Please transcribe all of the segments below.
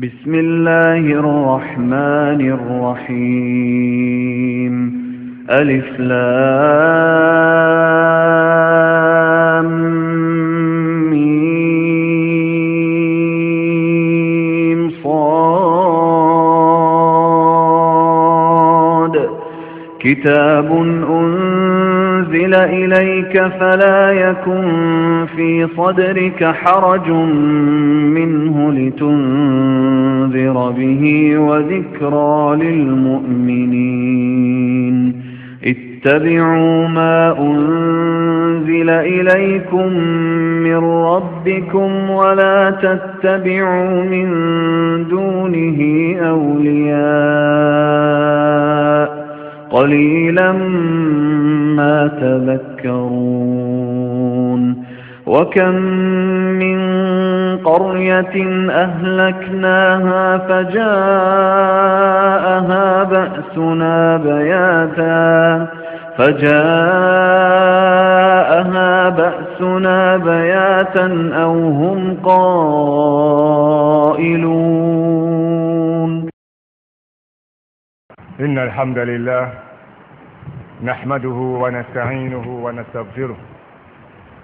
بسم الله الرحمن الرحيم ألف لام ميم صاد كتاب أنزل أنزل إليك فلا يكن في صدرك حرج منه لتنذر به وذكرى للمؤمنين اتبعوا ما أنزل إليكم من ربكم ولا تتبعوا من دونه أولياء قليلا ما تذكرون وكم من قرية أهلكناها فجاءها بأسنا بياتا فجاءها بأسنا بياتا أو هم قائلون إن الحمد لله نحمده ونستعينه ونستغفره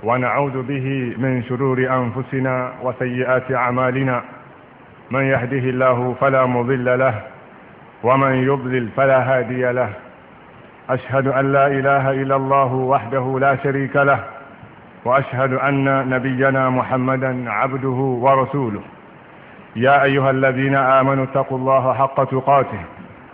ونعوذ به من شرور أنفسنا وسيئات أعمالنا من يهده الله فلا مضل له ومن يضلل فلا هادي له أشهد أن لا إله إلا الله وحده لا شريك له وأشهد أن نبينا محمدا عبده ورسوله يا أيها الذين آمنوا اتقوا الله حق تقاته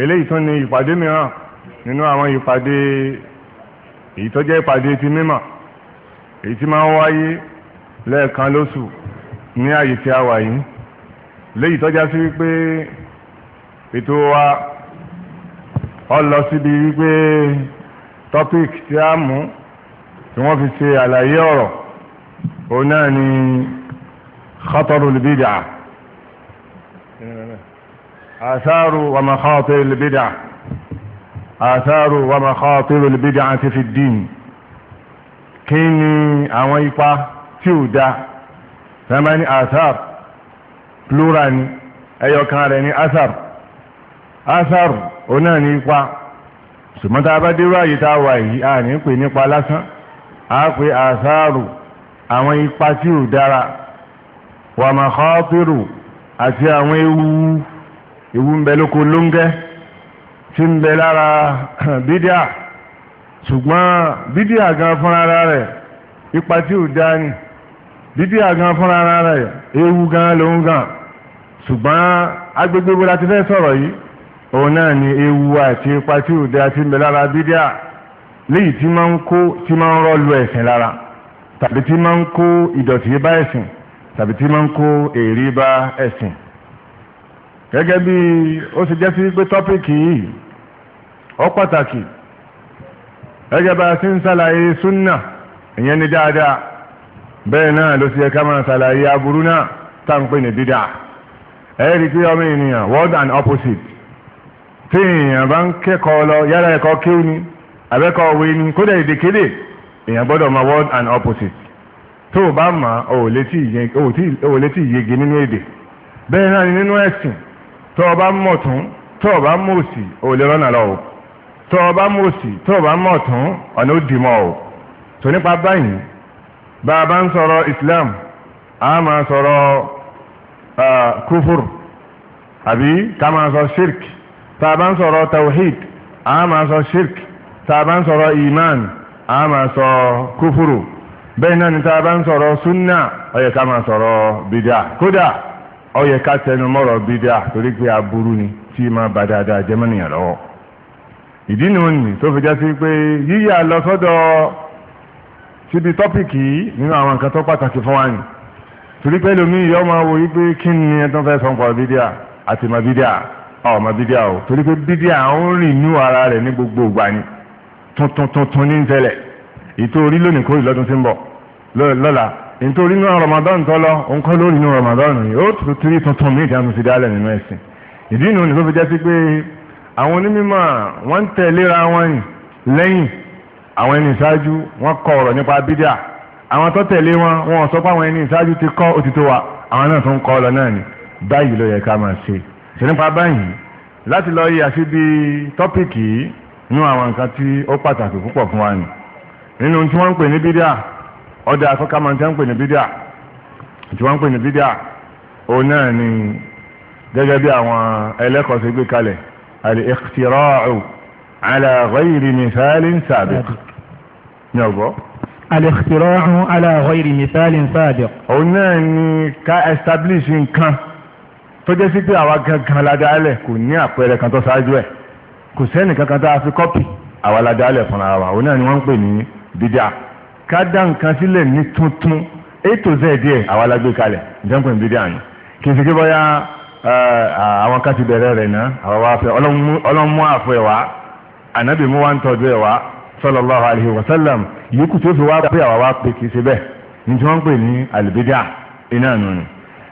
eléyìí tún ni ìpàdé mìíràn nínú àwọn ìpàdé èyí tó jẹ́ ìpàdé ti mímọ̀ èyí tí máa ń wáyé lẹ́ẹ̀kan lóṣù ní àyè tí a wà yìí léyìí tó já sí wípé ètò wa ọ lọ síbi wípé topic tí a mú tí wọ́n fi ṣe àlàyé ọ̀rọ̀ òun náà ni khatarul bid'ah آثار ومخاطر البدع آثار ومخاطر البدع في الدين kí ni àwọn ipa tí ò da sẹ́mbà ní asar plural ni ẹyọkan rẹ̀ ní asar asar òun náà ní ipa ṣùgbọ́n tá a bá dérú àyè tá a wà yìí a ní pè nípa lásán a pè asaru àwọn ipa tí ò dára wàmàkọ́pìrù àti àwọn ewu ewu ń bẹ lóko lóńgẹ́ tí ń bẹ lára bídíà ṣùgbọ́n bídíà gan fúnra rẹ̀ ipa tí ò dá ni bídíà gan fúnra rẹ̀ ewu gan lòun gan ṣùgbọ́n agbègbè wo la ti fẹ́ sọ̀rọ̀ yìí òun náà ni ewu àti ipa tí ò dá ti ń bẹ lára bídíà léyìí tí máa ń kó tí máa ń rọ́lu ẹ̀sìn lára tàbí tí máa ń kó ìdọ̀tí bá ẹ̀sìn tàbí tí máa ń kó èrí bá ẹ̀sìn gẹ́gẹ́ bí ó ti jẹ́ sí pé tọ́pìkì yìí ó pàtàkì gẹ́gẹ́ bá a ń ṣàlàyé súnà ìyẹn ni dáadáa bẹ́ẹ̀ náà ló ti yẹ ká máa aburú náà tá ní ọmọ ènìyàn world and opposite tí èèyàn bá ń kẹ́kọ̀ọ́ lọ yálà ẹ̀kọ́ kíw ni abẹ́kọ̀ òwe ni kódà èdèkédè èèyàn gbọ́dọ̀ mọ world and opposite tó o bá mọ̀ ọ́ ò ìyege tọ́ ọ bá mọ̀ tún tọ́ ọ bá mọ̀ òsì ò lè rọ́nà lọ o tọ́ ọ bá mọ̀ òsì tọ́ ọ bá mọ̀ tún ọ̀nà ó dì mọ́ o tó nípa báyìí bá a bá ń sọ̀rọ̀ Islam a máa sọ̀rọ̀ kúfùr àbí ká máa sọ shirk tá ń sọ̀rọ̀ tawhid a máa sọ shirk tá ń sọ̀rọ̀ iman a máa sọ kúfùrù bẹ́ẹ̀ náà ni tá ń sọ̀rọ̀ sunna ó máa sọ̀rọ̀ bìdà kódà ó yẹ ká tẹnu mọ́rọ̀ bídíà torí pé aburú ni tí máa bá dáadáa jẹ́ mọ́nìyàn lọ́wọ́ ìdí ni òun ni tó fi já sí pé yíyà lọ síbi tọ́pìkì nínú àwọn nǹkan tó pàtàkì fún wa ni torí pé lómi yìí ọmọ wo yí pé kí ni ẹ tó fẹ́ sọ nípa bídíà àti mọ bídíà ọmọ bídíà o torí pé bídíà ń rìn ní ara rẹ̀ ní gbogbo ìgbà ni tuntun tuntun ní ń tẹ́lẹ̀ ètò orí lónìí kórìí lọ́dún tí ń bọ̀ lọ́la nítorí inú Ramadan tó lọ òǹkọ́ lórí inú Ramadan yìí ó tún tiri tuntun mí ìdáhùn sí dálẹ̀ nínú ẹ̀sìn ìdí inú ni tó fi jẹ́ sí pé àwọn onímọ̀ wọ́n ń tẹ̀léra wọn yìí lẹ́yìn àwọn ẹni ìṣáájú wọ́n kọ ọ̀rọ̀ nípa bídà àwọn tó tẹ̀lé wọn wọn sọ pé àwọn ẹni ìṣáájú ti kọ́ òtítọ́ wa àwọn náà tó ń kọ́ ọ lọ náà ni báyìí ló yẹ ká máa ṣe ṣe nípa báyìí láti lọ yí àṣí bí tọ́pìkì yìí àwọn nǹkan tí ó pàtàkì púpọ̀ fún wa ni nínú tí wọ́n ń pè ní bídà ọdẹ afọkà máa ń tẹ́ ń pè ní bídíà tí wọ́n ń pè ní bídíà òun náà ni gẹ́gẹ́ bí àwọn ẹlẹ́kọ̀ọ́ ṣe gbé kalẹ̀ al-ikhtira'u ala ghayri mithalin sabiq ní ọ̀gbọ́. al-ikhtira'u ala ghayri mithalin sabiq. òun náà ni ká establish nǹkan tó jẹ́ sí pé àwa gangan ládàálẹ̀ kò ní àpẹẹrẹ kan tó ṣáájú ẹ̀ kò sẹ́nì tá a fi kọ́pì àwa ládàálẹ̀ fúnra wa òun náà ni wọ́n ń pè ní bídíà ká dá nǹkan sílẹ̀ ní tuntun a to z díẹ̀ àwa la gbé kalẹ̀ jẹ́ǹpẹ̀ níbi díẹ̀ àná kì í ṣe kí bọ́yá àwọn ká ti bẹ̀rẹ̀ rẹ̀ náà àwa wá fẹ́ ọlọ́mú àfọ ẹ̀ wá ànábì mú wá ń tọ́jú ẹ̀ wá sallallahu alaihi wasallam yòókù tó fi wá pé àwa wá pé kì í ṣe bẹ́ẹ̀ ní tí wọ́n ń pè ní àlùbídà iná nù ni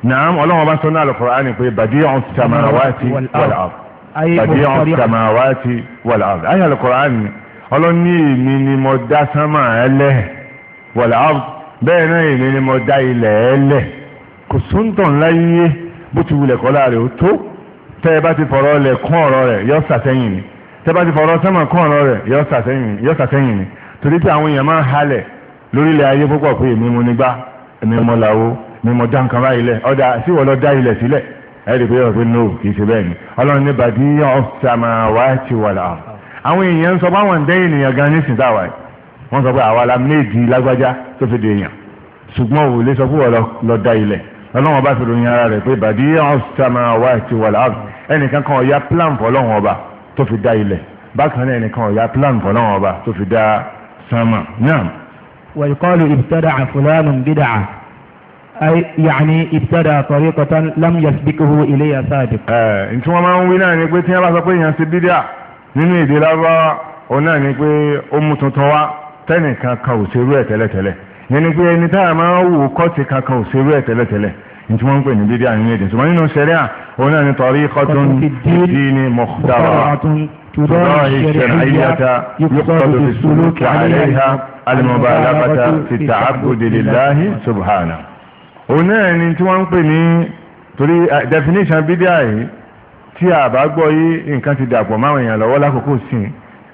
naam ọlọ́wọ́n bá sọ ní al pé badi'us samawati wal ard badi'us samawati wal ard ayé al-Qur'ani ọlọ́ni mi ni mo dá wọ̀lá áwùd bẹ́ẹ̀ náà èmi ni mo dá ilẹ̀ ẹlẹ̀ kò sóńtọ̀ ńlá yíyé bó ti wulẹ̀ kọ́lá rẹ̀ ó tó tẹ́ ẹ bá ti fọ̀rọ̀ lẹ̀ kún ọ̀rọ̀ rẹ̀ yọ sàtẹ́yìn ni tẹ́ bá ti fọ̀rọ̀ sẹ́mọ̀ kún ọ̀rọ̀ rẹ̀ yọ sàtẹ́yìn ni torí tí àwọn èèyàn máa ń halẹ̀ lórílẹ̀ ayé púpọ̀ pé èmi mo nígbà èmi mo làwó èmi mo dá nǹkan báyìí lẹ̀ ọ̀dà sí wọ́n lọ dá ilẹ̀ sílẹ̀ ẹ̀ pé yọ̀ no kì í ṣe bẹ́ẹ̀ ni ọlọ́run ní bàdí ọ̀sàmà ti wà láàrú àwọn èèyàn sọ báwọn dẹ́yìn ènìyàn gan nísìnyí táwa yìí wọ́n sọ pé àwa la méjì lágbájá tó fi dèèyàn ṣùgbọ́n òwò lè sọ pé wọ́n lọ da ilẹ̀ ọlọ́wọ́n bá fi ròyìn ara rẹ̀ pé bàdí ọ̀sítàmà wà ti wà láàbù ẹnìkan kan ọ̀ya plan fọlọ́wọ́n ọba tó fi da ilẹ̀ bákan náà ẹnìkan ọ̀ya plan fọlọ́wọ́n ọba tó fi da sánmà náà. ويقال ابتدع فلان بدعة أي يعني ابتدع طريقة لم يسبقه إليها سابق. ẹ ǹtí wọ́n máa ń wí náà ni pé tí wọ́n bá sọ pé èèyàn ti bídà nínú ìdílábà òun náà ni pé ó mú tuntun wá tẹ́nìkan kan ò ṣerú ẹ̀ tẹ́lẹ̀tẹ́lẹ̀ yẹn ni pé ẹni tá a máa wò kọ́ọ̀tì kankan ò ṣerú ẹ̀ tẹ́lẹ̀tẹ́lẹ̀ ní tí wọ́n ń pè ní bídíà nínú èdè ṣùgbọ́n nínú ṣẹ̀ríà òun náà ni tariqatun fid-din ni tí wọ́n tí a bá gbọ́ yìí nǹkan ti dàpọ̀ máwọn èèyàn lọ́wọ́ lákòókò sí i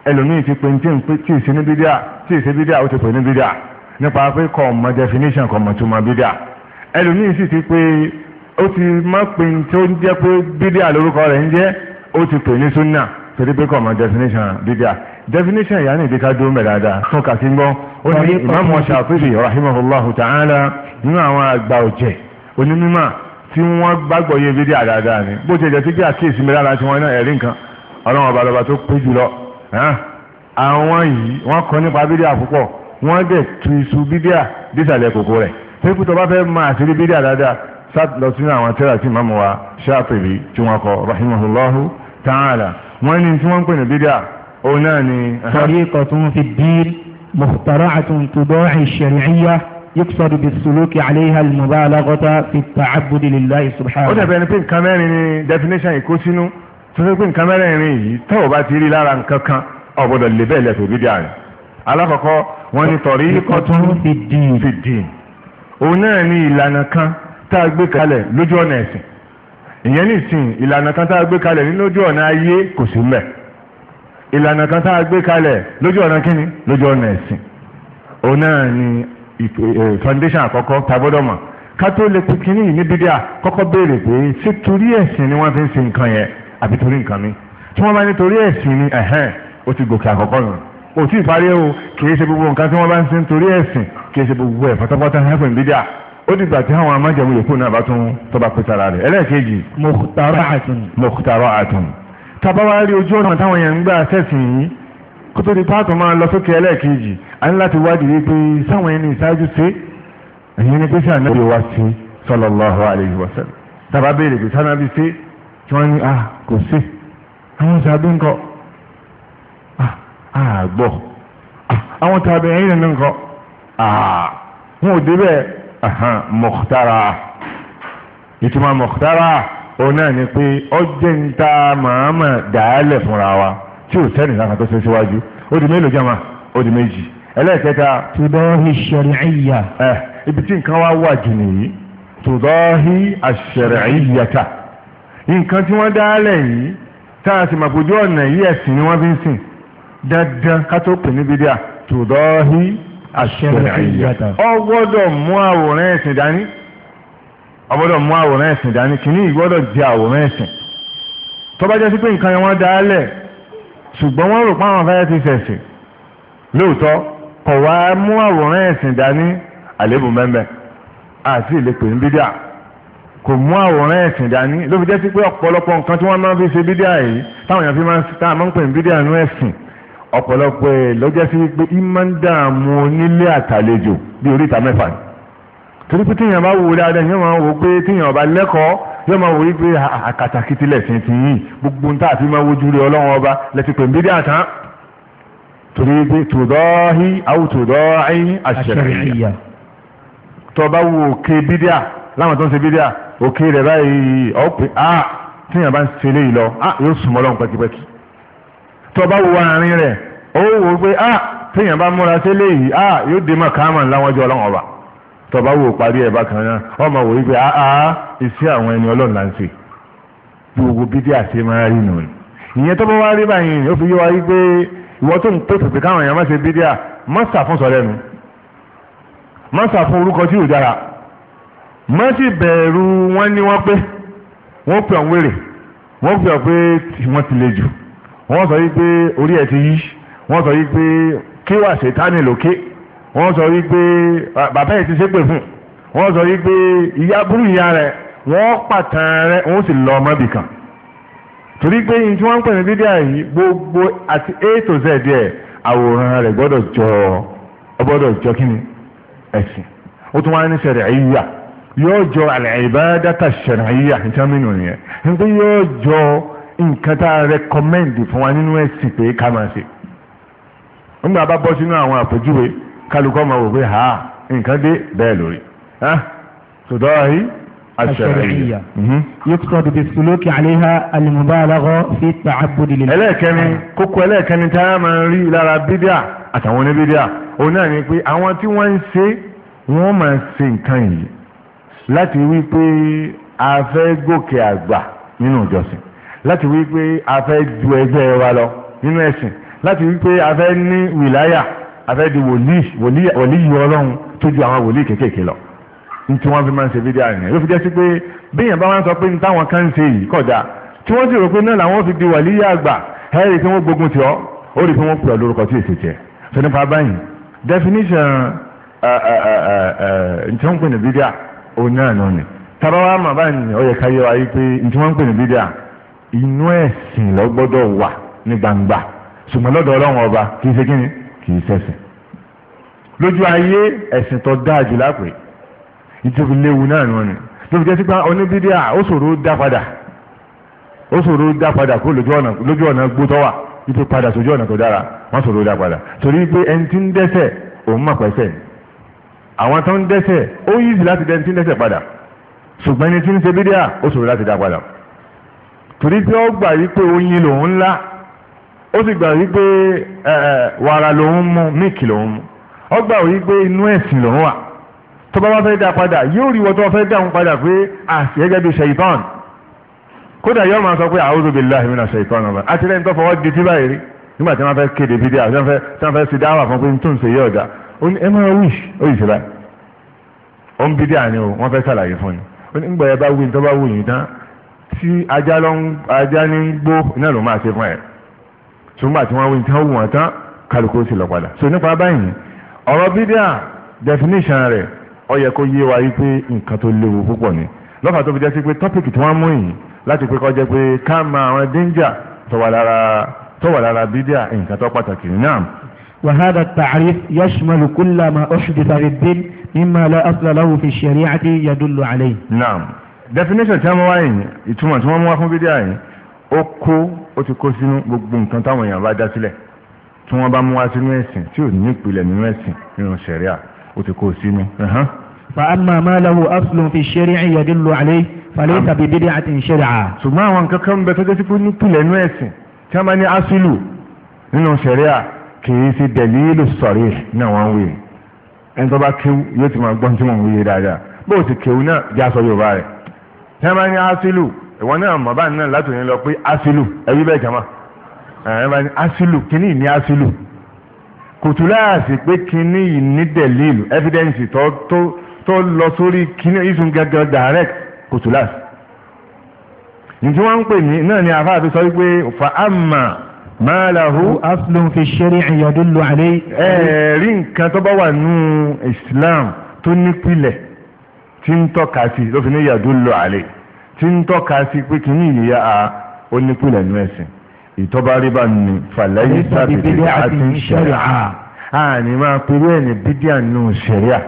ẹlòmíì ti pè tí ì sí ní bídíà tí ì sí bídíà ó ti pè ní bídíà nípa pé kò mọ definition kò mọ túmọ̀ bídíà ẹlòmíì sì ti pè ó ti mọ pé tó ń jẹ́ pé bídíà lórúkọ rẹ̀ ń jẹ́ ó ti pè ní súnà torí pé kò mọ definition bídíà definition ìyá nìdí ká dúró mẹ́dáadáa tún kà sí gbọ́ ó ní Imam Shafi'i rahimahullahu ta'ala nínú àwọn àgbà ọ̀jẹ̀ onímọ̀ tí wọ́n gbàgbọ́ yé bídíà dáadáa ni bó ti jẹ́ sí pé àkíyèsí mi lára tí wọ́n náà ẹ̀rí nǹkan ọlọ́run ọba lọba tó pé jùlọ àwọn yìí wọ́n kọ́ nípa bídíà púpọ̀ wọ́n dẹ̀ tu iṣu bídíà dísàlẹ̀ kòkó rẹ̀ pépù tó bá fẹ́ máa àṣírí bídíà dáadáa sátìlọ sínú àwọn tẹ́lá tí màmú wa Ṣáàtìbí tí wọ́n kọ rahimahullahu ta'ala wọ́n ní tí wọ́n ń pè ní bídíà òun náà ni. tariqatun fi ddin mukhtara'atun tudahi ash-shar'iyyah يقصد بالسلوك عليها المبالغة في التعبد لله سبحانه. ó dàbẹ̀ ni pé nǹkan mẹ́rin ni definition ìkó sínú tó ṣe pé nǹkan mẹ́rẹ̀ẹ̀rin yìí tẹ́ ò bá ti rí lára nǹkan kan ọ̀gbọ́dọ̀ lè bẹ́ẹ̀ lẹ́tọ̀ òbí díà rẹ̀ alákọ̀ọ́kọ́ wọ́n ní tọ̀rí kọ́tún fi dìn òun náà ní ìlànà kan tá a gbé kalẹ̀ lójú ọ̀nà ẹ̀sìn ìyẹn ní ìsìn ìlànà kan tá a gbé kalẹ̀ ní lójú ọ̀nà ayé kò sí mbẹ̀ ìlànà kan tá a gbé kalẹ̀ lójú ọ̀nà kíni lójú ọ̀nà ẹ̀sìn òun náà ní foundation àkọ́kọ́ tabọ́dọ̀mọ̀ ká tó lè pe kíní yìí ní bídíà kọ́kọ́ béèrè pé ṣé torí ẹ̀sìn ni wọ́n fi ń ṣe nǹkan yẹn àbí torí nǹkan mi tí wọ́n bá ní torí ẹ̀sìn ni ẹ̀hẹ́n ó ti gòkè àkọ́kọ́ nù ó ti parí o kì í ṣe gbogbo nǹkan tí wọ́n bá ń sin torí ẹ̀sìn kì í ṣe gbogbo ẹ̀ pátápátá hẹ́pẹ̀ nídìá ó di gbà tí àwọn amájẹmú yòókù náà bá tún tọ́ba pé tara rẹ̀ ẹlẹ́ẹ̀kejì. mukhtara'atun. mukhtara'atun. tabawa rí ojú ọ̀nà táwọn yẹn ń gbà sẹ́sìn yìí kó tó di páàtó máa lọ sókè ẹlẹ́ẹ̀kejì a láti wádìí wípé sáwọn ẹni ìṣáájú ṣe ẹ̀yìn ni pé sí ànábì wa ṣe sallallahu alayhi wa sallam tàbá béèrè pé sánábì ṣe tí wọ́n ní ah kò sí àwọn sàbí ńkọ́ àgbọ̀ ah, ah, àwọn tàbí ẹ̀yìn nínú ńkọ́ ah, wọn ò débẹ̀ mọ̀kútàrà ìtumọ̀ mọ̀kútàrà òun náà ni pé ọjẹ́ ń ta màámà dàálẹ̀ fúnra wa tí ò sẹ́ni láǹkà tó ṣe síwájú ó di mélòó jẹ́ ó di méjì ẹlẹ́ẹ̀kẹta. tùdọ́hì ṣẹ̀rìíyà. Eh, ibi tí nǹkan wá wà jù nìyí tùdọ́hì àṣẹ̀rìíyàta nǹkan tí wọ́n dálẹ̀ yìí tá a sì màpòjú ọ̀nà yìí ẹ̀sìn ni wọ́n fi ń sìn dandan ká tó pè ní bídíà tòdọ́hí àṣẹrẹ̀ẹ́yà ó gbọ́dọ̀ mú àwòrán ẹ̀sìn dání ó gbọ́dọ̀ mú àwòrán ẹ̀sìn dání kìíní ìgbọ́dọ̀ jẹ́ àwòrán ẹ̀sìn tó bá jẹ́ sí pé nǹkan yẹn wọ́n dálẹ̀ ṣùgbọ́n wọ́n rò pé àwọn afẹ́rẹ́ ti fẹ̀sìn lóòótọ́ kọ̀ mú àwòrán ẹ̀sìn dání àlébù àti ìlépè ní bídíà kò mú àwòrán ẹ̀sìn dání ló fi jẹ́ sí pé ọ̀pọ̀lọpọ̀ nǹkan tí wọ́n máa fi ṣe bídíà yìí táwọn èèyàn fi máa ń pè ní bídíà nú ẹ̀sìn ọ̀pọ̀lọpọ̀ ẹ̀ ló jẹ́ sí pé ìmọ̀ ń dààmú onílé àtàlejò bí oríta mẹ́fà ni torí pé tíyàn bá wò dáadáa yóò máa wò pé tíyàn bá lẹ́kọ̀ọ́ yóò máa wò yí pé àkàtàkì tilẹ̀ sí ti yìí gbogbo ń tààfin máa wojú rí ọlọ́run ọba lẹ́tí pé nbídí àtàn torí pé tòdọ́hí àwòtòdọ́ ẹ̀yìn àṣẹ̀ríyà tó bá wò ké bídíà láwọn tó ń ṣe bídíà òkè rẹ̀ báyìí ọ̀pẹ a ah, tíyàn bá ń ṣe eléyìí lọ a ah, yóò súnmọ́ lọ́hùn pẹ́kipẹ́ki tó o bá wo àárín rẹ̀ ó wò ó pé a ah, tíyàn bá múra sí eléyìí a yóò dé mọ̀ káàmà láwọn ọjọ́ ọlọ́run ọba tó o bá wo parí ẹ̀ bákan náà ọmọ wò ó pé a a iṣẹ́ àwọn ẹni ọlọ́run là ń ṣe gbogbo bídíà ṣe máa rí nù ìyẹn tó bá wá rí báyìí ó fi yé wa yí pé ìwọ tó ń pè pèpè káwọn èèyàn má ṣe bídíà má sàfún sọ lẹ́nu má sàfún orúkọ tí ò dára má sì bẹ̀rù wọn ní wọn pé wọ́n pè àwọn wèrè wọ́n pè ọ pé wọ́n ti le jù wọ́n sọ yí pé orí ẹ̀ ti yí wọ́n sọ yí pé kí wà ṣètánì lókè wọ́n sọ yí pé bàbá ẹ̀ ti ṣépè fún wọ́n sọ yí pé ìyá burú ìyá rẹ̀ wọ́n pàtàn rẹ̀ wọ́n sì lọ ọmọbì kan torí pé ní tí wọ́n ń pè ní fídíò yìí gbogbo àti a to z díẹ̀ àwòrán rẹ̀ gbọ́dọ̀ jọ ọ gbọ́dọ̀ jọ kí ni ẹ̀sìn ó tún wá ní sẹ̀rẹ̀ ayé yíyà yóò jọ al-ibadata ash-shar'iyya ìtàmínú yẹn nígbà yóò jọ nǹkan tá a rẹkọmẹ́ǹdì fún wa nínú ẹ̀sìn pé ká máa ṣe nígbà bá bọ́ sínú àwọn àpèjúwe kálukọ́ máa wò pé ha nǹkan dé bẹ́ẹ̀ lórí tòdọ́rí ash-shar'iyya mhm. yuqsadu bis-suluki 'alayha al-mubalagha fi at-ta'abbud lillah ẹlẹ́ẹ̀kẹ́ni kókó ẹlẹ́ẹ̀kẹ́ni tá a máa rí lára bídíà àtàwọn oníbídíà òun náà ni pé àwọn tí wọ́n ń ṣe wọ́n máa ṣe nǹkan yìí láti wí pé a fẹ́ gòkè àgbà nínú ìjọsìn láti wí pé a fẹ́ ju ẹgbẹ́ wa lọ nínú ẹ̀sìn láti wí pé a fẹ́ ní wìláyà a fẹ́ di wòlíì ọlọ́run tó ju àwọn wòlíì kéékèèké lọ tí wọ́n fi máa ń ṣe fídíà nìyẹn ló fi jẹ́ sí pé bíyàn bá wọn sọ pé táwọn kan ń ṣe yìí kódà tí wọ́n sì rò pé náà làwọn fi di wàlíyà àgbà ẹ rí i pé wọ́n gbógun tì ọ́ ó rí i pé wọ́n pè ọ́ lórúkọ tí èsì jẹ́ sọ nípa báyìí definition ǹjẹ́ ń pè ní fídíà òun náà nù ni tábà ba má ni ó yẹ ká yẹ wá pé ntí wọ́n ń pè ní gbangba ṣùgbọ́n lọ́dọ̀ ọlọ́run ọba kì í ṣe kíni kì í ṣẹ̀sìn lójú ayé ẹ̀sìn tó dáa jù lápè ìtòkì léwu náà nù tó fi jẹ́ sí pé oníbídíà ó ṣòro dá padà ó ṣòro dá padà kó lójú ọ̀nà gbótọ́ wà padà sójú ọ̀nà tó dára wọ́n àwọn tó ń dẹ́sẹ̀ ó yíṣì láti dẹ́ni tí ń dẹ́sẹ̀ padà ṣùgbọ́n ẹni tí ń ṣe bídíà ó ṣòro láti dá padà torí tí ó gbà wípé oyin lòun ńlá ó sì gbà wípé wàrà lòun mú míìkì lòun mú ó gbà wípé inú ẹ̀sìn lòun wà tó bá wá fẹ́ dá padà yóò rí wọ́n tó fẹ́ dá òun padà pé àti gẹ́gẹ́ bí ṣèyítán kódà yóò máa sọ pé a'udhu billahi minash shaitanir rajim àti lẹ́yìn tó fọwọ́ ó ní ẹ máa wíṣ ó yìí ṣe báyìí ó ń bídí àní o wọ́n fẹ́ ṣàlàyé fún ni ó ní gbọ́dọ̀ bá wí tó bá wù yín tán tí ajá ló ń ajá ní gbó náà ló máa ṣe fún ẹ̀ ṣùgbọ́n tí wọ́n wí tán wù wọ́n tán kálukú sì lọ padà so nípa báyìí ọ̀rọ̀ bídíà definition rẹ̀ ó yẹ kó yé wa wípé nǹkan tó léwu púpọ̀ ni lọ́fà tó fi jẹ́ sí pé tọ́pìkì tí wọ́n mú yìí láti pé kó jẹ́ pé ká máa àwọn danger tó wà lára bídíà nǹkan tó pàtàkì náà وهذا التعريف يشمل كل ما أحدث في الدين مما لا أصل له في الشريعة يدل عليه نعم definition tí a mọ́ wáyé ìtumọ̀ tí wọ́n mú wá fún bídíà yìí ó kó ó ti kó sínú gbogbo nǹkan táwọn èèyàn bá dá sílẹ̀ tí wọ́n bá mú wá sínú ẹ̀sìn tí ò ní ìpìlẹ̀ nínú ẹ̀sìn nínú ṣẹ̀ríà ó ti kó sínú. فأما ما له أصل في الشريعة يدل عليه فليس ببدعة شرعا. ṣùgbọ́n àwọn nǹkan kan bẹ tó dé sí fún ìpìlẹ̀ nínú ẹ̀sìn tí wọ́n bá ní asulu nínú ṣẹ̀ríà kìí sí dẹ̀lílù sọ̀rí náà wọ́n ń wí ẹni tó bá kéwú yóò ti máa gbọ́n tí mò ń wí dáadáa bó o sì kéwú náà já sọ yorùbá rẹ̀ tí wọ́n bá ní asilu ìwọ náà mọ̀ bá ní náà látòní lọ pé asilu ẹbí bẹ́ẹ̀ jama ẹ̀ bá ní asilu kíní ní asilu kòtù láàsì pé kíní yìí ní dẹ̀lílù evidence tó tó tó lọ sórí kíní ìsún gẹ́gẹ́ direct kòtù láàsì ǹjẹ́ wọ́n ń pè ní náà ni àfáà fi sọ wípé fa ama máàláhu. aslun fi ṣẹ́rí yadullu alayhi. ẹ̀ẹ́rí nǹkan tó bá wà nù islam tó nípìlẹ̀ tí ń tọ́ka sí ló fi ní yadullu alayhi tí ń tọ́ka sí pé kì í ní ìyá a ó nípìlẹ̀ nù ẹ̀sìn ìtọ́ba rí bá ní fàlàyé sábìtì àti ṣẹ̀ríà àní máa pèrè ẹ̀ ní bídíà nù ṣẹ̀ríà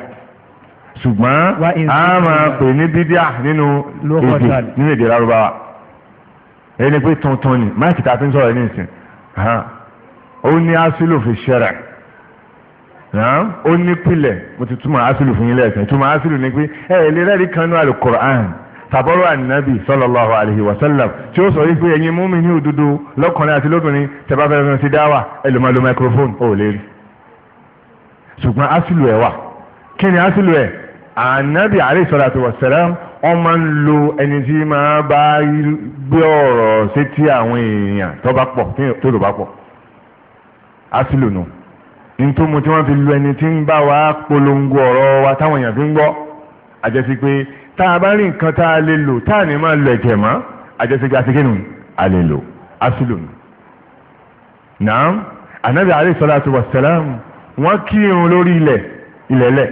ṣùgbọ́n a máa pè ní bídíà nínú èdè nínú èdè lárúbáwá ẹni pé tuntun ni máìkì tá fi ń sọ̀rọ̀ ní ìsìn ó ní asílù fi ṣẹrẹ ó ní pilẹ̀ mo ti túmọ̀ asílù fún yín lẹ́ẹ̀kan ìtumọ̀ asílù ni pé ẹ ẹ lè rẹ́ẹ̀rí kanú alukur'an tàbọ̀rọ̀ ànábì sallallahu alaihi wasallam tí ó sọ wípé ẹ̀yin múmi ní òdodo lọ́kùnrin àti lóbìnrin tẹ́bá fẹ́ fẹ́ sí dáwà ẹlòmọ́lò microphone ó lè rí ṣùgbọ́n asílù ẹ̀ wà kí ni asílù ẹ̀ ànábì alaihi salatu wassalam wọ́n máa ń lo ẹni tí máa bá gbé ọ̀rọ̀ sétí àwọn èèyàn tó bá pọ̀ tó lò bá pọ̀ asílò nù nítorí mo tí wọ́n fi lo ẹni tí ń bá wa polongo ọ̀rọ̀ wa táwọn èèyàn fi ń gbọ́ àjẹsí pé tá a bá rí nǹkan tá a lè lò tá a ní máa lo ẹ̀jẹ̀ mọ́ àjẹsí pé àti kínú a lè lò asílò nù. nàám ànábì alayhi salatu wassalam wọ́n kírun lórí ilẹ̀ ilẹ̀lẹ̀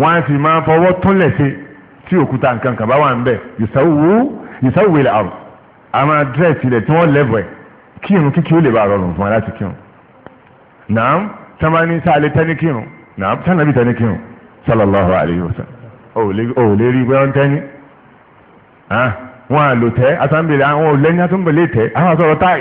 wọ́n á sì máa fọwọ́ túnlẹ̀ sí i tí òkúta nǹkan kan bá wà ń bẹ̀ ìsáwó ìsáwó ilẹ̀ àrùn àmọ́ dírẹ́ẹ̀tì ilẹ̀ tí wọ́n lẹ́bọ̀ ẹ̀ kí irun kíkí ó lè bá rọrùn fún wa láti kírun nàám sábà ní sáà lè tẹ́ni kírun nàám sáà bí tẹ́ni kírun sallallahu alayhi wa sallam ò lè rí pé wọ́n tẹ́ni ah, wọn à lò tẹ́ àtàǹbẹ̀lẹ̀ àwọn ò lẹ́ni àtàǹbẹ̀lẹ̀ tẹ́ àwọn àtọ̀rọ̀ táì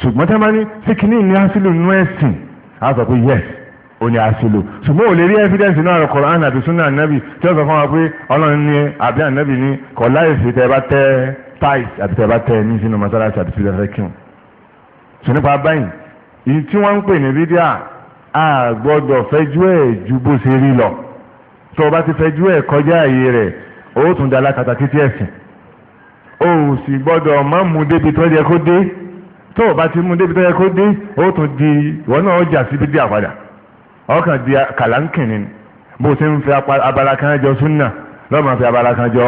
ṣùgbọ́n sábà ní sí kìnnìún ní asílù nú ẹ̀sìn á sọ pé yẹ́sì ó ní àṣìlò ṣùgbọ́n ò lè rí evidence náà Kùránì àti súnà ànábì tí ó sọ fún wa pé ọlọ́run ní àbí ànábì ní kọ̀ láìsí tẹ́ bá tẹ́ táìsì àti tẹ́ bá tẹ́ ní sínú mọ́sálásí àti sílẹ̀ fẹ́ kírun. sọ nípa báyìí èyí tí wọ́n ń pè ní bídíà a gbọ́dọ̀ fẹjú ẹ̀ ju bó ṣe rí lọ tó o bá ti fẹjú ẹ̀ kọjá àyè rẹ̀ ó tún da alákatà títí ẹ̀sìn o sì gbọ́dọ̀ má mú débi tó yẹ kó dé tó o bá ti mú débi tó yẹ kó dé ó tún di ìwọ náà ó jà sí bídíà padà ọkàn di kàlánkìnì bó o ti ń fi abala kan jọ súnà lọ́ọ́ máa fi abala kan jọ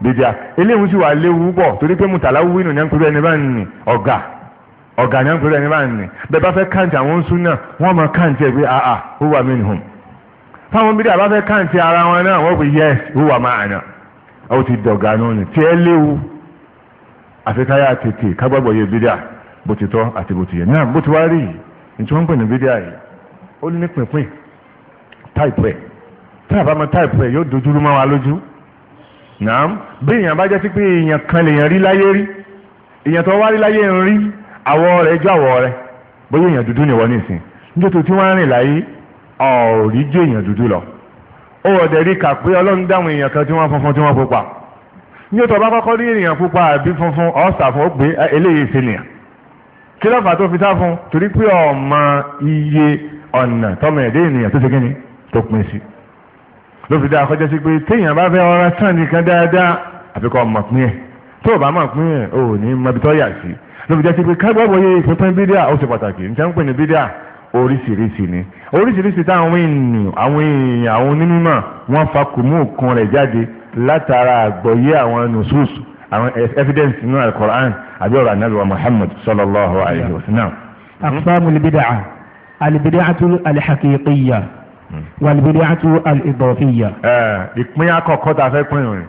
bíjà eléwu sì wà léwu bọ̀ torí pé mùtàlá wínú ní à ń pèrè ẹni bá ń nì ọ̀gà ọ̀gà ní à ń pèrè ẹni bá ń nì bẹ́ẹ̀ bá fẹ́ káǹtì àwọn súnà wọ́n máa káǹtì ẹ̀ pé àà ó wà mí nìhùn fáwọn bídà bá fẹ́ káǹtì ara wọn náà wọ́n pè yẹ́s ó wà máa nà ó ti dọ̀gà náà nì tí léwu àfi káyà tètè kágbàgbọ̀ yẹ bídà bó ti tọ́ àti bó ti yẹ náà bó ti wá rí ìtúwọ́n pè ní bídà yìí ó ní pínpín táìpù ẹ̀ tí a bá mọ táìpù ẹ̀ yóò dojúrú mọ́ wa lójú nàám bí èèyàn bá jẹ́ sí pé èèyàn kan lèèyàn rí láyé rí èèyàn tó wá rí láyé ń rí àwọ̀ rẹ̀ jọ àwọ̀ rẹ̀ bóyá èèyàn dúdú nìwọ nìsín nítorí tí wọ́n rìn láyé ọ̀rí jẹ́ èèyàn dúdú lọ ó ọ̀dẹ̀ rí kà pé ọlọ́run dáhùn èèyàn kan tí wọ́n funfun tí wọ́n pupa nítorí ọba kọ́kọ́ rí èèyàn pupa àbí funfun ọ̀sà fún ó pé eléyìí ṣe nìyà kí lọ́fà tó fi sá fún torí pé ọmọ iye ọ̀nà tọmọ ẹ̀dẹ́ ènìyàn tó ṣe kíni tó pin sí ló fi dáa kọjá sí pé téèyàn bá fẹ́ ọ̀rá tán nìkan dáadáa àfikọ́ ọmọ pín ẹ̀ tó o bá mọ̀ pín ẹ̀ o ò ní mọ ibi tó yà sí ló fi jẹ́ sí pé kágbàgbọ́ yẹ ìpínpín bídíà ó ṣe pàtàkì níta ń pè ní bídíà oríṣiríṣi ni oríṣiríṣi táwọn ènìyàn àwọn èèyàn àwọn onímọ̀ wọ́n fa kùmú òkun rẹ̀ jáde látara àgbọ̀yé àwọn nusus àwọn evidence nínú alukoran àbí ọ̀rọ̀ anabi wa Muhammad sallallahu alayhi wa sallam. àkùsọ́ àmúlẹ̀ bídà alibidiyatu alihakikiya hmm. walibidiyatu alidofiya. ẹ ìpín àkọ́kọ́ tá a fẹ́ pín rìn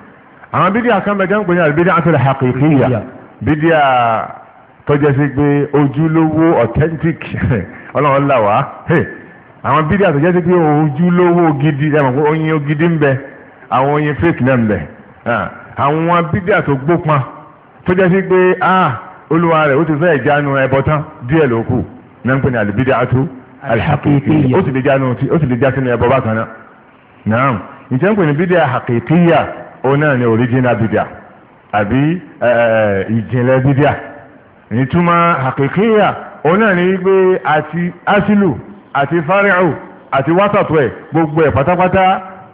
àwọn bídíà kan bẹ jẹun pé ní alibidiyatu alihakikiya bídíà tọjẹ sí pé ojúlówó authentic Ọlọ́run là wá àwọn bídíà tọjẹ sí pé ojúlówó gidi ẹ mọ̀ pé oyin gidi ń bẹ àwọn oyin fake náà ń bẹ àwọn bídíà tó gbópọn tó jẹ́ ah, olúwa rẹ̀ ó ti fẹ́ ìjánu ẹbọ tán díẹ̀ ló kù náà ń alhakikiyya ó sì lè já nù tí ó sì lè já sínú ẹbọ bákan náà naam ǹjẹ́ ń pè ní bídíà hakikiyya náà ní original bídíà àbí ìjìnlẹ̀ bídíà ìtumọ̀ hakikiyya ó náà ní wípé àti asilu àti fari'u àti wásàtú ẹ̀ gbogbo ẹ̀ pátápátá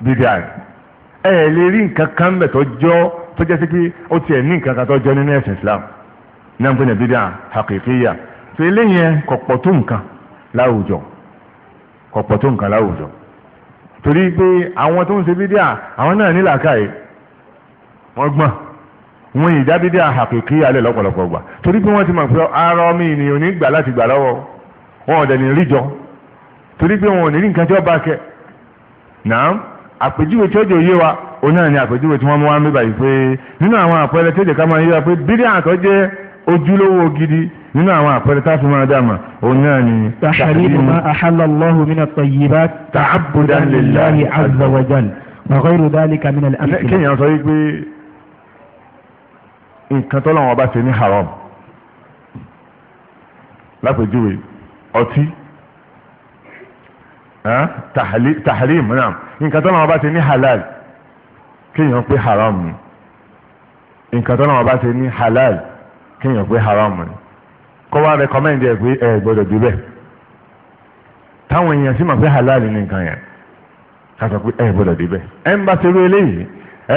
bídíà ẹ̀ ẹ̀ lè rí nǹkan kan bẹ̀ tó jọ tó jẹ́ sí pé ó tiẹ̀ ní nǹkan kan tó nínú ẹ̀sìn Islam náà ń pè ní bídíà hakikiyya tó eléyìí kọ̀pọ̀ tó láwùjọ kọ̀pọ̀ tó nǹkan láwùjọ torí pé àwọn tó ń ṣe bídíà àwọn náà ní làákàyè wọ́n gbọ́n wọn ìdá bídíà àkèké alẹ́ lọ́pọ̀lọpọ̀ gbà torí pé wọ́n ti mọ̀ pé ara ọmọ ènìyàn ní gbà láti gbà lọ́wọ́ wọn ò dẹ̀ ní ríjọ torí pé wọn ò ní rí nǹkan tí ó bá kẹ náà àpèjúwe tí ó jẹ́ òye wa òun náà ni àpèjúwe tí wọ́n mú wá ń bíbà yìí pé nínú àwọn àpẹẹrẹ tí ó jẹ́ ká máa yíra pé bídíà àtọ́jẹ́ ojúlówó gidi nínú àwọn àpẹẹrẹ tá a fi máa dá mà òun náà ni. tahrimu ma ahalla Allahu min at-tayyibat ta'abbudan lillahi azza wa jalla wa ghayru dhalika min al-amthila. kéèyàn sọ yìí pé nǹkan tọ́lọ́run ọba ṣe ní haram lápèjúwe ọtí tahrim náà nǹkan tọ́lọ́run ọba ṣe ní halal kéèyàn pé haram nǹkan tọ́lọ́run ọba ṣe ní halal kéèyàn pé haram ni kọ́ wá rẹkọmẹ́ndì ẹ̀ pé ẹ gbọ́dọ̀ jù bẹ́ẹ̀ táwọn èèyàn sì mọ̀ pé halal ní nǹkan yẹn ká sọ pé ẹ gbọ́dọ̀ débẹ̀ ẹ ń bá ti rú eléyìí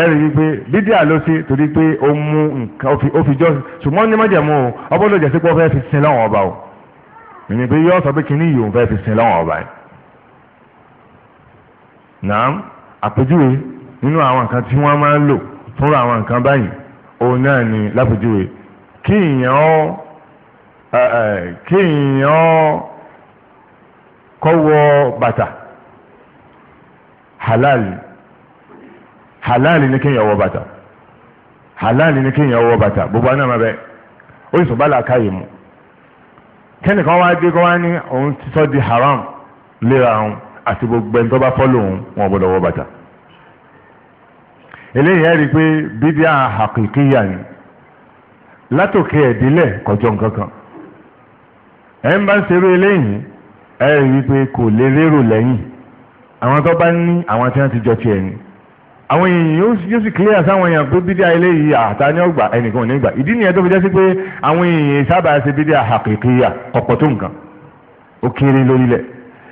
ẹ rí i pé bídíà ló sí torí pé ó mú nǹkan ó fi jọ ṣùgbọ́n ní májẹ̀mú o ọbọ̀ ló jẹ́ sí fẹ́ fi sin láwọn ọba o ìyẹn pé yóò sọ pé kínní yìí òun fẹ́ fi sin láwọn ọba nàám àpèjúwe nínú àwọn nǹkan tí wọ́n máa ń lò fúnra àwọn nǹkan báyìí òun náà ni lápèjúwe kí ìyẹn ọ́ kéèyàn kọ́wọ́ bàtà Halali, ní ni kéèyàn wọ bàtà ni wọ bàtà gbogbo ma bẹ ó sì bá làákàyè mu kẹ́nìkan wá dé wá ní òun ti di haram léra òun àti gbogbo ẹni tó bá fọ́ lòun wọn gbọ́dọ̀ wọ bàtà eléyìí ẹ rí pé ni látòkè kọjọ́ nǹkan kan e ń bá ń ṣerú eléyìí ẹ̀ rí i kò lè lérò lẹ́yìn àwọn tó bá ní àwọn tí wọ́n ti jọ tiẹ̀ ni àwọn èèyàn yóò sì clear sáwọn èèyàn pé bídíà eléyìí àtà ni ọgbà ẹnìkan ní gbà ìdí nìyẹn tó fi jẹ́ sí pé àwọn èèyàn sábà ṣe bídíà àkèkéyà ọ̀pọ̀ tó nǹkan ó kéré lórílẹ̀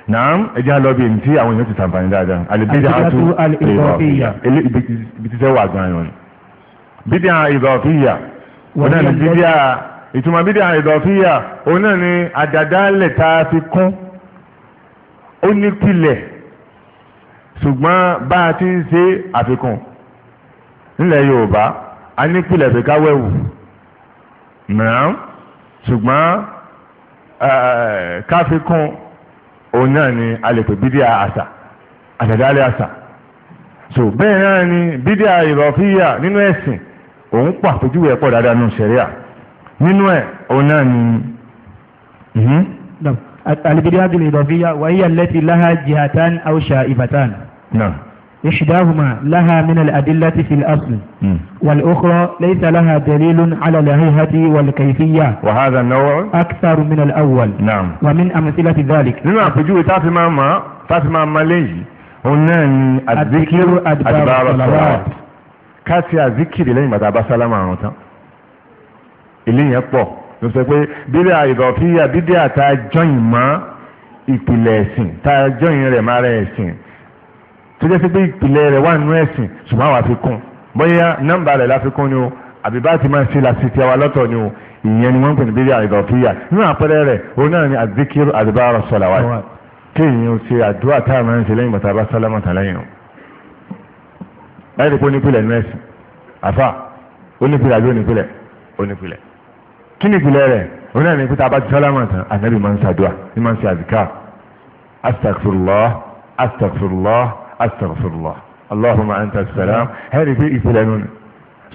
naam ẹjẹ alọbi ntí àwọn èèyàn ti sàǹfààní dáadáa alibidi atu ibi yọ̀ ni bídíà ìtumọ̀ bídí àìdọ̀fíyà òun náà ni àdàdálẹ̀ tá a fi kún ó ní pilẹ̀ ṣùgbọ́n bá a ti ń ṣe àfikún nílẹ̀ Yorùbá a ní pilẹ̀ fi káwẹ́wù mìíràn ṣùgbọ́n káfikún òun náà ni a lè pè bídí àṣà àdàdálẹ̀ àṣà so bẹ́ẹ̀ náà ni bídí àìdọ̀fíyà nínú ẹ̀sìn òun pàtójú ẹ̀ pọ̀ dáadáa nù sẹ́ríà. من وين òun نعم ni. البلاد الإضافية وهي التي لها جهتان أو شائبتان نعم إحداهما لها من الأدلة في الأصل مم. والأخرى ليس لها دليل على الهيئة والكيفية وهذا النوع أكثر من الأول نعم ومن أمثلة ذلك نعم فجوه تافي ماما تافي ماما لي هنان الذكر أدبار الصلاة كاسيا الذكر لين متى بسلام عنه ilé yẹn pọ̀ ló sọ pé bídíà ìdọ̀fíyà bídíà tá a jọyìn mọ́ ìpìlẹ̀ ẹ̀sìn tá a jọyìn rẹ̀ má rẹ̀ ẹ̀sìn tó jẹ́ sí pé ìpìlẹ̀ rẹ̀ wà nínú ẹ̀sìn ṣùgbọ́n àwa fi bóyá nọ́mbà rẹ̀ la fi kún ni o àbí bá ti máa ṣe la ti àwa lọ́tọ̀ ni o ìyẹn ni wọ́n ń pè ní bídíà ìdọ̀fíyà nínú àpẹẹrẹ rẹ̀ òun náà ni àdìkírù àdìbárò sọ̀làwà kéèyàn ṣe àdúrà tá a máa ń ṣe lẹ́yìn bàtà bá sálámọ̀tà lẹ́yìn o ẹ̀rí kí ni ìpìlẹ̀ rẹ̀ òun náà ní pé tá a bá ti sálámà tán ànábì máa ń ṣàdúrà ní máa ń ṣe àdìkà astagfirullah astagfirullah astagfirullah allahumma anta salam ẹ̀rí pé ìpìlẹ̀ nù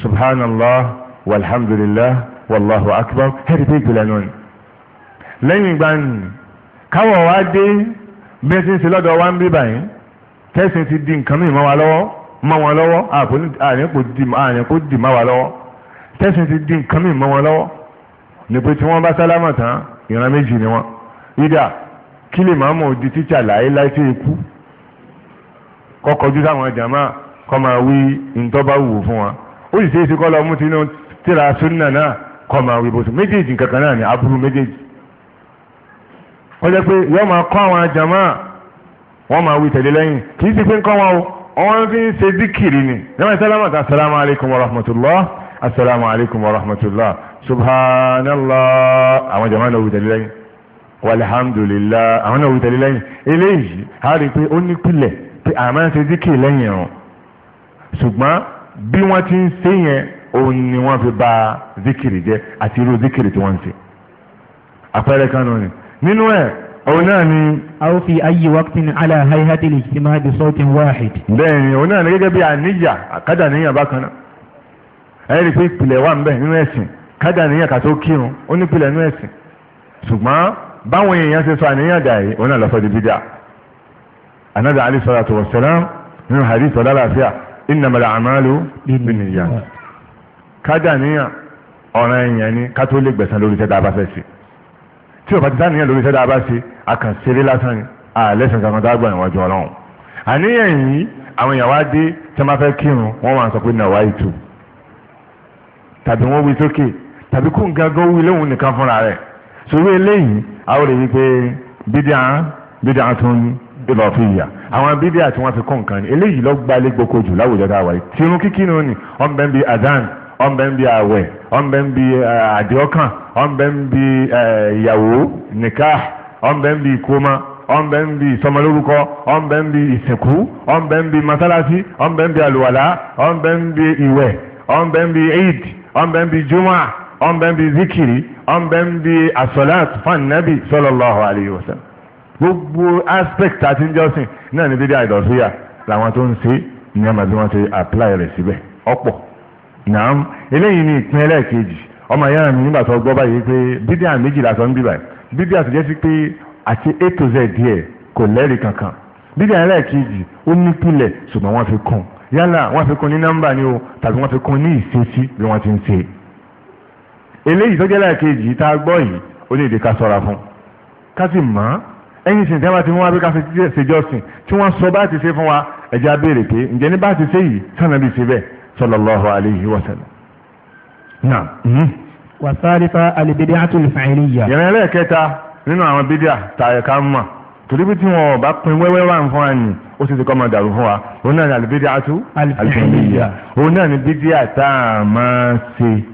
subhanallah walhamdulillah wallahu akbar ẹ̀rí pé ìpìlẹ̀ nù lẹ́yìn ìgbà nì káwọ̀ wá dé bí ẹ ti ń ṣe lọ́dọ̀ wá ń bí báyìí tẹ́sí ti di nǹkan mìíràn mọ́ lọ́wọ́ mọ́ wọn lọ́wọ́ àrùn dì má wa lọ́wọ́ tẹ́sí ti di nǹkan mìíràn mọ́ wọn lọ́wọ́ ni pé tí wọ́n bá sálámà tán ìran méjì ni wọ́n ìdá kí lè máa mọ̀ di tíṣà láéláé tí ikú kọ́kọ́jú sáwọn jàmá kọ́ máa wí ntọ́ba wù fún wa ó sì ṣeé ṣe kọ́ lọ mú tinú tíra súnà náà kọ́ máa wí bóṣù méjèèjì kankan náà ni aburú méjèèjì wọ́n jẹ́ pé yọ́ máa kọ́ àwọn jàmá wọ́n máa wí tẹ̀lé lẹ́yìn kì í sì pé ń kọ́ wọn o wọ́n fi ń ṣe díkìrì ni yọ́mọ̀ sálámà ta sálámà wa rahmatulah asalaamu aleykum wa rahmatulah subhanallah àwọn jàmáà náà wù tẹ̀lé lẹ́yìn walhamdulillah àwọn náà wù tẹ̀lé lẹ́yìn eléyìí a rí i pé ó ní pilẹ̀ pé a máa ń ṣe díkì lẹ́yìn ẹ̀rùn ṣùgbọ́n bí wọ́n ti ń ṣe yẹn òun ni wọ́n fi bà díkìrì jẹ́ àti irú díkìrì tí wọ́n ń ṣe àpẹẹrẹ kan náà ni nínú ẹ̀ òun náà ni. a ó fi ayé wákìtìn ala hayati lè ṣe máa di sọ́ọ̀tìn wáhid. bẹ́ẹ̀ ni òun náà ni gẹ́gẹ́ bí àníyà àkádà níyàn bákan náà ẹ̀rí pé ìpìlẹ̀ wà ń bẹ nínú ẹ̀sìn kádà níyàn ká tó kírun ó ní pilẹ̀ nú ẹ̀sìn ṣùgbọ́n báwọn èèyàn ṣe sọ àníyàn dà yìí òun náà lọ́sọ̀ di bídà anabi ali salatu wa salam nínú hadith ọ̀dà làáfíà innamal a'malu binniyat kádà níyàn ọ̀ràn èèyàn ni ká tó lè gbẹ̀sán lórí tẹ́ta bá fẹ́ sí tí o ti sáníyàn lórí tẹ́ta bá sí àkànṣeré lásán ni àlẹ́sìn kankan tó àgbà ìwọ̀n jọ ọlọ́run àníyàn yìí àwọn èèyàn wá dé tí wọ́n bá fẹ́ kírun wọ́n wà ń sọ pé nàwa ìtù tàbí wọ́n wí sókè tàbí kó nǹkan gan wí lóhun nìkan fúnra rẹ̀ sórí eléyìí àwọn èyí pé bídíà bídíà tó ń bíbá òfin yà àwọn bídíà tí wọ́n fi kó nǹkan ni eléyìí lọ gba ilé jù láwùjọ tá a wà tìrún kíkí ni ó ní ọ̀nbẹ́ ń bi adan ọ̀nbẹ́ ń bi àwẹ̀ ọ̀nbẹ́ ń bi àdìọ́kàn ọ̀nbẹ́ ń bi ìyàwó nìka ọ̀nbẹ́ ń bi ìkómọ ọ̀nbẹ́ ń bi ìsọmọlórúkọ ọ̀nbẹ́ ń bi ìsìnkú ọ̀nbẹ́ ń bi mọ́sálásí ọ̀nbẹ́ ń bi àlùwàlá ọ̀nbẹ́ ń bi ìwẹ̀ ọ̀nbẹ́ ń bi eid ọ̀nbẹ́ ń bi jumah ọ̀n bẹ́ẹ̀ bí zikiri ọ̀n bẹ́ẹ̀ bí asọ́láàt fún nàbì sallallahu alayhi wa sallam gbogbo aspect àti njọ́sìn náà ní dídí àìdọ̀síyà làwọn tó ń ṣe ní àmà bí wọ́n ti apply rẹ̀ síbẹ̀ ọ̀pọ̀ nàám eléyìí ní ìpín ẹlẹ́ẹ̀kejì ọmọ yẹn mi nígbà tó gbọ́ báyìí pé bídí àmì méjì lásán ń bí báyìí bídí àtúnjẹ́ sí pé àti a to z díẹ̀ kò lẹ́rìí kankan bídí ẹlẹ́ẹ̀kejì ó nípìlẹ̀ ṣùgbọ́n wọ́n fi kún yálà wọ́n fi kún ní nọ́mbà ni o tàbí wọ́n fi kún ní ìṣesí bí wọ́n ti ń ṣe eléyìí tó jẹ́ lẹ́ẹ̀kejì tá a gbọ́ yìí ó lè dé ká sọ̀ra fún ká sì mọ̀ ẹ̀yìn sìn tí wọ́n ti mú wa bí ká ṣèjọ́sìn tí wọ́n sọ bá ti ṣe fún wa ẹ̀jẹ̀ á pé ǹjẹ́ ní bá ti ṣe yìí sànà bí ṣe bẹ́ẹ̀ sallallahu alayhi wa sallam. Mhm. wasalifa al-bid'atul fa'iliyya. yẹn lẹ́ẹ̀kẹta nínú àwọn bídíà tààyè ká mọ̀ torí bí tí wọn bá pin wẹ́wẹ́ wà fún wa ni ó sì ti kọ́ máa dàrú fún wa òun náà ni al-bid'atu al-fi'liyya òun náà ni bídíà tá a máa ṣe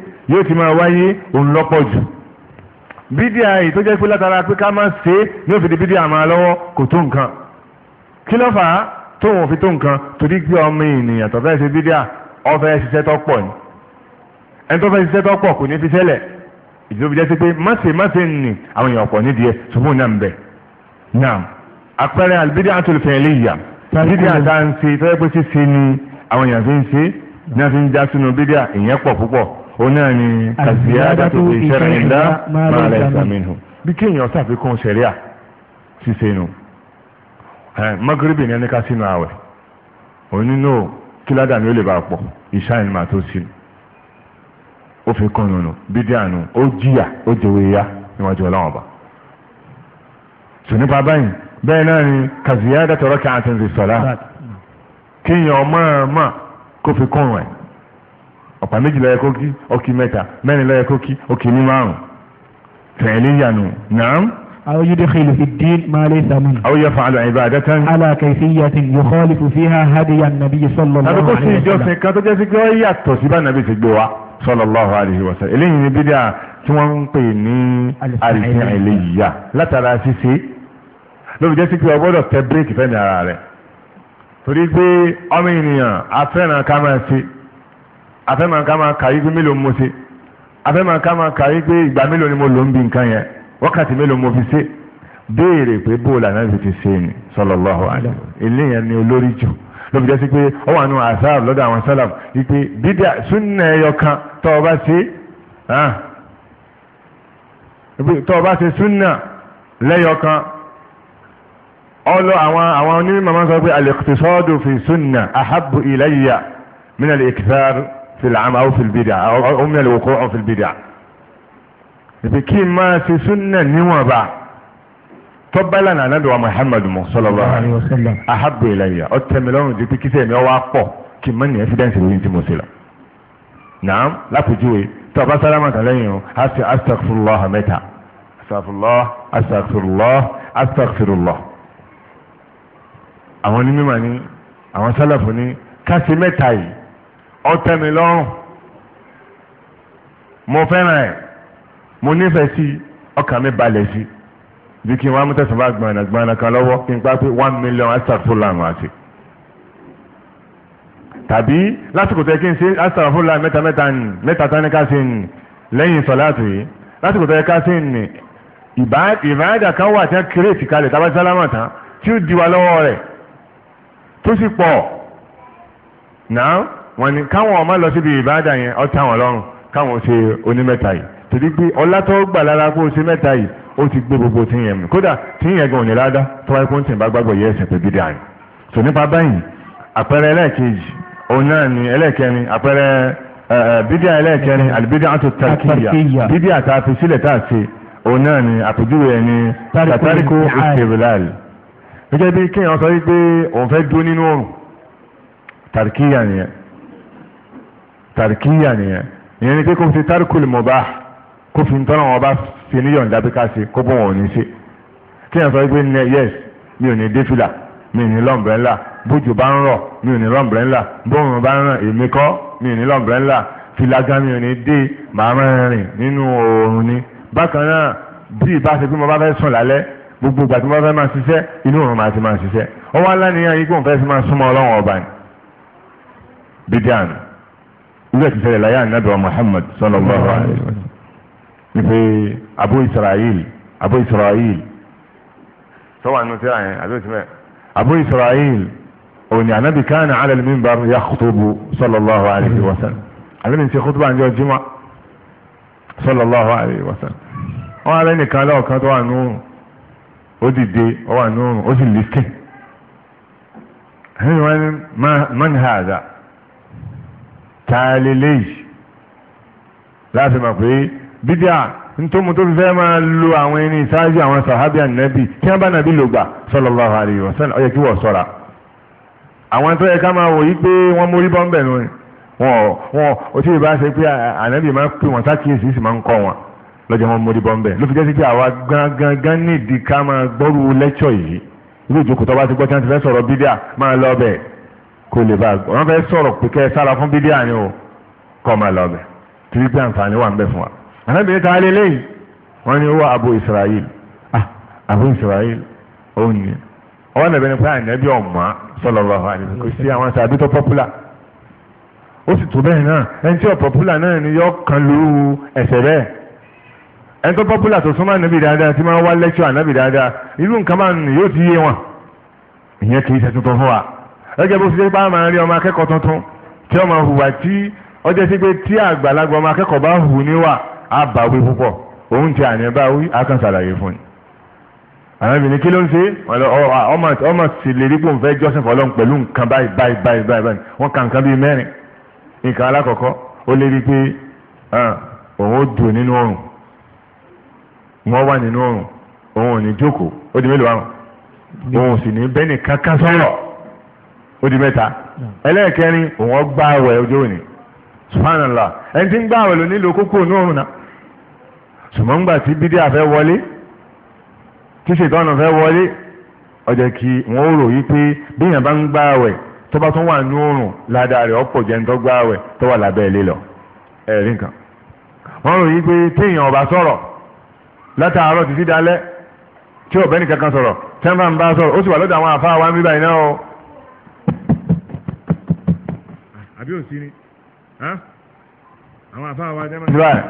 yóò ti máa wáyé òun lọ́pọ̀ jù bídíà yìí tó jẹ́ pé látara pé ká máa ṣe é ní òfin bídíà máa lọ́wọ́ kò tó nǹkan kí ló fà á tóun fi tó nǹkan torí pé ọmọ ènìyàn tó fẹ́ ṣe bídíà ó fẹ́ ṣiṣẹ́ tó pọ̀ ni ẹni tó fẹ́ ṣiṣẹ́ tó pọ̀ kò ní fi ṣẹlẹ̀ ìjọba jẹ́ sí pé máṣe máṣe nì àwọn èèyàn pọ̀ nídìí ẹ̀ ṣùgbọ́n náà ń náà àpẹẹrẹ àlùbídíà tó lè fẹ́ lè yà bídíà tá à tó yẹ pé ṣíṣe ni àwọn èèyàn fi ń ṣe náà fi ń já sínú bídíà ìyẹn pọ̀ púpọ̀ òun náà ni àzíyádá tó fi ṣẹ́rẹ̀ ńlá máa lẹ̀ ìsàmìnù bí kéèyàn ṣàfikún ṣẹ̀ríà ṣíṣe nù mọ́gíríbì ní ẹni ká sínú àwẹ̀ onínú kíládà ni ó lè bá pọ̀ ìṣáìn máa tó sínú ó fi kún nùnù bídí àánú ó jìyà ó jẹ̀wé ya níwájú ọlọ́wọ́n ọba tù nípa báyìí bẹ́ẹ̀ náà ni kàzíyádá tọrọ kí àtúnṣe sọ̀rọ̀ kéèyàn ọmọ ọmọ kó fi kún rẹ̀ ọ̀pá méjì ló yẹ kó kí ó kí mẹ́ta mẹ́rin ló yẹ kó kí ó kí ní márùn tẹ̀lé yànù nàám. أو يدخل في الدين ما ليس منه أو يفعل عبادة على كيفية يخالف فيها هدي النبي صلى الله عليه وسلم. أنا بقول fi jẹ́ sí pé o gbọ́dọ̀ tẹ bíréèkì fẹ́mi torí pé ọmọ ènìyàn afẹ́ràn ká máa ṣe afẹ́mọ̀ ká máa kàrí pé mélòó mo ṣe afẹ́mọ̀ ká máa kàrí pé ìgbà mélòó ni mo lò ń bi nǹkan yẹn wákàtí mélòó mo fi ṣe béèrè pé bóòlù ànábì ti ṣe ni sallallahu alaihi eléyàn ni olórí jù ló fi jẹ́ sí pé ó wà nù àṣàb lọ́dọ̀ àwọn sálàm wípé bídà súnà ẹyọ kan tọ́ ọ bá ṣe tọ́ ọ bá ṣe súnà lẹ́yọ kan ọlọ àwọn àwọn onímọ̀ máa ń sọ pé al-iqtisadu fi súnà ahabbu ilayya min al في العام أو في البدع أو من الوقوع في البدع ìpèkí máa ṣe súnà níwọ̀nba tọ́bálà náà nàdùwà Muhammadu mu sallallahu alaihi wasallam ahabbu ilayya ọ̀tẹ̀mílọ́rùn ju píkí sẹ́mi ọwọ́ apọ̀ kí mọ́ni ẹ́fídẹ́ǹsì lórí ti mo ṣe lọ. naam lápòjúwe tọ́ba sálámà kan lẹ́yìn o àti astagfirullah mẹ́ta astagfirullah astagfirullah astagfirullah. àwọn onímọ̀ ni àwọn sálàfù ni ká ṣe mẹ́ta ọtẹ mi lọ́rùn mo fẹ́ràn ẹ̀ mo nífẹ̀ẹ́ sí ọkàn mi balẹ̀ sí bí kí n wá mú tẹ̀sán bá gbọ̀nà gbọ̀nà kan lọ́wọ́ kí n gbá pé one million astagfirullah àwọn àti tàbí lásìkò tẹ kí n ṣe astagfirullah mẹ́ta mẹ́ta nì mẹ́ta tán ní ká ṣe nì lẹ́yìn sọ̀láàtù yìí lásìkò tẹ ká ṣe nì ìbáyàdà kan wà tí wọ́n kírètì kalẹ̀ tábà sálámà tán tí ó di wa lọ́wọ́ rẹ̀ tó sì pọ̀ náà wọ́n ní káwọn ọmọ lọ síbi ìbáàdà yẹn ó tẹ́ wọn lọ́rùn káwọn ṣe onímẹ́ta yìí torí pé ọlá tó gbà lára kó ṣe mẹ́ta yìí ó ti gbé gbogbo tí yẹn mi kódà tí yẹn gan òní ládá tó wáyé kóńtì bá gbàgbọ́ yẹ ẹsẹ̀ pé bídí àná tò nípa báyìí àpẹẹrẹ ẹlẹ́ẹ̀kejì òun náà ni ẹlẹ́ẹ̀kẹrin àpẹẹrẹ bídí ẹlẹ́ẹ̀kẹrin àlùbídí àti tàkìyà bídí àti àfisílẹ̀ tá a ṣe òun náà ni àpèjúwe ẹni tàtàríkò ìṣèlúláàlì gẹ́gẹ́ bí kéèyàn sọ wípé òun fẹ́ dúró nínú òrùn tàkìyà nìyẹn tàríkìyà nìyẹn ìyẹn ni pé kó fi tárìkùlù mubah kó fi tọ́nà wọn bá fi níyọ̀ǹda bí ká ṣe kó bọ̀ wọn ò ní ṣe kí ẹ̀ sọ pé ní yẹ́s mi ò ní dé fìlà mi ò ní lọ́mbrẹ́ńlà bójú bá ń rọ̀ mi ò ní lọ́mbrẹ́ńlà bóun bá ń ràn èmi kọ́ mi ò ní lọ́mbrẹ́ńlà fìlàgà mi ò ní dé màá máa rìn nínú oòrùn ni bákan náà bí ìbá ṣe pé mo bá fẹ́ sùn lálẹ́ gbogbo ìgbà tí mo bá fẹ́ máa ṣiṣẹ́ inú òòrùn máa ti máa ṣiṣẹ́ ọwọ́ aláníyàn yìí kò ń fẹ́ sí máa súnmọ́ ọlọ́run ọba ni bídíàánù ilé ti ṣẹlẹ̀ láyé ànábẹ́wà Muhammad sallallahu alayhi wa sallam wípé abu israel abu israel sọ́wọ́n nù tíra yẹn àbí òtún bẹ́ẹ̀ abu israel òní ànábì kánà ala al-minbar yakhtubu sallallahu alayhi wa sallam àbẹ́ni ti khutuba àjọ jimá sallallahu alayhi wa sallam wọ́n alẹ́ nìkan lọ́ọ̀kan tó wà nù ó dìde ó wà nù ó sì lè kí wọn ni man hada. ta lélẹ́yìí láti mọ̀ pé bídíà ntomu tó fẹ́ máa lo àwọn ẹni ìsáájú àwọn sàhábì ànábì kí wọ́n bá nàbí lò gbà sallallahu alaihi wasallam ó yẹ kí wọ́n sọ̀ra àwọn tó yẹ ká máa wòye pé wọ́n nù o tí ì bá ṣe pé ànábì máa pè wọ́n sákìyèsí sì máa ń wọn lọ́jọ́ wọn bọ́m̀bẹ̀ ló fi jẹ́ sí pé àwa gangan nídìí ká kó lè bá gbọ́ wọ́n fẹ́ sọ̀rọ̀ pé kẹ́ ẹ sára fún bíbí àní o kọ́ máa lọ bẹ̀ tìrí pé àǹfààní wà ń bẹ̀ fún wa. ànábìyẹ ta lé léyìí wọ́n ní owó Abu Israel ah Abu Israel òun ni ọwọ́ nàbẹ́ ni pé ànábì ọ̀mà sallallahu alaihi kò sí àwọn sàbí tó pọ́pùlà ó sì tó bẹ́ẹ̀ náà ẹni tí ò pọ́pùlà náà ni yọ kan lu ẹsẹ̀ bẹ́ẹ̀ ẹni tó pọ́pùlà tó súnmọ́ ànábì dáadáa tí máa wá lẹ́kṣọ̀ ànábì dáadáa irú nǹkan máa nù yóò ti yé wọn ìyẹn kì í ṣe tuntun fún wa lọ́jọ́ bó fi ṣe bá máa rí ọmọ akẹ́kọ̀ọ́ tuntun tí ọmọ hùwà tí ọjọ́ sí pé tí àgbàlagbà ọmọ akẹ́kọ̀ọ́ bá hù níwà á bà wí púpọ̀ òun ti àní bá wí akàn ṣàlàyé fún ni. àwọn obìnrin kí ló ń ṣe ọmọ sì lè rí pò ń fẹ́ jọ́sìn fọlọ́n pẹ̀lú nǹkan báyìí báyìí báyìí báyìí wọ́n ka nǹkan bíi mẹ́rin nǹkan alákọ̀ọ́kọ́ ó lè rí pé òun ó dùn nínú ọrùn wọ́n wà nínú ọrùn òun ò ní jókòó ó di mélòó àwọn òun ò sì ní bẹ́ẹ̀ nìkan kan sọ̀rọ̀ ó di mẹ́ta ẹlẹ́ẹ̀kẹrin òun ọgbà òní subhanallah ẹni tí ń gbà àwẹ̀ nílò kókó ní òrùn náà ṣùgbọ́n ńgbà tí bídí àfẹ́ wọlé tí fẹ́ wọlé wọ́n rò yí pé bí èèyàn bá ń gbà tó bá tún wà ní ládàá rẹ̀ ọ̀pọ̀ jẹ́ ń gbà tó ọba sọ̀rọ̀ látàárọ̀ tí ọ̀bẹ́ni kankan sọ̀rọ̀ tẹ́ńbà ń bá sọ̀rọ̀ ó sì wà lọ́dọ̀ àwọn àfáà ń bíbá o àbí òsì ni àwọn àfáà wa jẹ́mọ́. israel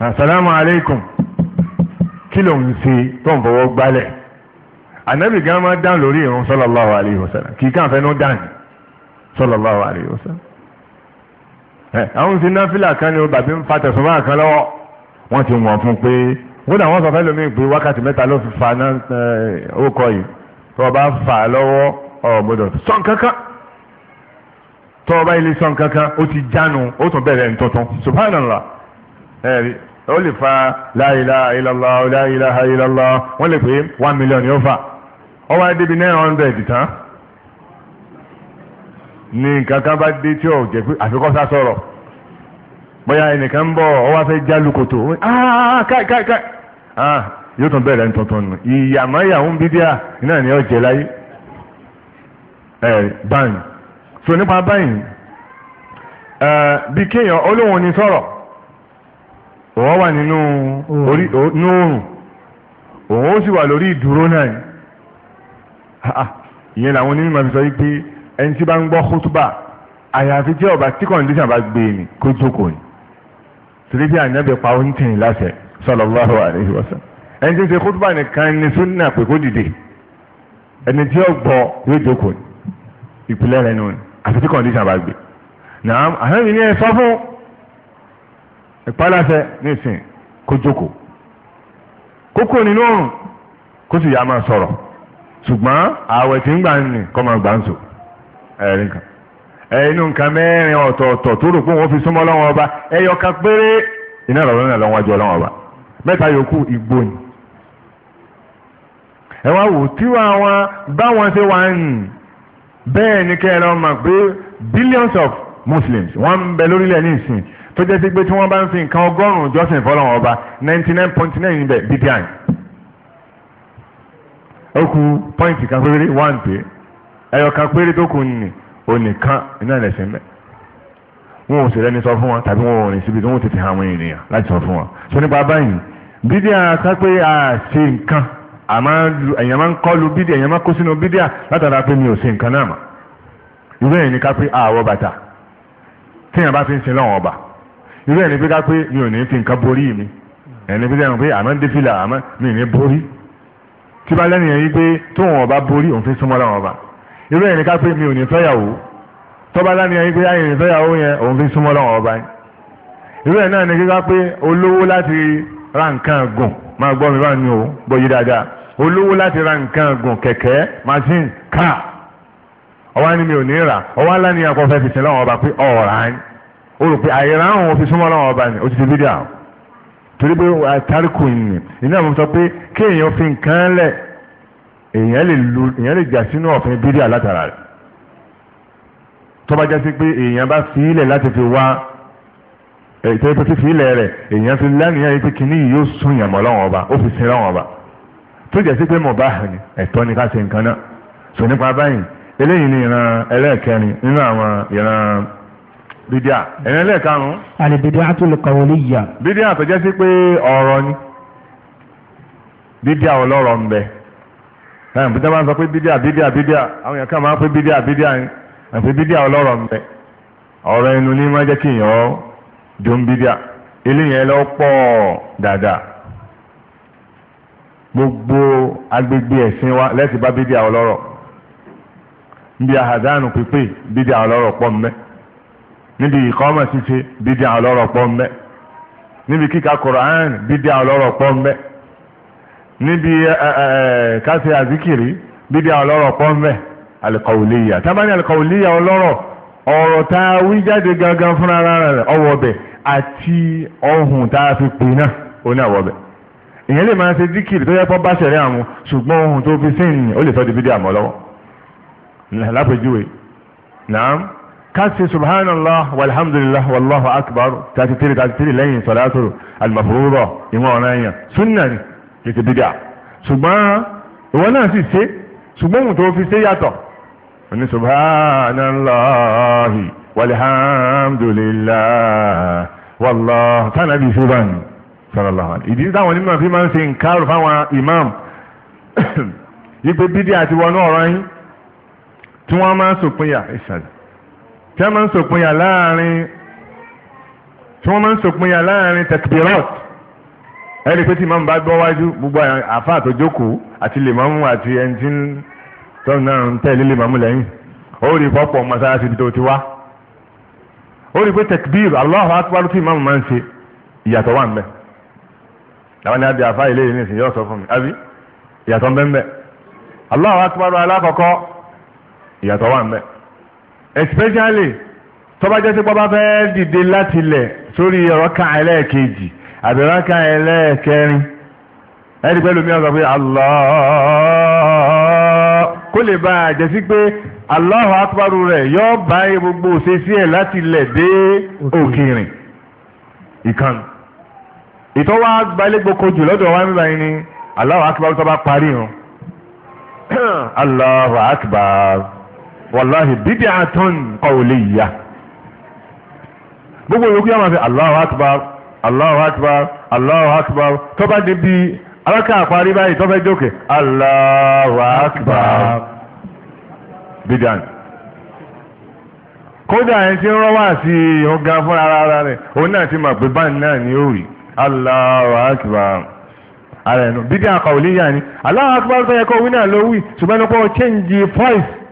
asalaamu aleykum kí ló ń ṣe tó ń fọwọ́ gbálẹ̀ anabi gan máa dán lórí ìrun sallallahu alayhi wa sallam kì í kàn fẹnu dán sallallahu alayhi wa sallam. àwọn ti náfìlà kan ni o bàbí ń fa tẹ̀sán báà kan lọ́wọ́ wọ́n ti wọ̀n fún pé kódà wọ́n sọ fẹ́ lómi pé wákàtí mẹ́ta ló fi fa náà ó kọ yìí tó o bá fà á lọ́wọ́ ọ̀ gbọ́dọ̀ sọ̀n kankan tọ́ ọba ilé sọ̀n kankan ó ti jánu ó tún bẹ̀rẹ̀ ntuntun subhanallah ẹ̀rí ó lè fa la ilaha illallah la ilaha illallah wọ́n lè pé one million yóò fà ọ wá débi nine hundred tán ní nǹkan kan bá dé tí ò jẹ́ pé àfikọ́ sá sọ̀rọ̀ bóyá ẹnìkan ń bọ̀ ọ wá fẹ́ já lukoto ah, káì káì káì ah, yóò tún bẹ̀rẹ̀ ntuntun nù ìyàmọ́ ìyàwó ń bí díà náà ni ó jẹ láyé ẹ̀ so nípa báyìí bí kéèyàn olóhùn ni sọ̀rọ̀ òun wà nínú oòrùn òun ó sì wà lórí ìdúró náà ìyẹn làwọn onímọ̀ fi sọ yìí pé ẹni tí bá ń gbọ́ kútúbà àyàfi tí ọba tí kọ̀ǹdíṣàn bá gbé ni kó jókòó ni torí bí ànábẹ́ pa ó ń tìyìn láṣẹ sallallahu alaihi wasallam ẹni tí ń ṣe kútúbà nìkan ni súnà pé kó dìde ẹni tí ó gbọ́ yóò jókòó ni ìpìlẹ̀ rẹ̀ nù ni àti tí kọ̀ǹdíṣàn bá gbé náà àtẹ́bí ní ẹ sọ fún ìpalásẹ nísìn kó jókòó kókó nínú ọrùn kó sì yá máa sọ̀rọ̀ ṣùgbọ́n ààwẹ̀ tí ń gbà ń nì kọ́ máa gbà ń sọ ẹ̀rín kan ẹ̀yinú nǹkan mẹ́rin ọ̀tọ̀ọ̀tọ̀ tó rò pé wọ́n fi súnmọ́ lọ́wọ́ ọba ẹ̀yọ kan péré iná ìrọ̀lọ́ náà lọ́wọ́ ajọ́ lọ́wọ́ ọba mẹ́ta yòókù igbó ni ẹ wá wò tí àwọn báwọn ṣe wà ń bẹ́ẹ̀ ni kẹ́ mọ̀ pé billions of muslims wọ́n ń bẹ lórílẹ̀ ní ìsìn tó jẹ́ sí pé tí wọ́n bá ń fi nǹkan ọgọ́rùn-ún jọ́sìn fọlọ́run ọba ninety nine point nine níbẹ̀ bíbíàn ó kù pọ́ìntì kan péré one pé ẹyọ kan péré tó kù ní onìkan iná ẹ̀sìn mẹ́ wọn ò sì rẹ́ni sọ fún wọn tàbí wọn ò rìn síbi tí wọn ò tètè hàn àwọn ènìyàn láti sọ fún wọn sọ nípa báyìí bíbíàn ká pé àṣe nǹkan àmọ́ ẹ̀yàn máa ń kọlu bídíà ẹ̀yàn máa kó sínú bídíà látara pé mi ò ṣe nǹkan náà mọ̀ irú ẹ̀ ní ká pé àwọ̀ ah, bàtà téèyàn bá fi ń sin lọ́wọ́ ọba irú ẹ̀ ní pé ká pé mi ò ní fi nǹkan borí mi ẹ̀ní pé sẹ́yìn pé àmọ́ ń dé fìlà àmọ́ mi ò ní borí tí bá lẹ́nu yẹn yí pé tóun ọba borí òun fi súnmọ́ lọ́wọ́ ọba irú ẹ̀ ní ká pé mi ò ní fẹ́yàwó tọ́ba lẹ́nu yẹn yí pé ra nǹkan gùn máa gbọ́ mi bá ní o bóyí dáadáa olówó láti ra nǹkan gùn kẹ̀kẹ́ machine car ọwọ́ ni mi ò ní rà ọwọ́ ńlá ni akọ fẹ́ fi sin lọ́wọ́ ọba pé ọ̀rá ni o rò pé àyèrè àwọn òfin súnmọ́ lọ́wọ́ ọba ni o ti ti bí dà o torí pé àtàríkù ni iná mi sọ pé kéèyàn fi nǹkan lẹ̀ èèyàn lè lu èèyàn lè jà sínú ọ̀fin bídíà látara rẹ̀ tọ́ba jásí pé èèyàn bá fi ilẹ̀ láti fi wá ètò ìpè fífi ilẹ̀ rẹ̀ èèyàn fi lánìyàn yìí pé kínní yìí yóò sún ọba ó fi ọba tó jẹ́ sí pé mo bá ẹ̀tọ́ ni ká ṣe nǹkan náà sọ nípa báyìí eléyìí ni ìran ẹlẹ́ẹ̀kẹrin nínú àwọn ìran bídíà ẹ̀rin ẹlẹ́ẹ̀karùn àlè bídíà tó lè kọ̀wé bídíà tó jẹ́ sí ni bídíà ọlọ́rọ̀ ń bẹ dombidia eléyẹn lọ pọ̀ dáadáa gbogbo agbègbè ẹ̀sìn wa lẹ́sìn bá bídíà ọlọrọ níbi àhàdánù pípé bídíà ọlọrọ pọ̀ mbẹ́ níbi ìkọ́mọ̀ ṣíṣe bídíà ọlọrọ níbi kíka koran níbi àzíkìrì tábàní ọ̀rọ̀ ta a wí jáde gangan fúnra ara rẹ̀ ọwọ́ àti fi pè náà ó ní àwọ̀ ìyẹn lè máa ṣe díkìrì tó yẹ bá ṣẹ̀rí àwọn ṣùgbọ́n ohun tó fi sí ìyìn ó lè di àmọ́ lọ́wọ́ subhanallah walhamdulillah wallahu akbar lẹ́yìn ìwọ̀n èèyàn ni ṣùgbọ́n ìwọ náà ní subhanallahi walhamdulillah wallah tánàbí ṣúbàn sọ̀rọ̀lọ́wọ́ ìdí táwọn onímọ̀ fi máa ń ṣe nkárù fáwọn imam yípe bídí àti wọnú ọ̀rọ̀ yín tí wọ́n máa ń sòpinya ìṣàlẹ̀ tí wọ́n máa ń sòpinya láàrin tí wọ́n máa ń sòpinya láàrin tekbirot ẹni pé tí imam bá gbọ́ wájú gbogbo àfa àtòjókòó àti lèmọ́mù àti ẹni tí ń tó náà ń tẹ̀lé lè màmú lẹ́yìn ó rí fọ́pọ̀ mọ́sálásí tó ti wá ó rí pé tẹkbíìr Allahu akbar tí ìmáàmù máa ń ṣe ìyàtọ̀ wà ń bẹ làwọn ni adìyà fáyé lè ní yóò sọ fún mi àbí ìyàtọ̀ ń ń alákọ̀ọ́kọ́ ìyàtọ̀ wà ń especially tọ́ba jẹ́ sí bọ́ba fẹ́ẹ́ dìde láti lẹ̀ sórí rákà ẹlẹ́ẹ̀kejì àbí rákà ẹlẹ́ẹ̀kẹrin ẹ̀ẹ́dì kó lè bá a jẹ́ sí pé Allahu akbar rẹ̀ yóò bá gbogbo òṣèṣì ẹ̀ láti lẹ̀ dé òkèèrè ìkan ìtọ́wá gbalẹ́gboko jù lọ́dọ̀ wa nígbà yìí ni Allahu akbar tó bá parí hàn Allahu akbar wàláhì bid'atun qawliyya gbogbo ìwé kí wọ́n máa fi Allahu akbar Allahu akbar tó bá dé bíi. alákà àparí báyìí tó fẹ́ jókè Allahu bidan kódà ẹni tí ń rọ́ sí ìhun fún ara ara rẹ̀ òun náà ti mọ̀ pé báyìí náà ni ó rí Allahu ara ẹnu bidan ni Allahu tó yẹ kó wí náà ló wí ṣùgbọ́n chẹ́ǹjì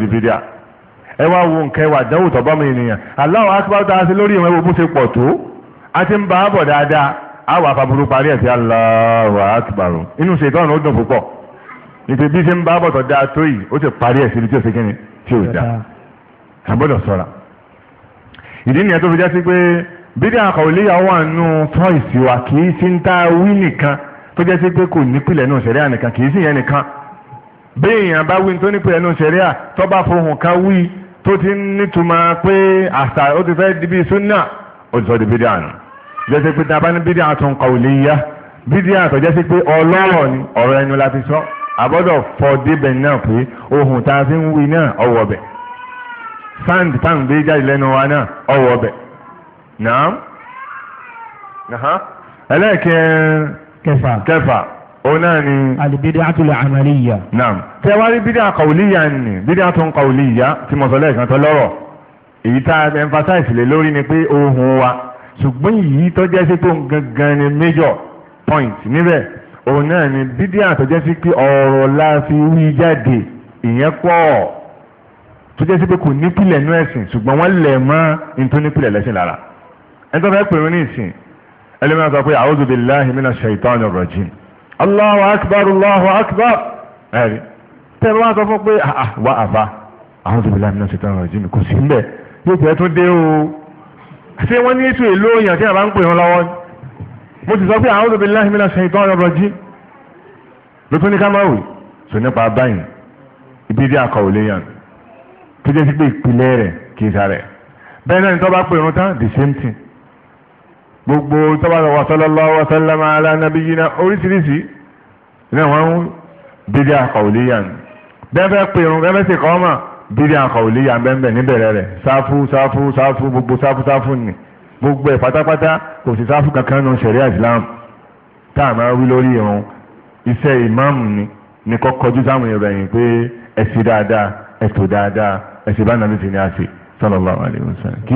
di bidan. ẹ wá wo nǹkan ẹwà àdánwò tọ́bọ́ mi ènìyàn aláwọ̀ akíbáwọ́ta ṣe lórí ìwọ̀n ẹwọ́ bó ṣe pọ̀ tó a ti ń bá a bọ̀ dáadáa a wà fàbùrù parí ẹ̀ sí aláwọ̀ akíbáwọ̀ inú ṣètọ́nù ó dùn púpọ̀ ìpè bí ṣe ń bá a bọ̀ tọ́ dáa tó yìí ó ti parí ẹ̀ sí ibi tí ó ṣe kíni tí ò dáa àgbọ́dọ̀ sọ̀ra ìdí nìyẹn tó fi jásí sí pé kò nípìlẹ̀ yẹn bá wí tó nípìlẹ̀ nù sẹ̀ríà tó bá fohùn kan wí tó ti ń nítumọ̀ pé àṣà ó ti fẹ́ di bíi súnà ó ti sọ di bídíà nù jẹ́sẹ̀ pé tàbá ní bídíà tún kọ̀ lè yá bídíà tó pé ọlọ́rọ̀ ni ọ̀rọ̀ ẹnu la fi sọ àbọ̀dọ̀ fọ débẹ̀ náà pé ohun tá a fi ń wí náà ọwọ́ bẹ̀ sand tá gbé jáde lẹ́nu wa náà ọwọ́ bẹ̀ náà ẹlẹ́ẹ̀kẹ́ kẹfà. òun náà ni. alibidi atule amaliya. naam tẹwari bidi akawuliya ni bidi atun kawuliya tí mo sọ lẹ́ẹ̀kan tó lọ́rọ̀ èyí tá a emphasize lé lórí ni pé ohun wa ṣùgbọ́n yìí tó jẹ́ sí tó gangan ni major point níbẹ̀ òun náà ni bidi àtọ́jẹ́ sí pé ọ̀rọ̀ la fi wí jáde ìyẹn pọ̀ tó jẹ́ sí pé kò nípìlẹ̀ nú ẹ̀sìn ṣùgbọ́n wọ́n lẹ̀ mọ́ ntónípìlẹ̀ lẹ́sìn lára ẹni tó fẹ́ pè mí ní ìsìn ẹlẹ́mìíràn sọ pé a'udhu billahi minash shaitani rrajim Allahu akbar Allahu akbar ẹ̀rí tẹ́lẹ̀ wá sọ fún pé ah, ah, wá àfa àwọn tó fi láàmì náà ṣe tán ọ̀rọ̀ jù mí kò sí mbẹ̀ yóò jẹ́ tún dé o ṣé wọ́n ní ètò èlò èèyàn tí àbá ń pè wọn lọ́wọ́ mo ti sọ pé àwọn tó fi láàmì náà ṣe tán ọ̀rọ̀ jù ló tún ní ká sọ nípa báyìí ibi dí àkọ̀wé léyàn tó jẹ́ sí pé ìpìlẹ̀ rẹ̀ kì sáré bẹ́ẹ̀ náà ní tó bá pè wọn tán the same thing gbogbo tọ́bàtà wasallallahu wasallama ala nabiyina oríṣiríṣi náà wọ́n ń bídí àkọ̀wéléyàn bẹ́ẹ̀ bẹ́ẹ̀ pé irun bẹ́ẹ̀ bẹ́ẹ̀ sì kọ́ ọ́mà bídí àkọ̀wéléyàn bẹ́ẹ̀ bẹ́ẹ̀ níbẹ̀rẹ̀ rẹ̀ sáfù sáfù sáfù gbogbo sáfù sáfù ni gbogbo ẹ̀ pátápátá kò sí sáfù kankan nù sẹ̀ríà Islam tá a máa wí lórí irun iṣẹ́ ìmáàmù ni ni kọ́ kọjú sáwọn ìròyìn pé ẹ̀sìn dáadáa ẹ̀tò dáadáa ẹ̀sìn bá nàbí ti ní àṣì sallallahu alaihi wasallam kì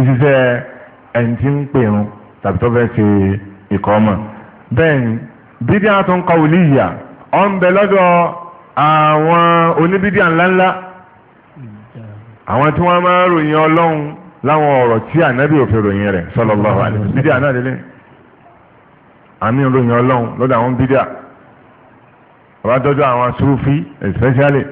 í tàbí tó fẹ́ ṣe ìkọ́mọ̀ bẹ́ẹ̀ ni bídíà tó ń kọ wùlíyà ọ ń bẹ lọ́dọ̀ àwọn oníbídíà ńláńlá àwọn tí wọ́n máa ń ròyìn ọlọ́run láwọn ọ̀rọ̀ tí ànábì òfin ròyìn rẹ̀ sallallahu alaihi wasallam bídíà náà lélẹ̀ àmì ròyìn ọlọ́run lọ́dọ̀ àwọn bídíà ọba dọ́dọ̀ àwọn súfì especially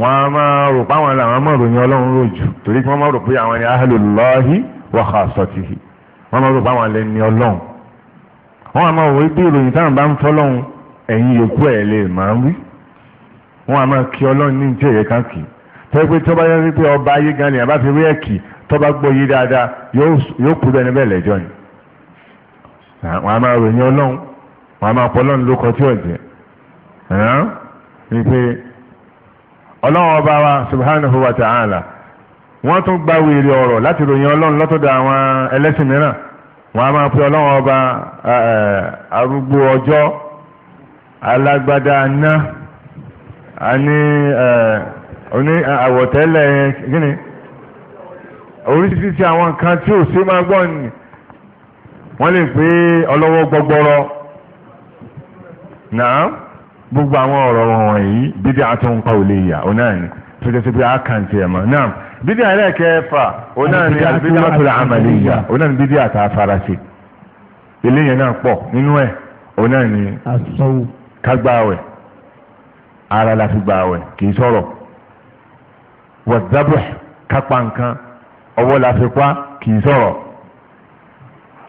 wọ́n á máa rò pé àwọn làwọn máa ròyìn ọlọ́run rò jù torí pé wọ́n máa rò pé àwọn ni ahlullahi wa wọ́n máa rò báwọn lẹ́ni ọlọ́run wọ́n á máa wọ ibi ìròyìn táwọn bá ń fọ́lọ́run ẹ̀yin yòókù ẹ̀ lè máa wí wọ́n máa kí ọlọ́run ní ìjẹ́ ìyẹn kì í tẹ́ pé tó bá yẹ ọba ayé gan ni àbá fi rí ẹ̀kì tó bá gbọ́ yé dáadáa yóò kú bẹ́ẹ̀ níbẹ̀ lẹ́jọ́ ni wọ́n á máa ròyìn ọlọ́run wọ́n á máa pọ̀ ọlọ́run lóko tí ò jẹ́ ẹ̀hán ni ọlọ́run ọba wa subhanahu wa ta'ala wọ́n tún gba wèrè ọ̀rọ̀ láti ròyìn ọlọ́run lọ́tọ̀dọ̀ àwọn ẹlẹ́sìn mìíràn wọ́n á máa pe ọlọ́run ọba arúgbó ọjọ́ alágbádá aná àní oní àwọ̀tẹ́lẹ̀ gíní oríṣiríṣi àwọn nǹkan tí ò sí máa gbọ́ ni wọ́n lè pé ọlọ́wọ́ gbọgbọrọ náà gbogbo àwọn ọ̀rọ̀ wọ̀nyí bídí àtúnkọ́ ò lè yà ọ̀nà ni tó jẹ́ sí pé a kàn tiẹ̀ mọ́ náà. bídíà fa onáà ni albid'atul amaliyya onáà ni bídíà tá a fara sí eléyẹn náà pọ̀ nínú ẹ̀ onáà ni kágbáwẹ̀ ara la fi k'i kì í sọ̀rọ̀ ka kápá la fi pa kì í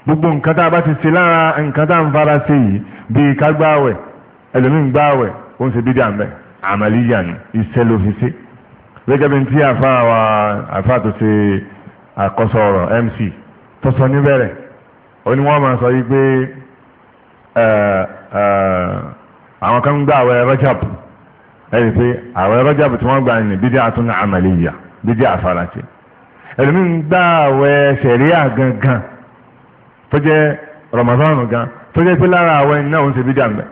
gbogbo nǹkan bá ti ṣe lára nǹkan n gẹ́gẹ́ bí tí àfa wa àfa tó ṣe àkọsọ ọ̀rọ̀ mc tó sọ níbẹ̀rẹ̀ ó ní wọ́n máa sọ yìí pé àwọn kan ń gba àwẹ̀ rajab ẹni pé àwẹ̀ rajab tí wọ́n gba ni bídí àtún àmàlẹ́yà bídí àfarasẹ ẹ̀lùmí ń gba àwẹ̀ sẹ̀ríà gangan tó jẹ́ Ramadan gan tó jẹ́ pé lára àwẹ̀ náà ó ń ṣe bídí àmbẹ̀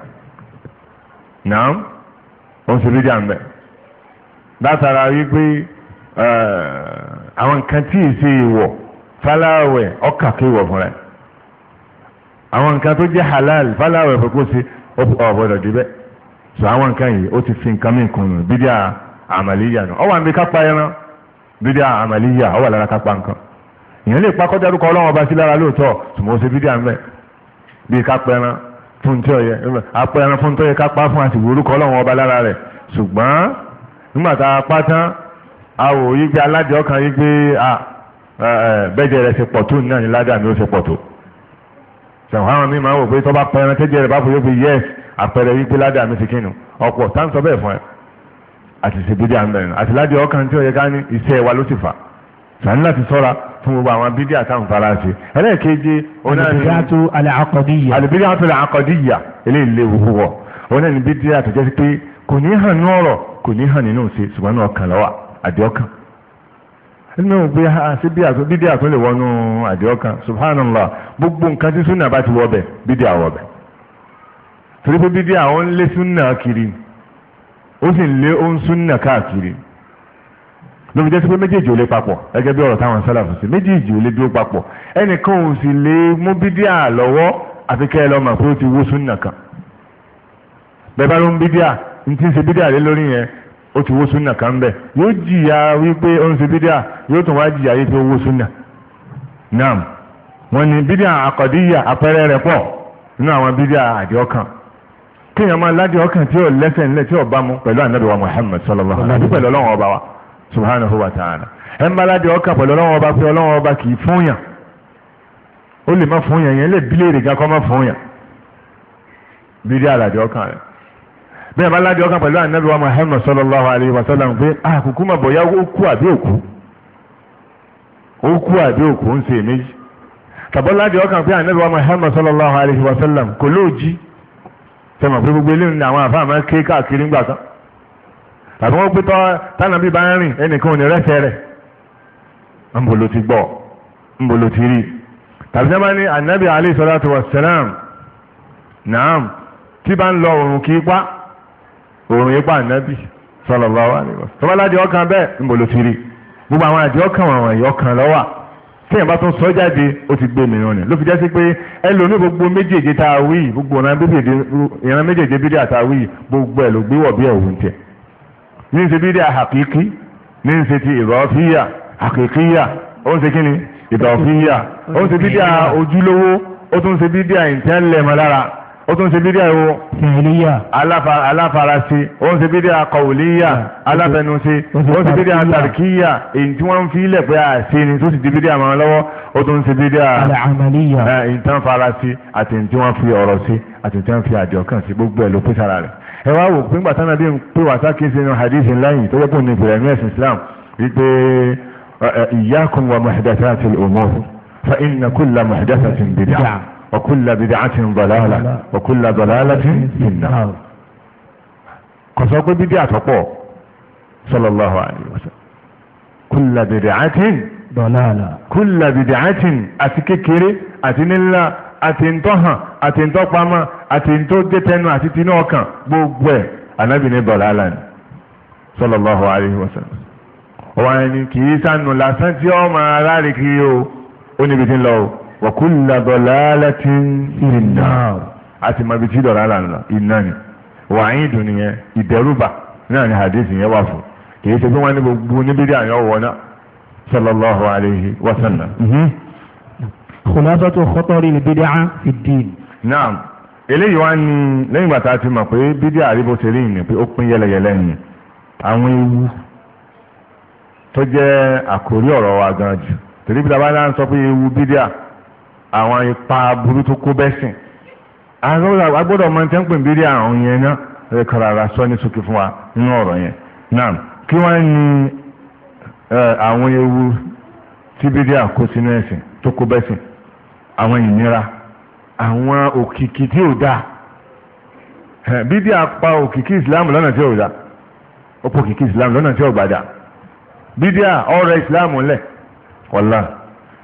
náà ó ń ṣe bídí àmbẹ̀ látara wípé àwọn nǹkan tí ì ṣe ìwọ̀ fáláwẹ̀ ọkà kí ìwọ̀ fúnra àwọn nǹkan tó jẹ́ halal fáláwẹ̀ fẹ́ kó ṣe ọ̀bọ̀dọ̀ débẹ̀ so àwọn nǹkan yìí ó ti fi nǹkan mí kùn nù bídíà àmàlíyà nù ọwọ́ àmì kápá ẹran bídíà àmàlíyà ọwọ́ àlára kápá nǹkan ìyẹn lè pa kọjá orúkọ ọlọ́run ọba sí lára lóòótọ́ ṣùgbọ́n ó ṣe bídíà mẹ́ bíi kápá ẹran fún tí ọ̀yẹ́ apá ẹran fún tọ́yẹ kápá fún àtìwé orúkọ ọlọ́run ọba lára rẹ̀ ṣùgbọ́n nígbà tá a pa tán a wò yí pé aládìí ọkàn yí pé bẹ́jẹ̀ rẹ̀ ṣe pọ̀ tó náà ní ládàá mi ó ṣe pọ̀ tó ṣàwọn àwọn míì máa ń wò pé tọ́ba pẹran tẹ́jẹ̀ rẹ̀ bá fò yóò fi yẹ́s àpẹẹrẹ yí pé ládàá mi ti kínu ọ̀pọ̀ tá ń sọ bẹ́ẹ̀ fún ẹ àti ṣèbídí àmẹ́rin àti ládìí ọkàn tí ó yẹ ká ní iṣẹ́ wa ló sì fà sàní láti sọ́ra fún gbogbo àwọn bídí àtàwọn faransé ẹlẹ́ẹ̀keje alìbídíàtò ní bídí àtọ̀jẹ́sí pé kò kò ní hàn nínú ṣe ṣùgbọ́n náà ọkàn lọ́wọ́ àdéọ́kàn nínú bí a ṣe bí àtún dídí lè wọnú àdéọ́kàn subhanallah gbogbo nǹkan tí súnà bá ti wọ bẹ bídí àwọ̀ bẹ̀ torí pé bídí àwọn ń lé súnà kiri ó sì ń lé súnà káàkiri lóbi jẹ́ sí pé méjèèjì ò papọ̀ bí ọ̀rọ̀ táwọn sí dúró papọ̀ ẹnìkan ò sì mú bídí àfikẹ́ n ti ṣe bídíà lé lórí yẹn ó ti wó súnà kan bẹ̀ yóò jìyà wípé ó ń bídíà yóò tún wá naam wọn ni bídíà àkọ́díyà àpẹẹrẹ pọ̀ nínú àwọn bídíà kéèyàn máa ọkàn tí lẹ́sẹ̀ tí bá mu pẹ̀lú wa sallallahu pẹ̀lú ọba wa subhanahu wa ta'ala ẹ̀ ń bá ọkàn pẹ̀lú ọba pé ọba kì í fún yàn ó lè má bẹ́ẹ̀ bá ládìí ọkàn pẹ̀lú wa Muhammad sallallahu alayhi wa sallam pé àkùkù ah, mà bọ̀yá ó kú àbí òkú ń ṣe méjì tàbọ̀ ládìí ọkàn pé wa Muhammad sallallahu alayhi wa sallam kò lóòjì tẹmọ̀ pé gbogbo eléyìí ni àwọn ké káàkiri ńgbà kan tàbí wọ́n pé bá ń rìn ẹnìkan ò ní rẹ́sẹ̀ rẹ̀ naam tí bá òòrùn ipa ànábì sallallahu alaihi wasallam tọ́báládì ọkàn bẹ́ẹ̀ ń bò ló ti rí gbogbo àwọn àdìẹ ọkàn àwọn ẹ̀yọ kan lọ́wà téèyàn bá tún sọ jáde ó ti gbé mìíràn ni ló fi jẹ́ sí pé ẹlòmíì gbogbo méjèèjì tá a wí gbogbo ìran méjèèjì bídí àtà wí gbogbo ẹ̀ ló gbé wọ̀ bí ẹ̀wù tiẹ̀ ní ṣe bídí àhàkíkí ní ṣe ti ìrọ̀fíyà àkíkíyà ó ń ṣe kí ìrọ̀fíyà ó ń ṣe bídí ojúlówó ó tún ṣe bídí àìntẹ́lẹ̀mọ́ lára ó tún ṣe bídíà ìwò aláfarasí ó ń ṣe bídíà kọ̀wòlíyà aláfẹnusí ó ń ṣe bídíà tàríkíyà èyí tí wọ́n ń fi ilẹ̀ pé àṣẹ ni tó sì di bídíà máa lọ́wọ́ ó tún ṣe bídíà ìtàn farasí àti tí wọ́n fi ọ̀rọ̀ sí àti tí wọ́n fi àjọ kàn sí gbogbo ẹ̀ ló pèsè ara rẹ̀ ẹ wá wò pé ńgbà tánà bí n pé wàsá kí ní وكل بدعة ضلالة وكل ضلالة في النار قصوا بدعة تقوى صلى الله عليه وسلم كل بدعة ضلالة كل بدعة أتككري أتنلا أتنطها أتنطقما تودتن تنو أتتنوكا بوبوه أنا بني ضلالة صلى الله عليه وسلم وأني كيسان لسان يوم على ذلك يو ونبتن له wa kulla dalalatin fin nar àti mọ̀bí tí dọ̀lálà iná ni wàáyìn dùn nìyẹn ìdẹ́rùbà náà ni hadith yẹn wà fún kìí ṣe pé wọ́n ní gbogbo níbi dí àyàn alayhi wa sallam. Mhm. ni bídí fi dín. náà eléyìí wá ní lẹ́yìn ìgbà tá a ti mọ̀ pé bídí àríbó ṣe rí ìyẹn pé ó pín yẹlẹyẹlẹ ni àwọn ewu tó jẹ́ àkórí ọ̀rọ̀ wa gan jù torí bí bá àwọn ipa burú tó kó bẹ́sìn agbọ́dọ̀ máa ń tẹ́ ń pè bí rí àrùn yẹn náà ẹ kọ́ra ara sọ ní sókè fún wa nínú ọ̀rọ̀ yẹn náà kí wọ́n ní àwọn ewu tí bí rí àkóso náà ẹ̀sìn tó kó bẹ́sìn àwọn ìnira àwọn òkìkí tí ò dáa bí rí apá òkìkí Islam lọ́nà tí ò dáa ó òkìkí Islam lọ́nà tí ò gbàdá bí rí ọ̀rọ̀ Islam lẹ̀ wọ́lá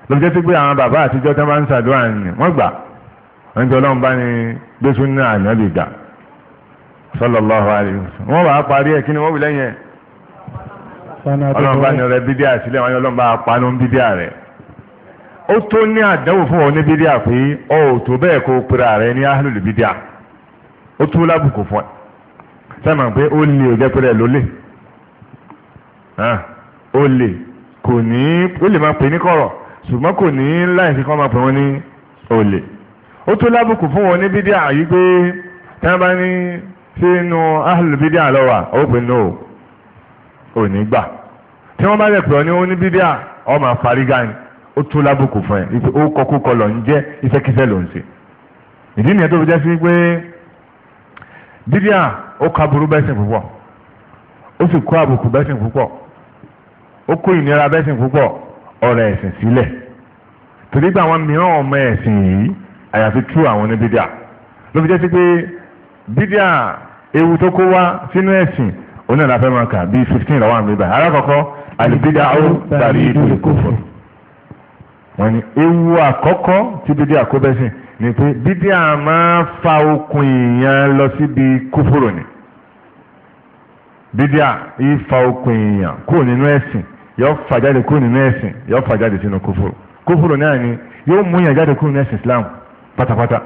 lọ́bi jẹ́ sí pé àwọn bàbá àtijọ́ tó máa ń ṣàdúrà ni wọ́n gbà wọ́n ti ọlọ́run bá ní gbésù ní ànábì gbà sallallahu alaihi wasallam wọ́n bá parí ẹ̀ kí ni wọ́n wí lẹ́yìn ẹ̀ ọlọ́run bá ní ọrẹ bídíà sílẹ̀ wọ́n ní ọlọ́run bá panu bídíà rẹ̀ ó tó ní àdánwò fún ọ ní bídíà pé ọ ò tó bẹ́ẹ̀ kó pera rẹ̀ ní ahlul bídíà ó tó lábùkù fún ẹ sẹ́mọ̀ pé ó lè jẹ́ pé rẹ̀ ó lè kò ní ó lè máa pè ní kọ̀rọ̀ ṣùgbọ́n kò ní láì fi kọ́ máa pè wọ́n ní olè ó tó lábùkù fún wọn ní bídíà yìí pé tí wọ́n bá ní sí inú ahlù bídíà lọ́wà ó pè ní ò ní gbà tí wọ́n bá lè pè ọ́ ní oní bídíà ọ máa farigá ni ó tó lábùkù fún ẹ ife ó kọ kúkọ lọ ń jẹ iṣẹ́kíṣẹ́ ló ń ṣe ìdí nìyẹn tó fi jẹ́ sí pé bídíà ó ka burú bẹ́sìn púpọ̀ ó sì kó àbùkù bẹ́sìn púpọ̀ ó kó ìnira bẹ́sìn púpọ̀ ọ̀rọ̀ ẹ̀sìn sílẹ̀ torí pé àwọn mìíràn ọmọ ẹ̀sìn yìí àyàfi tú àwọn ní bídíà ló fi jẹ́ sí pé bídíà ewu tó kó wá sínú ẹ̀sìn oní àlàfẹ́ máa kà bíi fifteen lọ́wọ́ àmì báyìí alákọ̀ọ́kọ́ àlùbídà ó darí ìdúró kófò wọ́n ní ewu àkọ́kọ́ tí bídíà kó bẹ́ sìn ni pé bídíà máa fa okùn èèyàn lọ síbi kúfòrò ni bídíà ìfa okùn èèyàn kúrò nínú ẹ̀sìn yọ fà jáde kúrò nínú ẹ̀sìn yọ fà jáde sínú kófòrò kófòrò náà ni yóò mú yàn jáde kúrò nínú ẹ̀sìn Islam pátápátá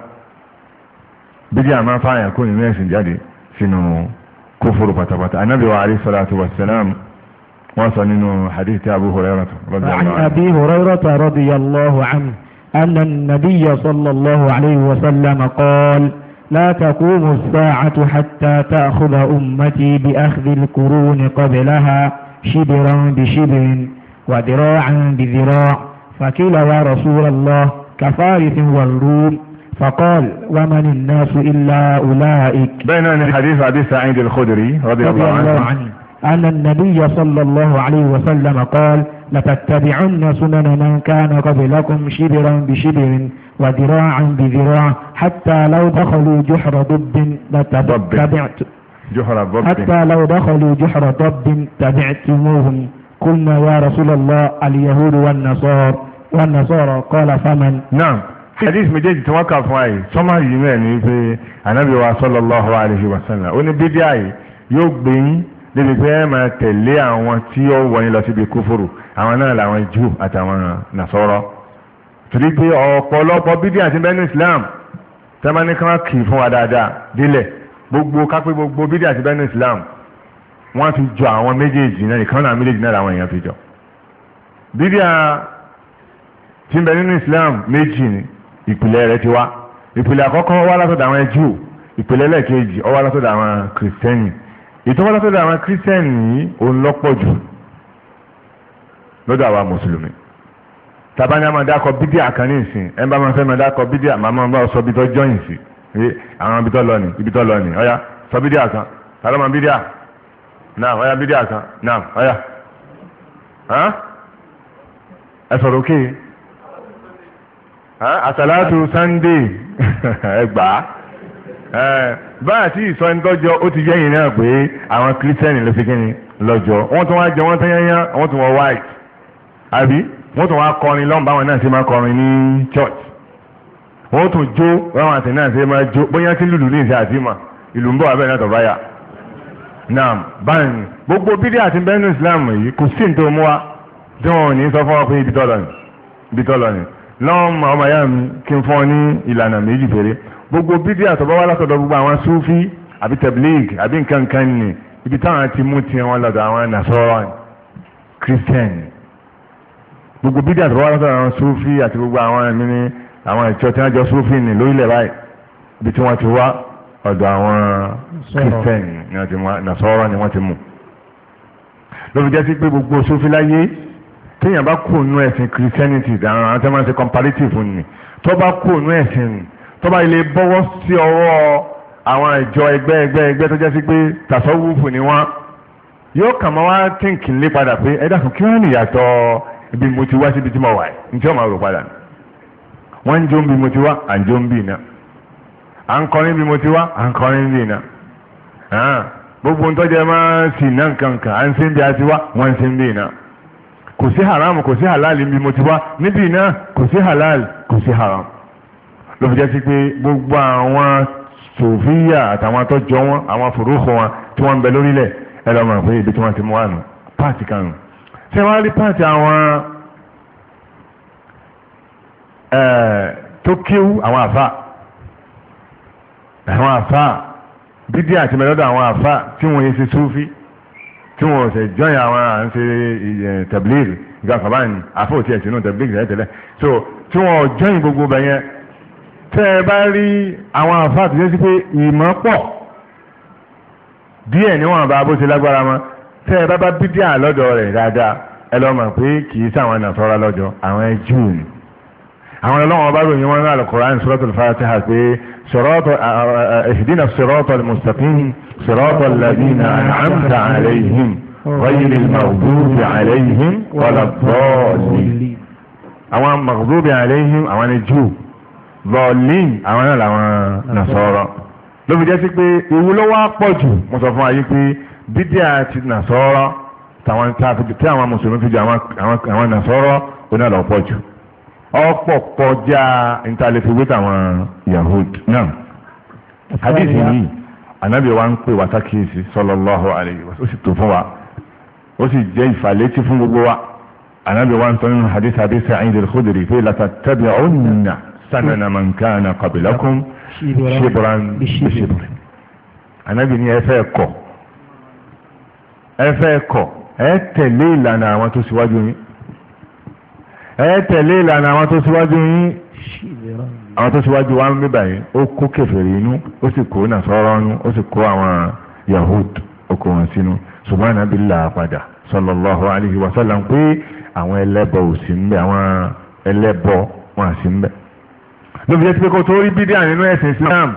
bíbí àmà fààyàn kúrò nínú ẹ̀sìn jáde sínú kófòrò pátápátá anábì wa alayhi salatu wa salam wọn sọ nínú hadith abu hurairah radiyallahu anhu. abi hurairah radiyallahu anhu أن النبي صلى الله عليه وسلم قال لا تقوم الساعة حتى تأخذ أمتي بأخذ القرون قبلها شبرا بشبر وذراعا بذراع فقيل يا رسول الله كفارس والروم فقال ومن الناس إلا أولئك بين الحديث حديث أبي سعيد الخدري رضي, رضي الله, الله عنه أن النبي صلى الله عليه وسلم قال لتتبعن سنن من كان قبلكم شبرا بشبر وذراعا بذراع حتى لو دخلوا جحر ضب لتتبعت جحر ضب حتى لو دخلوا جحر ضب تبعتموهم قلنا يا رسول الله اليهود والنصارى والنصارى قال فمن نعم hadith méjèèjì tí wọ́n kà fún àyè sọ́mà yìí náà ní pé anabi wa sallallahu alayhi wa sallam ó ní bídíà yìí yóò gbé yín débi pé ẹ máa tẹ̀lé àwọn tí ó wọ̀ yín lọ síbi kúfòrò àwọn náà làwọn jù àtàwọn nàṣọ́rọ́ torí pé ọ̀pọ̀lọpọ̀ bídíà ti bẹ́ẹ̀ ní islam tẹ́mánìkan kì í fún wa dáadáa délẹ̀ gbogbo kápẹ́ gbogbo bídí àti bẹ́ẹ̀ ní Islam wọ́n fi jọ àwọn méjèèjì náà ìkan náà méjèèjì náà làwọn èèyàn fi jọ bídí à ti ń bẹ nínú Islam méjì ni ìpìlẹ̀ rẹ̀ ti wá ìpìlẹ̀ àkọ́kọ́ wá látọ̀dọ̀ àwọn ẹjú ìpìlẹ̀ lẹ́ẹ̀kejì ó wá látọ̀dọ̀ àwọn kìrìsìtẹ́nì ìtọ́wọ́ látọ̀dọ̀ àwọn kìrìsìtẹ́nì yìí òun lọ́pọ̀ jù lọ́dọ̀ àwa mùsùlùmí tabani àmàdá kọ bídí àkànní ìsìn ẹ̀ bá máa fẹ́ máa dá kọ bídí àmàmọ́ bá sọ bí tọ́jọ́ ìsìn àwọn ibi tó lọ ni ibi tó lọ ni ọ̀yá sọ bídíà kan tàbí ọmọ bídíà náà ọ̀yá bídíà kan náà ọ̀yá ẹ sọ̀rọ̀ òkè àsàlátù sannde ẹgbàá báyà tí ìsọ ẹni tọ́jọ́ ó ti yẹ́yìn náà pé àwọn kírísítẹ́nì ló fi kí ni lọ́jọ́ wọ́n tún wá jẹ wọ́n tán yányán wọ́n tún wọ white àbí wọ́n tún wá kọrin lọ́nà báwọn náà ṣe máa kọrin ní church wọ́n tún jó ráwọn àti náà ṣe máa jó bóyá tí lùlù ní ìṣe àti mà ìlú ń bọ̀ abẹ́ náà tọ̀bá yà naam báyìí gbogbo bídí àti bẹ́ẹ̀nù Islam yìí kò sí nítorí mú wa tí wọn ò ní sọ fún wa pé ibi tọ́lọ̀ ni ibi tọ́lọ̀ ni lọ́wọ́n ọmọ ìyá mi kí n fún ọ ní ìlànà méjì péré gbogbo bídí àtọ̀bá wa látọ̀dọ̀ gbogbo àwọn Sufi àbí tablig àbí nǹkan kan ni ibi táwọn ti mú tiẹ̀ wọn lọ́dọ̀ àwọn nasọ́rọ̀ ni Christian gbogbo bídí àtọ̀bá wa látọ̀dọ̀ àwọn Sufi àti gbogbo àwọn ẹ̀mí ni àwọn ìjọ tí wọ́n jọ sófin ní lórílẹ̀ báyìí bí tí wọ́n ti wá ọ̀dọ̀ àwọn Christian ni wọ́n ti mú nasọ́rọ́ ni wọ́n ti mú ló fi jẹ́ sí pé gbogbo sófin láyé téèyàn bá kú nú ẹ̀sìn Christianity àwọn àwọn tí wọ́n ti comparative ni tó bá kú nú ẹ̀sìn tó bá ilé bọ́wọ́ sí ọwọ́ àwọn ìjọ ẹgbẹ́ ẹgbẹ́ ẹgbẹ́ tó jẹ́ sí pé tàṣọ́wùfù ni wọ́n yóò kàn máa wá tíǹkì lé padà pé ẹ dákun kí wọ́n nìyàtọ̀ ibi mo ti wá síbi tí mo wà ní tí wọ́n máa rò padà ni wọ́n ń jó ń bí mo ti wá à ń jó ń bí iná à ń kọrin bí mo ti wá à ń kọrin bí iná gbogbo ń tọ́jà máa sì ná nǹkankan à ń sin bí a ti wá wọ́n ń sin bí iná kò sí haram kò sí halal bí mo ti wá níbi iná kò sí halal kò sí haram ló fi jẹ́ sí pé gbogbo àwọn sòfíà àtàwọn atọ́jọ́ wọn àwọn fòrókò wọn tí wọ́n ń bẹ lórílẹ̀ ẹ lọ́mọ pé ibi tí wọ́n ti mú wà nù páàtì kan nù ṣé wọ́n á rí páàtì àwọn tó kíw àwọn àfa àwọn àfa bídí àti mẹ́lọ́dọ̀ àwọn àfa tí wọ́n yẹ ṣe súfí tí wọ́n ṣe jọ́yìn àwọn à ń ṣe eh, tẹ̀blíìrì ìgbà kọ̀ọ̀bá ni àfọ̀ òtí ẹ̀sìn náà tẹ̀blíìrì tẹ́lẹ̀ so tí wọ́n jọ́yìn gbogbo bẹ̀yẹn tẹ́ ẹ bá rí àwọn àfa tó yẹ sí pé ìmọ̀ pọ̀ díẹ̀ níwọ̀n bá bó ṣe lágbára mọ́ tẹ́ ẹ bá bá bídí àlọ́dọ̀ rẹ̀ dáadáa ẹ lọ́ mọ̀ pé kì í sáwọn nàfọ́rọ́ lọ́jọ́ àwọn ẹjú ni àwọn ọlọ́wọ́n bá ròyìn wọn ní alukur'an suratul fatiha pé sirata ihdina siratal mustaqim siratal ladina an'amta alayhim ghayril maghdubi alayhim waladdallin àwọn maghdubi alayhim àwọn ni jù lọ́ọ̀lìn àwọn náà làwọn nàṣọ́rọ̀ ló fi jẹ́ sí pé ewu ló wá pọ̀ jù mo sọ fún ayé pé bídíà ti nàṣọ́rọ̀ tí àwọn mùsùlùmí fi jù àwọn nàṣọ́rọ̀ ó náà ọ̀pọ̀ kọjá ntàlẹ́fẹ̀wé tàwọn yahood náà hadith yìí anabi wa ń pè wá sákìyèsí sallallahu alayhi wa ó sì tó fún wa ó sì jẹ́ ìfàlétí fún gbogbo wa anabi wa ń sọ nínú hadith hadith Sa'id al-Khudri pé latattabi'unna sanana man kana qablakum shibran bi shibrin anabi ni ẹ fẹ́ kọ̀ ẹ ẹ tẹ̀lé ìlànà àwọn tó síwájú yín. ẹ tẹ̀lé ìlànà àwọn tó síwájú yín àwọn tó síwájú ń ó kó kèfèrí inú ó sì kó nàṣọ́rọ́ inú ó sì kó àwọn yahud okò sínú ṣùgbọ́n ànábì padà sallallahu alaihi wa pé àwọn ẹlẹ́bọ ò sí ń bẹ àwọn ẹlẹ́bọ wọn à sí ń bẹ. lóbi jẹ́ ti pé kó tó rí bídíà nínú ẹ̀sìn Islam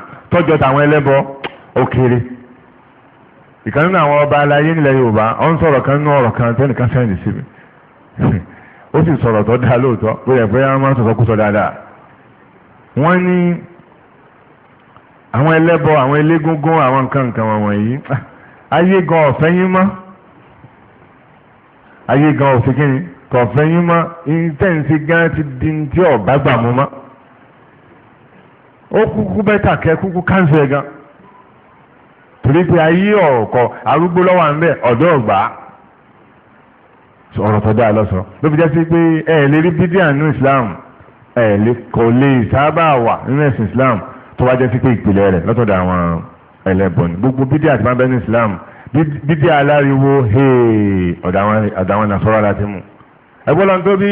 ọba nílẹ̀ Yorùbá ọ̀ ń sọ̀rọ̀ kan nínú ọ̀rọ̀ kan tẹ́nìkan ó sì sọ̀rọ̀ tó dá lóòótọ́ pé ẹ̀fẹ́ yára máa ń sọ̀tọ́ kú sọ dáadáa wọ́n ní àwọn ẹlẹ́bọ àwọn elégúngún àwọn nǹkan nǹkan ah, ayé gan ọ̀fẹ́ yín mọ́ ayé gan ọ̀fẹ́ kí ni yín mọ́ gan ti di ti ọ̀bá gbà mú mọ́ ó kúkú kúkú gan torí pé ayé ọ̀kọ̀ arúgbó lọ́wọ́ à ń bẹ̀ ọ̀rọ̀ tó dáa lọ́sọ̀ ló fi jẹ́ sí pé ẹ lè rí bídíà nínú Islam ẹ lè kò lè sábà wà nínú ẹ̀sìn Islam tó wá jẹ́ sí pé ìpìlẹ̀ rẹ̀ lọ́tọ̀dọ̀ àwọn ẹlẹ́bọ̀n gbogbo bídíà tí wọ́n bẹ́ ní Islam bídíà aláriwo ọ̀dọ̀ àwọn nasọ́rọ̀ láti mú ẹgbọ́lọ́n tó bí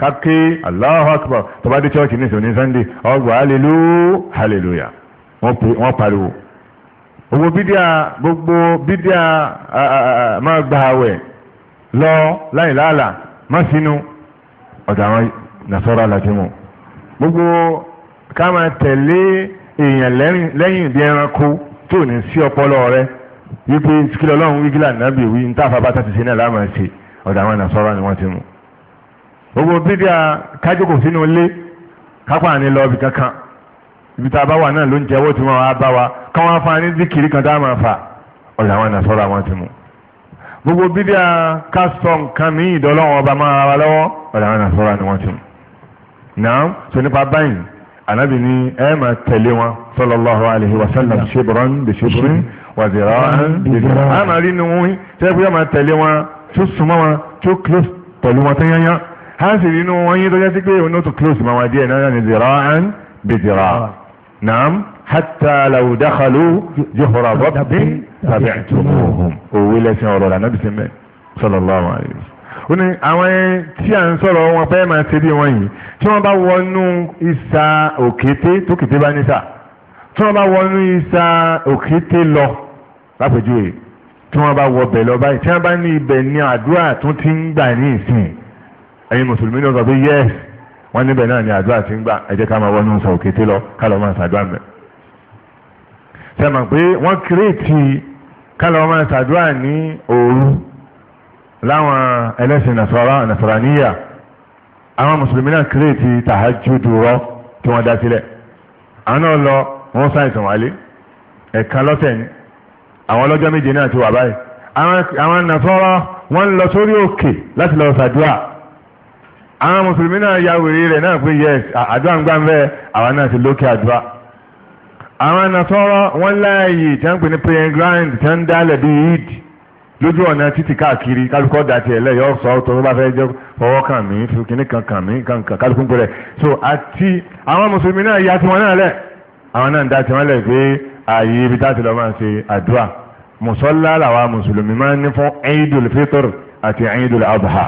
kàkí Allahu Akbar tó bá dé chọ́ọ̀kì ní ìsòní Sunday ọgbà hallelu hallelujah wọ́n pariwo gbogbo bídíà gbogbo bídíà máa gba àwẹ̀ lọ láì láàlà má sínú ọ̀dà àwọn nàṣọ́rọ̀ alájẹmọ́ gbogbo ká máa tẹ̀lé èèyàn lẹ́yìn bí ẹranko tó ní sí ọpọlọ rẹ wípé kí lọ́lọ́run wí gíláà nàbì wí ní táfà bá tàbí sí náà láàmà ṣe ọ̀dà àwọn nàṣọ́rọ̀ ni wọ́n ti mú gbogbo bídíà kájókò sínú ilé kápá ní lọ́ọ̀bì kankan ibi tá a bá wà náà ló ń jẹ́wọ́ tí wọ́n wá bá wa káwọn afáàní díkìrí kan tá a máa fà ọ̀dà àwọn nàṣọ́rọ̀ àwọn ti mú gbogbo bíbí a ká sọ nǹkan ní ìdọ́lọ́wọ́ ọba máa wa lọ́wọ́ ọ̀dà àwọn àṣọra ni wọ́n ti mú náà sọ nípa báyìí anabi ni ẹ máa tẹ̀lé wọn sallallahu alaihi wa sallam ṣébùrán bí ṣébùrín wà zira'an bí zira'an àmà rí ni wọ́n ṣe pé máa tẹ̀lé wọn tó súnmọ́ wọn tó close pẹ̀lú wọn tó á sì rí inú wọn yín tó tàbí àtúmọ̀hún òwe lẹ́sìn ọ̀rọ̀ rà nábìsí mẹ́ sallallahu alaihi wasallam. ó ní àwọn tí à ń sọ̀rọ̀ wọn pẹ́ máa ṣe bí wọ́n yìí tí wọ́n bá wọnú ìsà òkété tó kété bá nísà tí wọ́n bá wọnú ìsà òkété lọ lápèjúwe tí wọ́n bá wọ bẹ̀ lọ báyìí tí wọ́n bá ní ibẹ̀ ní àdúrà tó ti ń gbà ní ìsìn ẹ̀yin mùsùlùmí náà sọ pé yẹ́s wọ́n níbẹ̀ náà ní àdúrà ti ń gbà ẹ ká máa wọnú ìsà òkété lọ ká lọ́ máa ṣàdúrà mẹ́. sẹ́mi pé wọ́n kírètì kálọ̀ ọmọ ṣàdúrà ní òru láwọn ẹlẹ́sìn nàṣọ́rà nàṣọ́ràníyà àwọn mùsùlùmí náà kéré ti tàhájúdù rọ tí wọ́n dá sílẹ̀ àwọn náà lọ wọ́n sáìsàn wálé ẹ̀ka lọ́tẹ̀ ni àwọn ọlọ́jọ́ méje náà ti wà báyìí àwọn nàṣọ́rà wọ́n lọ sórí òkè láti lọ ṣàdúrà àwọn mùsùlùmí náà ya wèrè rẹ̀ náà pé yẹ àdúrà ń gbà ń bẹ́ẹ̀ àwa náà ti lókè àdúrà àwọn nasọ́rọ́ wọ́n láàyè tí wọ́n pè ní grind. tí wọ́n dálẹ̀ bí yìí lójú ọ̀nà títì káàkiri kálukọ́ dàtí ẹ̀lẹ́ yọ sọ ọ́ tọ́lọ́ bá fẹ́ jẹ́ fọwọ́ kàn mí kìíní kan kàn mí kan kálukú ń pẹ̀lẹ̀ so àti àwọn mùsùlùmí náà ya tiwọn náà lẹ̀ àwọn náà ń dá tiwọn lẹ̀ pé ààyè ibi táti lọ́ máa ṣe àdúrà mùsọ́lá làwa mùsùlùmí máa ń ní fún Eidul Fitr àti Eidul Adha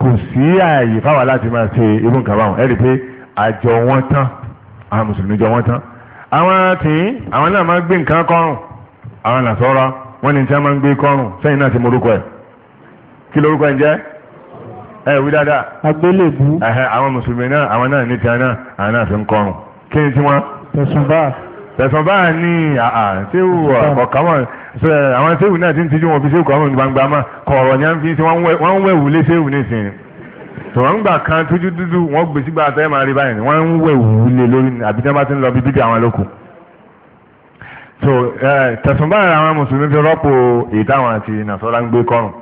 kò sí ààyè fáwa láti máa ṣe irú nǹkan àwọn tìǹ àwọn náà máa ń gbé nǹkan kọrùn àwọn nàṣọra wọn ni tí wọn máa ń gbé kọrùn sẹ́yìn náà ti mọ orúkọ ẹ kí lorúkọ ẹ jẹ ẹ wí dáadáa. agbélébù. ẹhẹ àwọn mùsùlùmí náà àwọn náà ní tiẹ̀ náà àwọn náà fi ń kọrùn kí ni tiwọn. tẹsán báà. tẹsán báà ní àà séwù ọ̀kọ̀ọ̀kan wọn àwọn séwù náà ti ń tijú wọn fi séwù kọ́ tọ̀wọ́n gbà kan tójú dúdú wọ́n gbèsè gbà tẹ́ máa rí báyìí wọ́n ń wẹ̀ wúlé lórí àbí tí wọ́n bá ti ń lọ bí bíbí àwọn lókun so tẹ̀sùn báyìí àwọn mùsùlùmí fi rọ́pò ìtàwọn àti nàṣọ́lá ń gbé kọ́rùn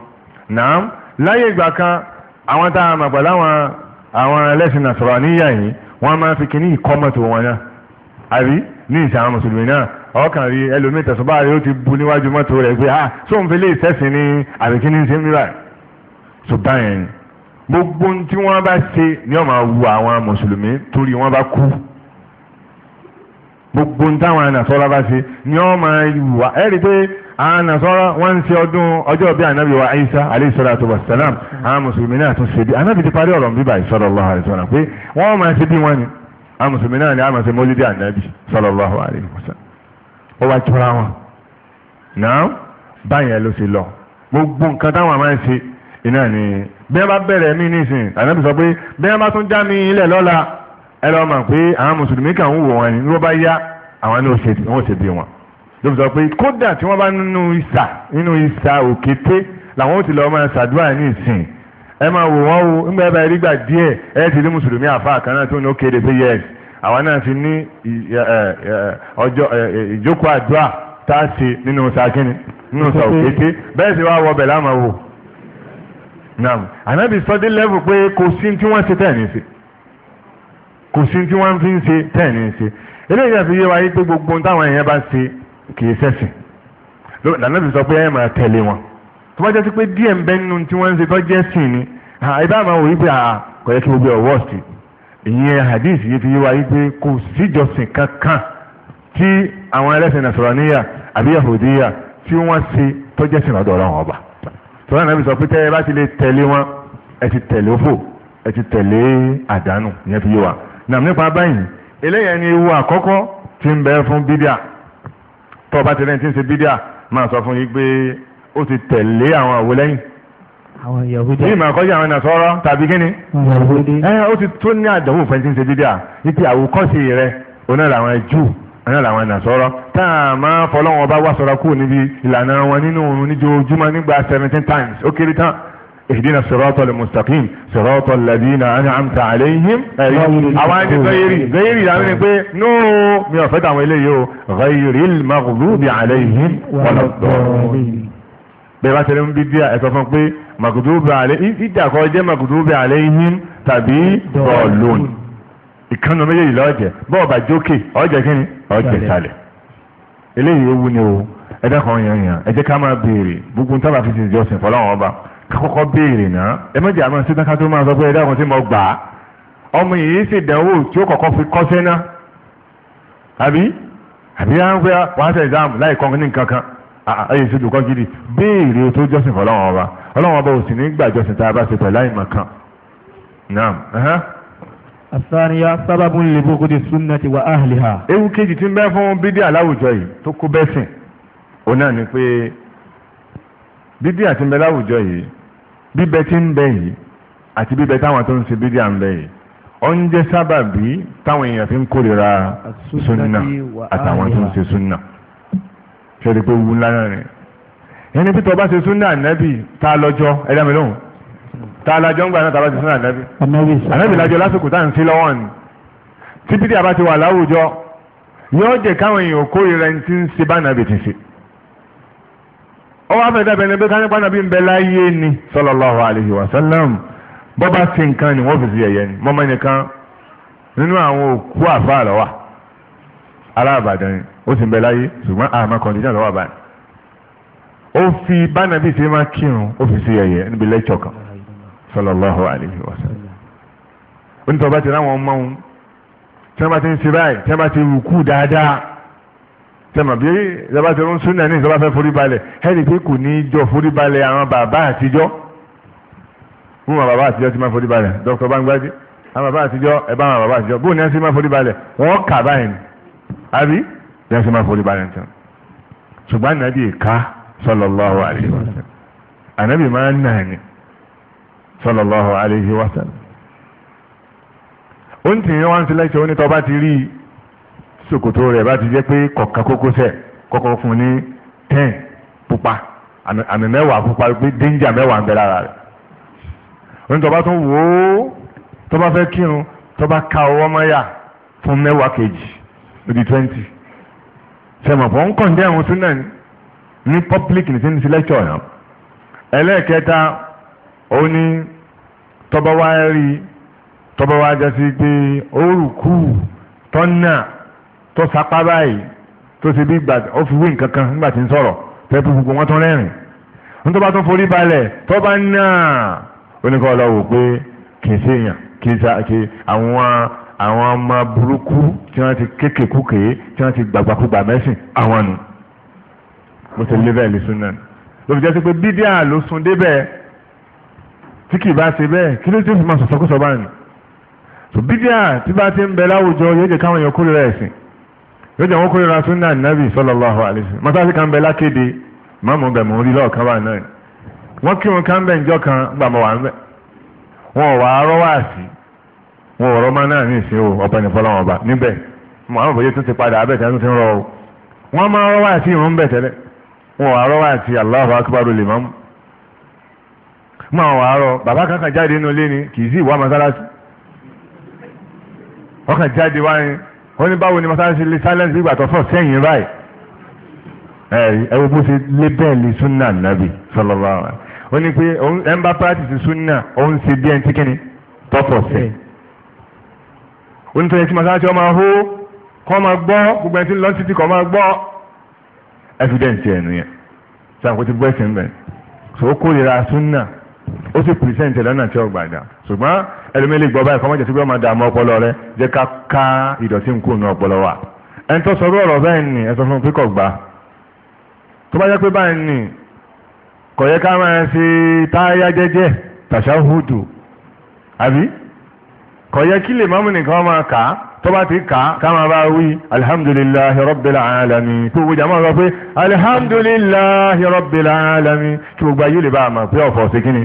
náà láyé ìgbà kan àwọn tá a mọ̀ pẹ̀lú àwọn àwọn ẹlẹ́sìn nàṣọ́lá níyà yìí wọ́n máa fi kíní ìkọ́mọ̀tò wọn náà àbí ní ìsìn àwọn mùsùlùmí náà ọkàn rí ẹlòmíì tẹ̀sùn báyìí ó ti bu níwájú mọ́tò rẹ̀ pé ah sóun fi lè sẹ́sìn ní àbíkíní sí mìíràn so báyìí gbogbo ohun tí wọ́n bá ṣe ni wọ́n máa wu àwọn mùsùlùmí torí wọ́n bá kú gbogbo ohun táwọn ànàsọ́ra bá ṣe ni wọ́n máa wù wá ẹ̀rí pé àwọn ànàsọ́ra wọ́n ń ṣe ọdún ọjọ́ bíi ànábì wa Isa alayhi salatu wa salam àwọn mùsùlùmí náà tún ṣe bí ànábì ti parí ọ̀rọ̀ bíbà sallallahu alayhi wa sallam pé wọ́n máa ṣe bí wọ́n ni àwọn mùsùlùmí náà ni a máa ṣe mọ́lídìí ànábì sallallahu alayhi wa sallam ó wá jọra wọn náà báyẹn ló ṣe lọ gbogbo nǹkan táwọn máa ń ṣe iná ni bí bá bẹ̀rẹ̀ mí nísìn ànábì sọ pé bí bá tún já mi ilẹ̀ lọ́la ẹ lọ mọ̀ pé àwọn mùsùlùmí kan ń wò wọ́n ni ló bá yá àwọn ni wọ́n ṣe bí wọn ló sọ pé kódà tí wọ́n bá nínú ìsà nínú ìsà òkété làwọn ó ti lọ́ọ́ máa ṣàdúrà ní ìsìn ẹ máa wò wọ́n o ńgbà bá rí gbà díẹ̀ ẹ ti rí mùsùlùmí àfáà kan náà tó ní ó kéde pé yẹ àwọn náà ti ní ọjọ́ ìjókòó àdúrà tá a ṣe nínú ìsà kínní nínú ìsà òkété bẹ́ẹ̀ sì wá wọ bẹ̀ láwọn wò naam anabi de lẹ́fù pé kò sí tí wọ́n ṣe tẹ́ẹ̀ ní ṣe kò sí tí wọ́n fi ń ṣe tẹ́ẹ̀ ní ṣe eléyìí àti yé wa yí pé gbogbo táwọn èèyàn bá ṣe kì í ṣẹ̀sìn anabi sọ pé ẹ máa tẹ̀lé wọn tó bá jẹ́ sí pé díẹ̀ ń bẹ́ nínú tí wọ́n ń ṣe tó jẹ́ sìn ni ibà máa wò yí pé kò yẹ kí gbogbo ẹ̀ wọ́ọ̀sì ìyẹn hadith yìí fi yé wa yí pé kò síjọsìn kankan tí àwọn ẹlẹ́sìn nasaraniya àbí yahudiya tí wọ́n ṣe tó jẹ́ sìn lọ́dọ̀ ọlọ́run tọ́lá nàbì sọ pé tẹ́ ẹ bá ti lè tẹ̀lé wọn ẹ ti tẹ̀lé òfò ẹ ti tẹ̀lé àdánù ìyẹn fi yé wa nàmú nípa báyìí eléyẹn ni ewu àkọ́kọ́ ti ń bẹ fún bídíà tọ́ ọba tẹ̀lé ti ń ṣe bídíà máa sọ fún yín pé ó ti tẹ̀lé àwọn àwo lẹ́yìn àwọn yahudi. bí màá kọjá àwọn nasọrọ tàbí kíni. yahudi. ẹ ó ti tó ní àdánwò fẹ́ ti ń ṣe bídíà wípé àwòkọ́sí rẹ onára àwọn jù ẹ̀yà làwọn nàṣọ́rọ́ tá a máa fọlọ́wọn ọba wá sọ́ra kúrò níbi ìlànà wọn nínú òun níjojúmọ́ nígbà seventeen times ó kéré tán ihdina sirata al-mustaqim sirata alladhina an'amta alayhim àwọn ẹni gẹ́yìrì gẹ́yìrì làwọn ẹni pé nù mi ò fẹ́ tàwọn eléyìí o ghayril maghdubi alayhim waladdallin bẹ́ẹ̀ bá tẹ̀lé ń bí díà ẹ̀sọ́ fún pé maghdubi alayhim ìdàkọ́ jẹ́ maghdubi alayhim tàbí dọ̀lọ́nì ìkànnà méjèèjì lọ́ọ̀jẹ̀ bọ́ọ̀bà jókè ọ̀jẹ̀ kínní ọ̀jẹ̀ sálẹ̀ eléyìí ewu ni o ẹ̀dá kan yàn yàn ẹ jẹ́ ká máa béèrè gbogbo nítorí àfi ti ìjọsìn fọlọ́wọ́n ọba kakọ́kọ́ béèrè náà ẹ méjì àmọ́ sítan ká tó máa sọ pé ẹ̀dá kan tí mo gbà á ọmọ yìí sì dánwò tí ó kọ́kọ́ fi kọ́sẹ́ náà àbí àbí à ń fẹ́ wàá sẹ́ exam láì kọ́ ní nǹkan kan ayé ìṣèlú kan gidi béèrè tó jọ́sìn fọlọ́wọ́n ọba ọlọ́wọ́n ọba ò sì ní gbà jọ́sìn tá a bá ṣe pẹ̀lú àìmọ̀ kan náà asaniya sábàbù lèbókò de sunnati wa ahliha. ewu kejì tí ń bẹ fún bídíà láwùjọ yìí tó kó bẹ́ẹ̀ sìn òun náà ni pé bídíà tí ń bẹ láwùjọ yìí bíbẹ tí ń bẹ yìí àti bíbẹ táwọn tó ń ṣe bídíà ń bẹ yìí ó jẹ́ sábàbí táwọn èèyàn fi ń kórìíra sunna àtàwọn tó ń ṣe sunna ṣe é rí i pé wu ńlá náà ni ẹni pé tó bá ṣe sunna ànábì tá a lọ́jọ́ ẹ̀dá tá a lajọ ń gbà náà tá a bá ti sún ànábì ànábì lajọ lásìkò tá à ń sí lọ́wọ́ ni tí bídí àbá ti wà láwùjọ yóò jẹ káwọn èèyàn kórìíra ẹni tí ń ṣe bá ànábì ti ṣe ó wá fẹ́ dábẹ́ ni pé kánípa ànábì ń bẹ láyé ni sallallahu alaihi wasallam bọ́ bá ṣe nǹkan ni wọ́n fi ṣe ẹ̀yẹ ni mọ́mọ́ nìkan nínú àwọn òkú àfáà lọ́wà aláàbàdàn ó sì ń bẹ láyé ṣùgbọ́n àmọ́ kọ̀ǹdíjà lọ́wọ́ báyìí ó fi bánàbí ṣe máa kírun ó fi ṣe ẹ̀yẹ níbi lẹ́kọ̀ọ́ kan sallallahu alayhi wa sallam onítọ̀ bá ti ráwọn ọmọ wọn tí wọ́n bá ti ń ṣe báyìí tí wọ́n bá ti rùkú dáadáa tẹmọ bí ìjọba ti rún súnà ní ìjọba fẹ́ forí balẹ̀ ẹnì pé kò ní í jọ forí balẹ̀ àwọn bàbá àtijọ́ fún àwọn bàbá àtijọ́ ti máa forí dr bangbadi àwọn bàbá àtijọ́ ẹ bá àwọn bàbá àtijọ́ bóun ní ẹ sì máa forí balẹ̀ kà báyìí ni àbí ní ẹ sì máa forí nìkan ṣùgbọ́n ànábì ká sallallahu alaihi wasallam ànábì máa ń nà ní sallallahu alayhi wa sallam ó ń tì yín wọ́n ń sílẹ̀ ṣe ó ní tọ́ bá ti rí ṣòkòtò rẹ̀ bá ti jẹ́ pé kọ̀ọ̀kan kókósẹ̀ kọ́kọ́ fún ní ten pupa àmì mẹ́wàá pupa pé dénjà mẹ́wàá ń bẹ lára rẹ̀ ó ní tọ́ bá tún wò ó tọ́ bá fẹ́ kírun tọ́ bá ka ọwọ́ mọ́yà fún mẹ́wàá kejì ó twenty sẹ̀mọ̀pọ̀ ń kàn dẹ́hùn sínú ní public ní sí ní sílẹ̀ ṣọ̀yàn ó ní tọ́ba wá rí tọ́ba wá jásí pé orúkú tọ́nà tó sapá báyìí tó ṣe bí gbà ó fi wí nǹkan kan nígbà tí ń sọ̀rọ̀ tẹ́pù gbogbo wọn tán rẹ́rìn ń tọ́ba tó forí balẹ̀ tọ́ba náà oníkọ́ lọ wò pé kì í ṣe èèyàn kì í ṣe àwọn àwọn ọmọ burúkú tí wọ́n ti kékèkúkè tí wọ́n ti gbàgbàkúgbà mẹ́sìn àwọn nù mo ti lé bẹ́ẹ̀ lè sún náà ló pé bídíà ló sun débẹ̀ tí kì í bá ṣe bẹ́ẹ̀ kí ló dé fi máa sọ̀sọ́kùsọ bá ní. bídíà tí bá ti ń bẹ láwùjọ yóò jẹ́ káwọn èèyàn kórìíra ẹ̀sìn yóò jẹ́ wọn kórìíra súnà nàbì sallallahu alaihi wasallam mọ́sáàsì kan bẹ lákéde mọ́mú bẹ̀ mọ́ rí lọ́ọ̀kan bá náà wọ́n kí wọn kan bẹ̀ ńjọ́ kan gbà mọ́ wà ń bẹ̀ wọn ò wá arọ́ wá sí wọn ò rọ́ máa náà ní ìsìn o ọ̀pẹ nìfọ́ làwọn ọba níbẹ̀ àwọn òbòye tún ti padà abẹ́tẹ̀ tún ti ń rọ o wọ́n máa rọ́ wá sí ìrún bẹ̀ tẹ́lẹ̀ wọn ò arọ́ wá sí Allahu akbar limamu Ma wà á rọ bàbá kankan jáde nínú ilé ni kì í sì wá mọ́sálásí ọkàn jáde wá ni ó ní báwo ni mọ́sálásí lè silence nígbà tó fọ́ sẹ́yìn báyìí ẹ wo bó ṣe lébẹ́ẹ̀lì sunna nàbì sallallahu alaihi ó ní pé ẹ ń bá practice sunna ó ń ṣe bí ẹni tí kìíní tọ́pọ̀ sẹ́yìn ó ní tọ́jú tí mọ́sálásí ọmọ ahó kọ́ máa gbọ́ gbogbo ẹni tí ń lọ títí kọ́ máa gbọ́ evidence ẹ̀ nìyẹn sàkóso gbẹ́sìn bẹ́ẹ̀ so ó kórìíra sunna ó sì pìrìsẹ́ǹtì lọ́nà tí ó gbàgbà ṣùgbọ́n ẹlòmílì gbọ́ báyìí kọ́mọ́jẹ́ tí wọ́n dààmú ọpọlọ rẹ jẹ́ ká ká ìdọ̀tí ń kúrò ní ọpọlọ wa ẹni tó sọrú ọ̀rọ̀ bẹ́ẹ̀ ni ẹ sọ fún píkọ̀ gbà tó bá jẹ́ pé báyìí ni kò yẹ ká máa ṣe táyà jẹ́jẹ́ tàṣáhùdù àbí kò yẹ kí lè mọ́mù nìkan máa kà á tó bá ti kà á ká máa bá wí alhamdulillahi rabbil alamin kí gbogbo jàmọ́ sọ pé rabbil alamin kí gbogbo ayé lè bá a mọ̀ pé ọ̀fọ̀ sí kíni.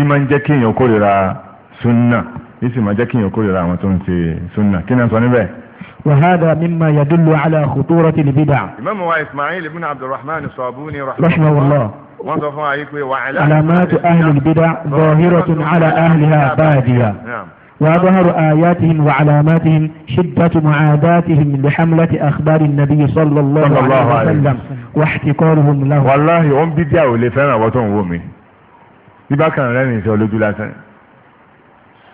ìmọ̀ ń jẹ́ kéèyàn kórìíra súnà yìí sì máa jẹ́ kéèyàn kórìíra àwọn tó ń ṣe súnà kí ni a sọ níbẹ̀. وهذا مما يدل على خطورة البدع. إمام إسماعيل بن عبد الرحمن الصابوني رحمه الله علامات أهل البدع ظاهرة على أهلها wàhálà. alamatu وظهر آياتهم وعلاماتهم شدة معاداتهم لحملة أخبار النبي صلى الله, صلى الله عليه وسلم واحتقارهم له والله هم بدعوا لفنا وتنومي bíbá kan rẹ̀ nìṣẹ́ olójú lásán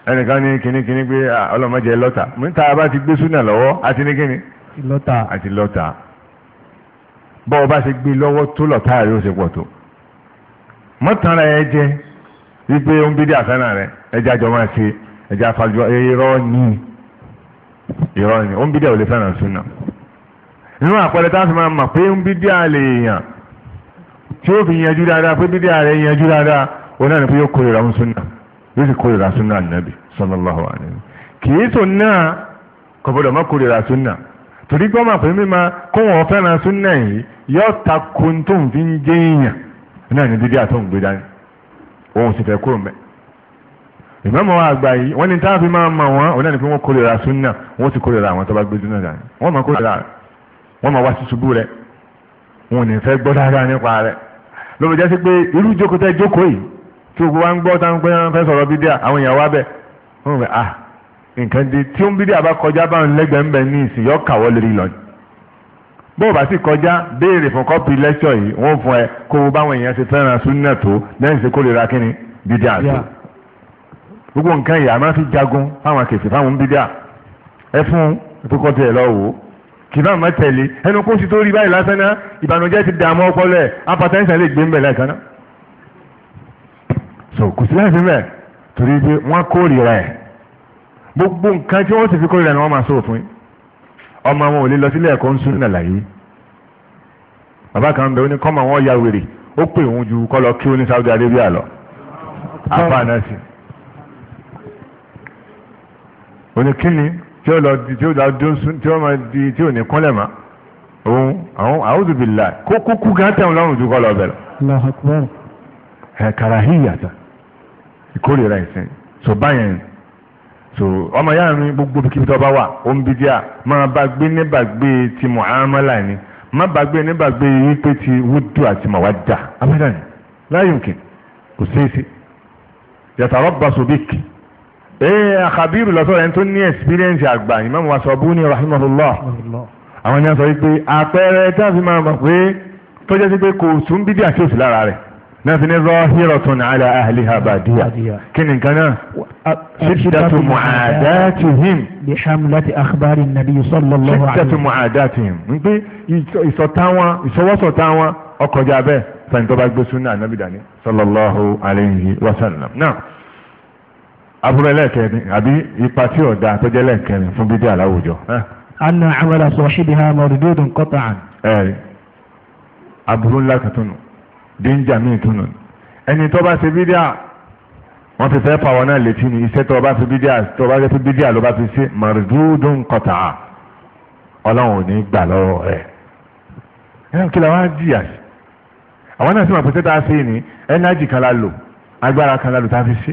ẹnìkan ní kínníkínní pé ah, ọlọ́mọdé lọ́tà níta bá ti gbé súnà lọ́wọ́ àti ní kínní. lọ́tà àti lọ́tà bọ́ ọ bá ṣe gbé lọ́wọ́ tó lọ́tà rẹ̀ ó ṣe pọ̀ tó mọ́tàrà ẹ jẹ́ wípé ó ń bí dé àsánà rẹ̀ ẹjẹ́ àjọ máa ṣe ẹjẹ́ àfàjọ irọ́ ni irọ́ ni ó ń bí dé òlé fẹ́ràn súnà nínú àpẹẹrẹ tá a fi máa mọ̀ pé ń bí dé àlè èèyàn tí ó fi yanjú dáadáa pé bí dé àlè yanjú dáadáa onáà ni pé yóò kórìíra ń súnà yóò sì kórìíra súnà nàbì sallallahu alaihi kìí tó náà kò má kórìíra súnà torí gbọ́ máa pè mí ma kó wọn fẹ́ràn súnà yìí yóò ta kun tó ń fi ń jẹ́ èèyàn náà ni dídí àtọ̀ ń gbé dání òun sì fẹ́ kúrò mẹ́ ìmọ̀mọ́ wa àgbà yìí wọ́n ní táwọn fi máa mọ̀ wọ́n onáà ni pé wọ́n kórìíra súnà wọ́n sì kórìíra àwọn tó bá gbé súnà dání wọ́n máa kórìíra wọ́n máa jẹ́ sí pé irú jókòó tẹ́ jókòó yìí tí ogun wa ń gbọ́ táwọn pẹ́yàn fẹ́ sọ̀rọ̀ bídíà àwọn èèyàn wá bẹ̀ wọ́n bẹ̀ ah nǹkan di tí ó ń bídíà bá kọjá báwọn lẹ́gbẹ̀ẹ́ ń bẹ̀ ní ìsìn yọ kàwọ́ lórí lọ. bó o bá sì kọjá béèrè fún kọ́pì lẹ́ṣọ̀ yìí wọ́n fún ẹ kó o báwọn èèyàn ṣe fẹ́ràn súnà tó lẹ́yìn sí kórìíra kínní bídíà tó. gbogbo nǹkan yìí a máa fi jagun fáwọn kèsì fáwọn bídíà ẹ fún ìtúkọ́ tiẹ̀ lọ wò ó so kò sí láìsí bẹ́ẹ̀ torí pé wọ́n kórìíra ẹ̀ gbogbo nǹkan tí wọ́n sì fi kórìíra ni wọ́n máa sọ̀rọ̀ fún yín ọmọ wọn ò lè lọ sílé ẹ̀kọ́ ń sún nàlàyé bàbá kan bẹ ó ní kọ́mọ wọn ya wèrè ó pè òun ju kọ́ lọ kí ó ní Saudi Arabia lọ àbá náà sí oníkíni tí ó lọ di tí ó lọ dún tí ó máa di tí ò ní kúnlẹ̀ mọ́ òun àwọn àwùjọ bìlà kó kúkú gán tẹ̀wọ̀n ju kọ́ lọ bẹ̀rẹ̀ ẹ̀ kàràhìn yàtọ̀ ìkórìíra ẹ̀sìn so báyẹn so ọmọ yára mi gbogbo kíbi tó bá wà ó ń bí díà máa bá gbé nígbàgbé ti mu'amala ni má bá gbé nígbàgbé wípé ti wúdú àti màwádà abẹ́dàní la yumkin kò ṣeéṣe yatarabbasu bik ee àkàbírù lọ́sọ̀rọ̀ ẹni tó ní ẹ̀sìpírẹ́ǹsì àgbà Imam Wasabuni rahimahullah àwọn ènìyàn sọ wípé àpẹẹrẹ táàfin máa mọ̀ pé tó jẹ́ sí pé kò sùn bídí àti òsì lára rẹ̀ نفني ظاهرة على أهلها بادية كن كان شدة معاداتهم بحملة أخبار النبي صلى الله عليه وسلم شدة معاداتهم يسوتاوا يسوا سوتاوا أكوجا به فانتبه بسنة النبي داني صلى الله عليه وسلم نعم أبو لكن أبي يباتيو دا تجلكن فبدي على وجهه أن عمل صاحبها مردود قطعا أي أبو لكن danger mi tunu ẹni tó bá ṣe bídíà wọ́n ti fẹ́ pàwọn náà létí ni iṣẹ́ tó bá fi bídíà tó bá fi bídíà ló bá fi ṣe mardudun qata'a ọlọ́run ò ní gbà lọ́wọ́ rẹ̀ ẹ̀rọ kí la wá jìyà sí àwọn náà sì máa pèsè tá a ṣe ni ẹnájì kan la lò agbára kan la lò tá a fi ṣe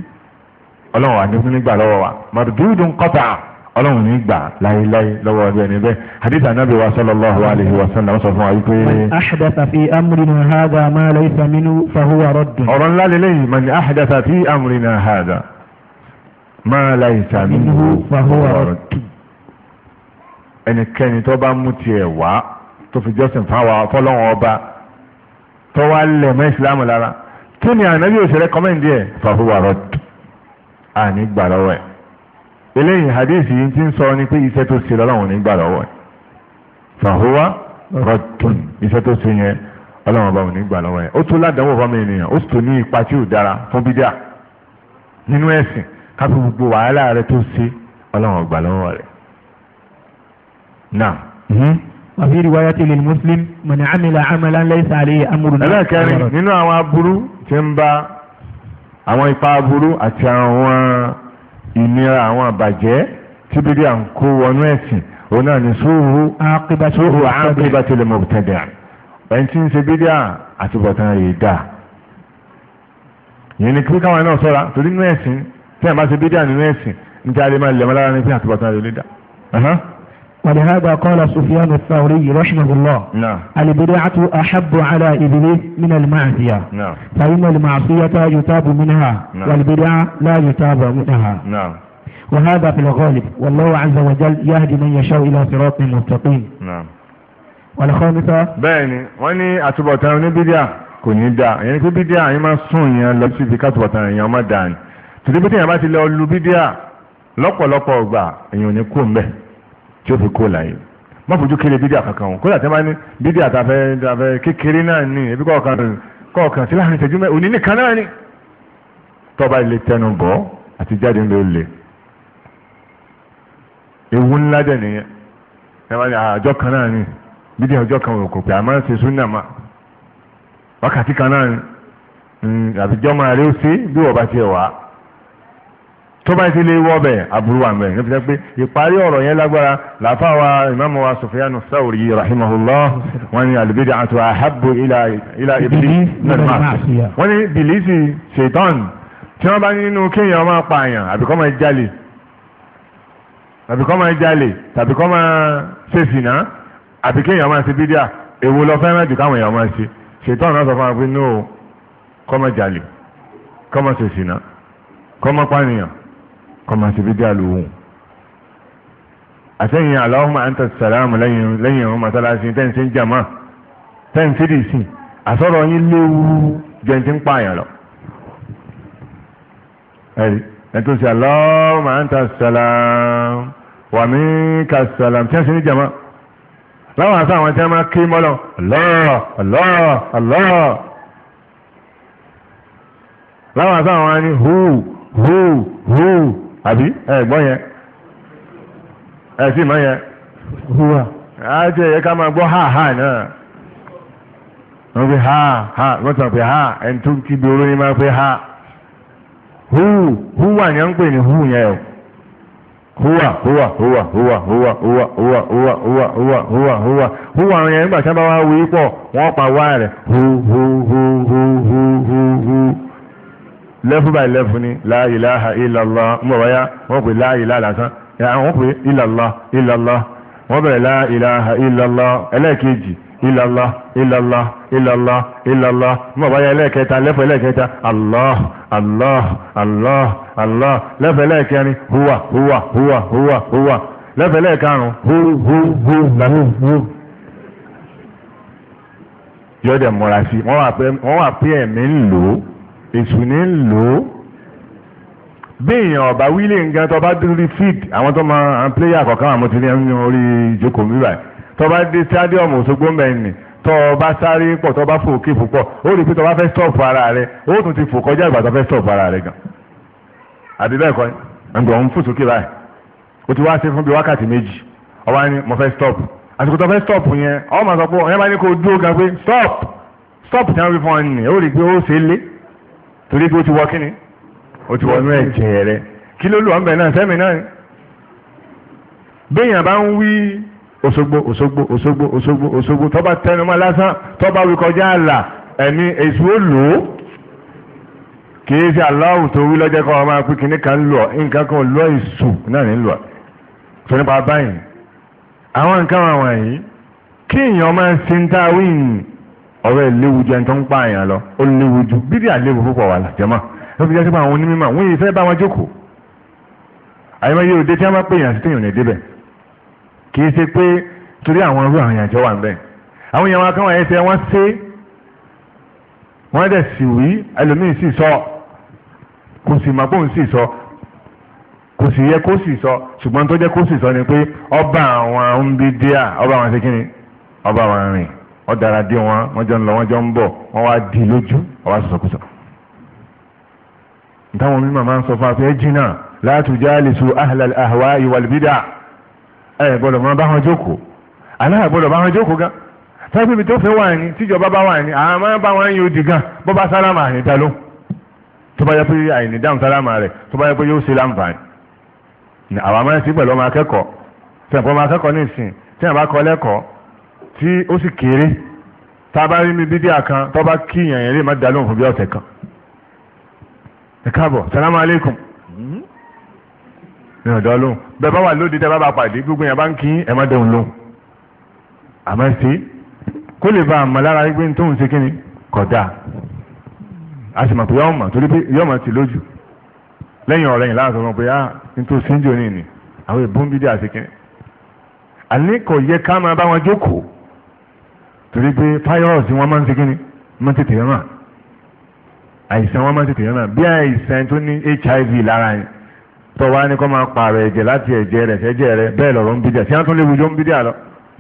ọlọ́run wà ní gbà lọ́wọ́ wa mardudun qata'a ọlọ́run ní gbà láéláé lọ́wọ́ ọdún ẹni bẹ́ẹ̀ hadith anabi wa sallallahu alayhi wa sallam sọ fún wa wípé. aḥdatha fi amrina hada ma laysa minhu fahuwa raddun. ọ̀rọ̀ ńlá lélẹ́yìn mà ní aḥdatha fi amrina hada ma laysa minhu fahuwa raddun. ẹnikẹ́ni tó bá mú tiẹ̀ wá tó fi jọ́sìn fáwa fọlọ́wọ́n ọba tó wá lẹ̀ mọ́ ìsìlámù lára kí ni ànábì òṣèré kọ́mẹ́ndì ẹ̀ fahuwa raddun. àní eléyìí hadith yìí ti ń sọ ni pé iṣẹ́ tó ṣe lọ́wọ́ nígbà lọ́wọ́ ẹ̀ fàhùwà rọ̀tún iṣẹ́ tó ṣe yẹn ọlọ́wọ́ bá wọn nígbà lọ́wọ́ ẹ̀ ó tún ládàáwò fọmọ ènìyàn ó sì tún ní ipa tí ò dára fún bídà nínú ẹ̀sìn káfí gbogbo wàhálà rẹ tó ṣe ọlọ́wọ́ gbà lọ́wọ́ rẹ̀ náà. وفي رواية للمسلم من عمل عملا ليس عليه أمرنا ẹlẹ́kẹ̀rin nínú àwọn aburú tí ń bá àwọn ipa ìnira àwọn àbàjẹ́ tí bíbí à ń kó wọnú ẹ̀sìn òun náà ní sóhù sóhù àákébátìlẹ̀ mọ̀tẹ́dẹ̀ ẹni tí ń ṣe bíbí à àtúbọ̀tán rèé dà yẹn ni pé káwọn náà sọ́ra torí nínú ẹ̀sìn tí àbá ṣe bíbí à nínú ẹ̀sìn níta lè máa lẹ̀mọ́ lára ní pé àtúbọ̀tán rèé dà. ولهذا قال سفيان الثوري رحمه الله نعم البدعة أحب على إبليس من المعصية نعم فإن المعصية يتاب منها نعم والبدعة لا يتاب منها نعم وهذا في الغالب والله عز وجل يهدي من يشاء إلى صراط مستقيم نعم والخامسة بẹ́ẹ̀ni wọ́n ní àtúbọ̀tán oníbídíà kò ní dáa ìyẹn ni pé bídíà yẹn máa sún yẹn lọ sí ibi kátùbọ̀tán èèyàn má dáa ni tòdí bí téèyàn bá ti tí ó fi kó láyé má fojú kéré bídíà kankan o kódà tí wọ́n bá ní bídíà tàfẹ́ tàfẹ́ kékeré náà ní ebi kọ̀ọ̀kan kọ̀ọ̀kan sí láàrin ìṣẹ́jú mẹ́rin òní nìkan náà ni tọ́ba ilé tẹnu bọ́ àti jáde ló le ewu ńlá dẹ̀ nìyẹn ẹ wá ní àjọ kan náà ni bídíà ọjọ́ kan òkò pé àmọ́ ṣe súnà má wákàtí kan náà ni hmm, àbíjọ́ máa rí ó sí bí wọ́n bá ti wà á tó bá ti lè wọ bẹ aburú wa bẹ nípa pé ìparí ọ̀rọ̀ yẹn lágbára làáfà wa ìmáàmù wa Sufyanu Thawri rahimahullah wọn ni al-bid'atu ahabbu ila iblis náà wọn ni bìlísì ṣètọ́n tí wọ́n bá ní nínú kéèyàn máa pa àyàn àbí kó máa jalè tàbí kó máa jalè tàbí kó máa ṣe sìnà àbí kéèyàn máa ṣe bídíà èwo lọ fẹ́ràn jù káwọn èèyàn máa ṣe ṣètọ́n náà sọ fún wa pé no kó máa jalè kó máa pànìyàn kọ́mọ sí bí díàlù òun àtẹ̀yìn Allahumma anta salamu lẹ́yìn lẹ́yìn ọmọ mọ́sálásí tẹ́ǹsì ń jàmá tẹ́ǹsì dì sí àsọ̀rọ̀ yín léwu jẹ́ǹtì ń pààyàn lọ. ẹ̀tún sí Allahumma anta salamu wa minka salamu tẹ́ǹsì ní jàmá láwọn àti àwọn tí wọ́n máa kí mọ́lọ Allah Allah Allah láwọn àti àwọn ni hu hu hu. àbí ẹ gbọ́ yẹn ẹ sì mọ̀ yẹn hùwà á jẹ́ ká máa gbọ́ ha ha náà wọ́n fi ha ha wọ́n sọ pé ha ẹni tó máa fi ha hu hùwà yẹn ń pè ní hù yẹn o hùwà hùwà hùwà hùwà hùwà hùwà hùwà hùwà hùwà hùwà yẹn nígbà tí wọ́n bá wá wí pọ̀ wọ́n pa wá rẹ̀ hu hu hu hu hu hu hu. lẹ́fù báyìí lẹ́fù ni la ilaha illallah ń bọ̀ wáyá wọ́n pè la ilaha lásán àwọn pè illallah illallah wọ́n bẹ̀rẹ̀ la ilaha illallah ẹlẹ́ẹ̀kejì illallah illallah illallah illallah ń bọ̀ wáyá ẹlẹ́ẹ̀kẹta lẹ́fù ẹlẹ́ẹ̀kẹta allah allah allah allah lẹ́fù ẹlẹ́ẹ̀kẹrin huwa huwa huwa huwa huwa lẹ́fù ẹlẹ́ẹ̀karùn hu hu hu hu hu yọ̀ọ́dẹ̀ mọ̀ra sí wọ́n wà pé ẹ̀mí ń lò ó èṣù ní ń lò ó bí èèyàn ọ̀bá wílé nǹkan tó bá dúró fíìd àwọn tó máa àwọn pléyà kọ̀ọ̀kan àwọn tó ní ẹnu orí ìjókòó mi báyìí tó bá dé stadium Òṣogbo mẹ́rin nì tó bá sáré pọ̀ tó bá fòkè púpọ̀ ó rí i pé tó bá fẹ́ stop ara rẹ ó tún ti fò kọjá ìgbà tó fẹ́ stop ara rẹ gan àbí bẹ́ẹ̀ kọ́ ẹ̀ǹgbọ̀n òun fò sókè báyìí ó ti wá ṣe fún bí wákàtí méjì ó wá ní mo fẹ́ stop àsìkò tó fẹ́ stop yẹn ó máa sọ pé ọ̀yẹ́ máa ní kó dúró gan pé stop stop ti wọ́n fi fún ọ nì ó rí i pé ó ṣe é lé torí pé ó ti wọ kíni ó ti wọnú ẹ̀jẹ̀ rẹ kí ló lù ọ́nbẹ̀ náà sẹ́mi náà béèyàn bá ń wí Òṣogbo Òṣogbo Òṣogbo Òṣogbo Òṣogbo tọ́ba tẹnumọ́ lásán tọ́ba wí kọjá àlà ẹ̀mí èṣù ó lò ó kìí ṣe aláwù tó wí lọ́jọ́ kan máa pín kínní kan lọ nǹkan kan lọ èṣù náà ní lọ tó nípa báyìí àwọn nǹkan àwọn kí èèyàn máa ń tá a yìí ọ̀rọ̀ ẹ̀ léwu jẹ́ nǹkan ń pa àyàn lọ ó léwu ju bídí àléwu púpọ̀ wà lájẹmọ́ ló fi jẹ́ sí pé àwọn onímọ̀ wọ́n yìí fẹ́ bá wọn jókòó àyẹ̀mọ́ yóò dé tí wọ́n bá pè yàn sí téèyàn lè débẹ̀ kì í ṣe pé torí àwọn irú àwọn àjọ wà níbẹ̀ àwọn èèyàn wọn akẹ́wọ̀n ẹsẹ̀ wọn ṣe wọ́n dẹ̀ sì wí ẹlòmíì sì sọ kò sì mọ̀ bóun sì sọ kò sì yẹ kó sì sọ ṣùgbọ́n tó jẹ́ kó sì sọ ni pé ọba àwọn ń bí díà ọba àwọn ṣe kí ni ọba àwọn rìn ọ̀dàrà dé wọn wọ́n jọ ń lọ wọ́n jọ ń bọ̀ wọ́n wá di lójú ọwọ́ sọ̀sọ̀kùsọ̀. táwọn mímọ̀ máa ń sọ fún afẹ́ jìnnà látù jálìsù ahlal ahwa ìwàlùbídà ẹ̀ gbọ́dọ̀ máa bá wọn jókòó aláà gbọ́dọ̀ bá wọn jókòó gan tẹ́bí mi tó fẹ́ wà ní tíjọba bá wà ní àwọn máa bá wọn yóò di gan bó bá sálámà àyíntá ló tó bá yẹ pé àyìnì dáhùn sálámà rẹ̀ tó bá yẹ pé yóò ṣe láǹfààní àwọn máa ń sí pẹ̀lú ọmọ akẹ́kọ̀ọ́ tí ó sì kéré tá a bá rí ní bídíà kan tó bá kí yàn yẹn lè má dá lóhùn fún bí ọ̀sẹ̀ kan ẹ káàbọ̀ salamu aleykum ní ọ̀dọ́ lóhùn bẹ́ẹ̀ bá wà lóde tẹ́ bá bá pàdé gbogbo yẹn bá ń kí ẹ má dẹ̀hùn lóhùn àmọ́ sí kó lè ba àmọ́ lára wípé tóun ṣe kí ni kódà a sì mọ̀ pé yọ̀ọ̀mọ̀ torí pé yọ̀ọ̀mọ̀ ti lójú lẹ́yìn ọ̀rẹ́ láàrín ọmọ pé á ah, ń tó síjò ni àwọn ìbúnbídé àti kí ni àní kò yẹ ká máa bá wọn jókòó torí pé fáyọ́ọ̀sì wọn máa ń ṣe ni máa ń tètè rán à àìsàn wọn máa ń tètè rán à bí àìsàn tó ní HIV lára yẹn tó wá ní kó máa pààrọ̀ ẹ̀jẹ̀ láti ẹ̀jẹ̀ rẹ̀ sẹ́jẹ̀ rẹ̀ bẹ́ẹ̀ lọ̀rọ̀ ń bídíà tí wọ́n tún léwu tó ń bídíà lọ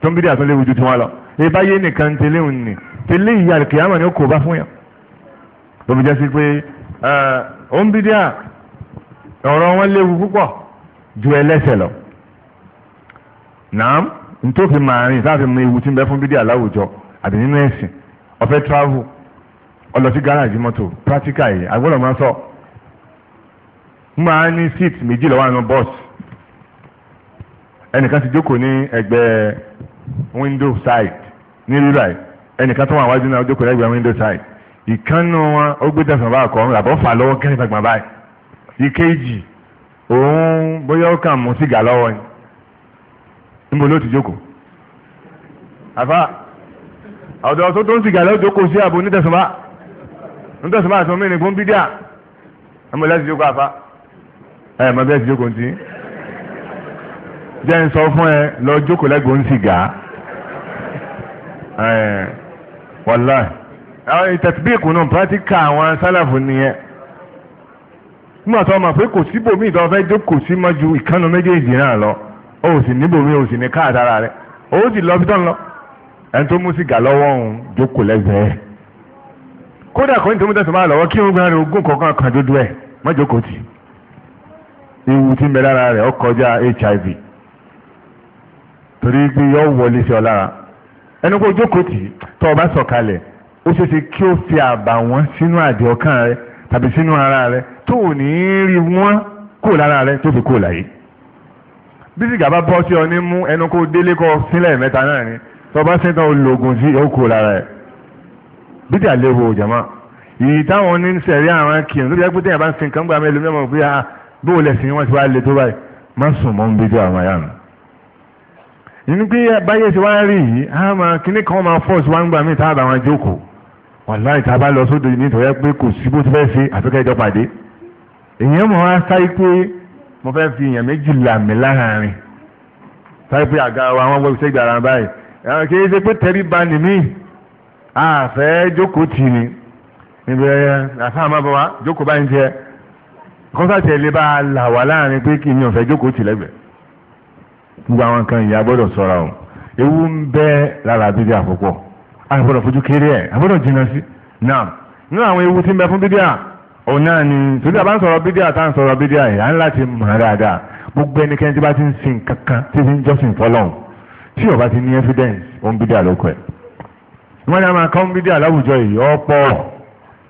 tó ń bídíà tún léwu ju tiwọn lọ ìbáyé nìkan tẹ́léhùn ni tẹ́lé ìyá rẹ̀ kìyàmọ̀ ni ó kò bá fún yàn tó fi jẹ́ sí pé ó ń bídíà ọ̀rọ̀ wọn léwu púpọ̀ ju ẹlẹ́sẹ̀ lọ nàám ntòfin màárín sáfin mu ewu tí ń bẹ fún bídíà láwùjọ àbí nínú ẹ̀sìn ó fẹ́ travel ó lọ sí garage mọ́tò practical yìí agbọ́dọ̀ máa sọ máa ní seat méjì lọ́wọ́ àná bus ẹnìkan ti jókòó ní window side ní rírà ẹnìkan tó wà wájú náà jókòó ní window side ìkànnù wọn ó gbé tẹsán bá kọ àbọ̀ fà lọ́wọ́ kẹ́rin gbàgbà báyìí ìkejì òun bóyá ó kàn mú sìgá lọ́wọ́ ni níbo ló ti ọ̀dọ̀ tó tó ń sìgá lọ́dọ̀ kò sí àbò nítẹ̀sùnbá nítẹ̀sùnbá àti omi nìkún bídíà ẹmọ ilé ti jókòó àfa ẹ mọ bí ẹ ti jókòó ntí jẹ́ ń sọ fún ẹ lọ jókòó lẹ́gbọ̀ọ́ ń sìgá wàlá ìtẹ̀síbíìkù náà pírátíkà àwọn sálàfù nìyẹn nígbà tó ọmọ pé kò síbòmí ìtọ́ fẹ́ jókòó sí mọ́ ju ìkànnì méjèèjì náà lọ ó sì níbòmí ó sì ní káàtàrà rẹ ó sì lọ bí tó lọ ẹni tó mú sìgá lọ́wọ́ òun jókòó lẹ́gbẹ̀ẹ́ kódà kò ní tó mú tẹ̀sán máa lọ́wọ́ kí wọ́n gbára ogún kọ̀ọ̀kan kan dúdú ẹ̀ má jókòó tì ewu tí ń bẹ lára rẹ̀ ó kọjá HIV torí pé yọ wọlé sí ọ lára ẹni kó jókòó tì tọ́ ọ bá sọ̀kalẹ̀ ó ṣeé ṣe kí ó fi àbàwọ́n sínú àdì ọkàn rẹ tàbí sínú ara rẹ tó ò ní rí wọ́n kó lára rẹ tó fi kó láyé bí sìgá bá bọ́ sí ọ ní mú ẹnu kó délé kọ sílẹ̀ mẹ́ta náà ni tọba sẹ́ńtọ́ ológun sí okò lára ẹ̀ bídí àléwu jama ìyí táwọn ní sẹ̀rí àwọn kìnnìún tó bí ẹgbẹ́ tẹ̀yìn bá ń sin kan gba mi lómi ọmọ pé ah bó o lẹ̀ sìn wọ́n ti wá lé tó báyìí má sùn mọ́ ń bí jọ àwọn yàrá nínú pé báyé ti wá rí yìí á máa kíní kan máa fọ́ọ̀sì wá ń gbà mí tá a bá wọn jókòó wàláì tá a bá lọ sódò yìí nítorí pé kò sí bó ti fẹ́ ṣe àfikẹ́jọ pàdé èèyàn mọ̀ wá sáyé pé mo fẹ́ fi èèyàn méjì là láàárín sáyé pé àga wa wọ́n fi kìí ṣe pé tẹ̀rí ba nì mí àfẹ́ jókòó tì ní níbi ẹ àfa àmọ́ bọ̀ wá jókòó báyìí tiẹ̀ kọ́sàtì ẹ̀lẹ́ bá a là wá láàrin pé kí ni ọ̀fẹ́ jókòó tì lẹ́gbẹ̀ẹ́ gbogbo àwọn kan ìyá gbọ́dọ̀ sọ̀ra o ewu ń bẹ lára bíbí àkọ́kọ́ àgbọ̀dọ̀ fojú kéré ẹ̀ àgbọ̀dọ̀ jìnnà sí náà nínú àwọn ewu tí ń bẹ fún bíbí à òun náà ni torí àbá ń sọ̀rọ̀ bídíà tá à ń sọ̀rọ̀ bídíà yìí à ń láti mọ̀ dáadáa gbogbo ẹnikẹ́ni tí bá ti ń sin kankan tí ń jọ́sìn fọlọ́hún tí ó bá ti ní evidence ó ń bí díà lóko ẹ̀ wọ́n ní a máa kọ́ ń bí díà láwùjọ yìí ọ̀pọ̀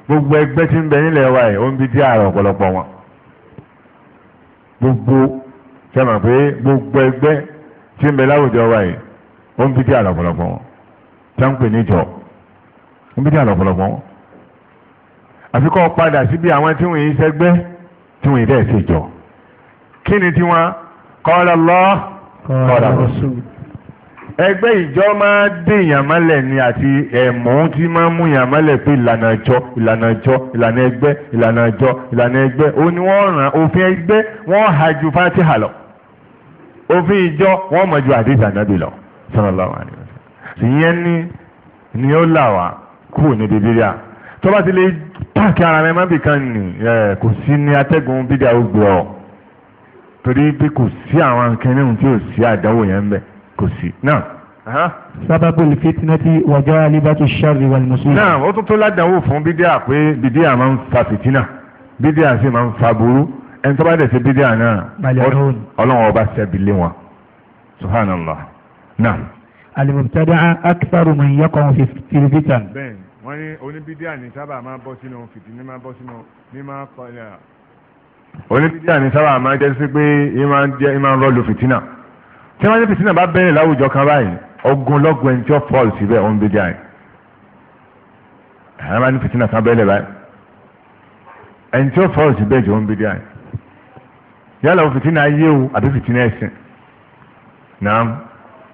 gbogbo ẹgbẹ́ tí ń bẹ nílẹ̀ wa ẹ̀ ó ń bí díà ọ̀pọ̀lọpọ̀ wọn gbogbo ṣe mọ̀ pé gbogbo ẹgbẹ́ tí ń bẹ láwùjọ wa ẹ̀ ó ń bí díà ọ̀pọ̀lọpọ̀ wọn tí ń pè níjọ ń bí díà ọ̀pọ̀lọpọ̀ wọn àfikọ́ padà síbi àwọn tí wọ́n yìí sẹ́gbẹ́ tí wọ́n yìí dẹ́ ṣèjọ kí ni tiwọn qala Allah qala Rasul ẹgbẹ́ ìjọ máa dé ìyàmọ́lẹ̀ ni àti ẹ̀mọ́ tí máa mú ìyàmọ́lẹ̀ pé ìlànà ìjọ ìlànà ìjọ ìlànà ẹgbẹ́ ìlànà ìjọ ìlànà ẹgbẹ́ ó ní wọ́n ràn òfin ẹgbẹ́ wọ́n ha ju fatiha lọ òfin ìjọ wọ́n mọ̀ ju àdéhùn ànábì lọ sallallahu alaihi wasallam ìyẹn ni ni ó là wá kú ní bíbélì à tó bá ti lè pààkì ara rẹ mábì kan nì kò sí ní atẹ́gùn bídà ó gbọ́ torí pé kò sí àwọn akẹ́rẹ́hùn kò sí náà. sábàbù fitinati wàjà alibatu sari wal musulmi. náà ó tún tó ládàáwò fún bídíà pé bídíà máa ń fa fìtínà bídíà sì máa ń fa burú ẹni tó bá dẹ̀ sí bídíà náà ọlọ́run ọba sẹ́bi lé wọn subhanallah náà. alimubtada akifaru man yakun fi tiribitan. bẹ́ẹ̀ wọ́n ní oníbídíà ní sábà máa bọ́ sínú fìtínà máa bọ́ sínú ní máa kọ́ ẹ̀ oníbídíà ní sábà máa jẹ́ sí pé ìmáa ń rọ́ọ̀lù fìtínà tí wọ́n ní fìtínà bá bẹ̀rẹ̀ láwùjọ kan báyìí ogun lọ́gùn ẹni tí ó fọ́ọ̀lù síbẹ̀ ọ̀hún bí díà ẹ̀rọ máa ní fìtínà kan bẹ̀rẹ̀ báyìí ẹni tí ó fọ́ọ̀lù síbẹ̀ jọ ọ̀hún bí díà yálà ó fìtínà ayé o àbí fìtínà ẹ̀sìn náà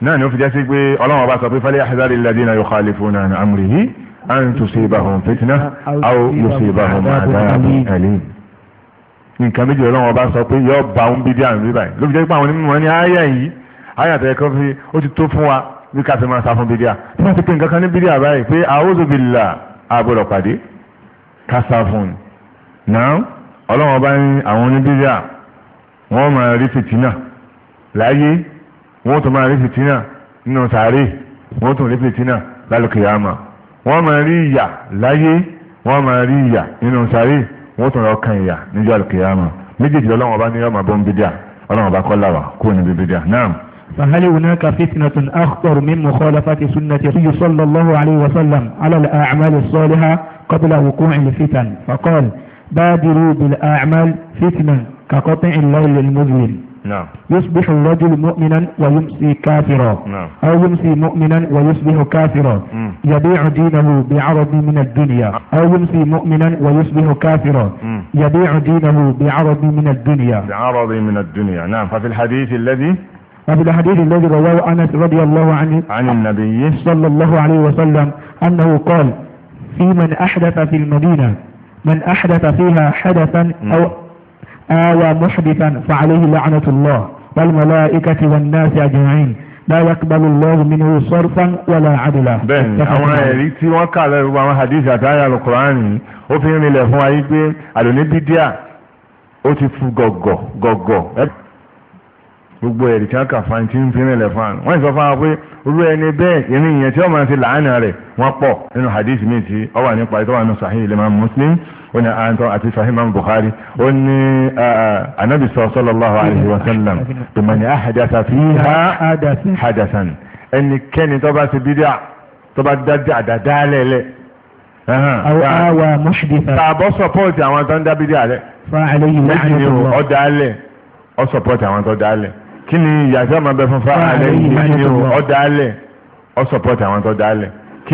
náà ni ó fi jẹ́ sí pé ọlọ́run ọba sọ pé falyahdhari alladhina yukhalifuna an amrihi an tusibahum fitnah aw yusibahum adhabun alim nǹkan méjì ọlọ́run ọba sọ pé yọ ọba ọ̀hún bí díà ń báyìí ló fi jẹ́ pé àwọn onímọ̀ ní ayé yìí ayàtọ̀ ẹ̀kọ́ fi ó ti tó fún wa bí ká fi máa sá fún bídíà tí wọ́n ti pè nǹkan kan ní bídíà báyìí pé àwòzòbílà àgbọ̀dọ̀ pàdé ká sá fún un náà ọlọ́wọ́n bá ní àwọn oníbídíà wọ́n máa rí fìtínà láyé wọ́n tún máa rí fìtínà nínú sàárè wọ́n tún rí fìtínà lálùkìyàmà wọ́n máa rí ìyà láyé wọ́n máa rí ìyà nínú sàárè wọ́n tún lọ́ọ́ ìyà níjọ́ àlùkìyàmà méjèèjì ọlọ́wọ́n bá ní ọmọ bọ́ńbídíà ọlọ́wọ́n bá kọ́ làwà kúrò níbi bídíà náà. فهل هناك فتنة أخطر من مخالفة سنة النبي صلى الله عليه وسلم على الأعمال الصالحة قبل وقوع الفتن فقال بادروا بالأعمال فتنة كقطع الليل المظلم نعم يصبح الرجل مؤمنا ويمسي كافرا نعم أو يمسي مؤمنا ويصبح كافرا م. يبيع دينه بعرض من الدنيا أو يمسي مؤمنا ويصبح كافرا م. يبيع دينه بعرض من الدنيا بعرض من الدنيا نعم ففي الحديث الذي وفي الحديث الذي رواه أنس رضي الله عنه عن النبي صلى الله عليه وسلم أنه قال في من أحدث في المدينة من أحدث فيها حدثا أو آوى محدثا فعليه لعنة الله والملائكة والناس أجمعين لا يقبل الله منه صرفا ولا عدلا bẹ́ẹ̀ni àwọn ẹ̀rí tí wọ́n kà lẹ́rù àwọn hadith àtàrí alukurani ó fi ń rinlẹ̀ fún ayé pé àlòní bídíà ó ti fu gọ̀gọ̀ gbogbo ẹ̀rí tí wọ́n kà fún ti ń fi rìnlẹ̀ fún àná wọ́n sọ fún wa pé irú ẹni bẹ́ẹ̀ ìrìn ìyẹn tí wọ́n máa ti làánà rẹ̀ wọ́n pọ̀ nínú hadith mi tí ó wà nípa ìtọ́wà nínú sahih Imam Muslim ó ní àǹtọ́ àti sahih Imam Bukhari ó ní anabi sallallahu alaihi wa sallam ìmọ̀ni àhàdàsà fi ha hadasan ẹnikẹ́ni tó bá ti bídíà tó bá dájú àdàdá lẹ́lẹ́ àwọn mọ́ṣídìfà tààbọ̀ sọ́pọ̀tì àwọn tó ń dá bídíà rẹ̀ fún àlẹ́ yìí lẹ́yìn ọ̀dà alẹ́ kini ni ma máa bẹ fún fáàlẹ́ ni ó dálẹ̀ ó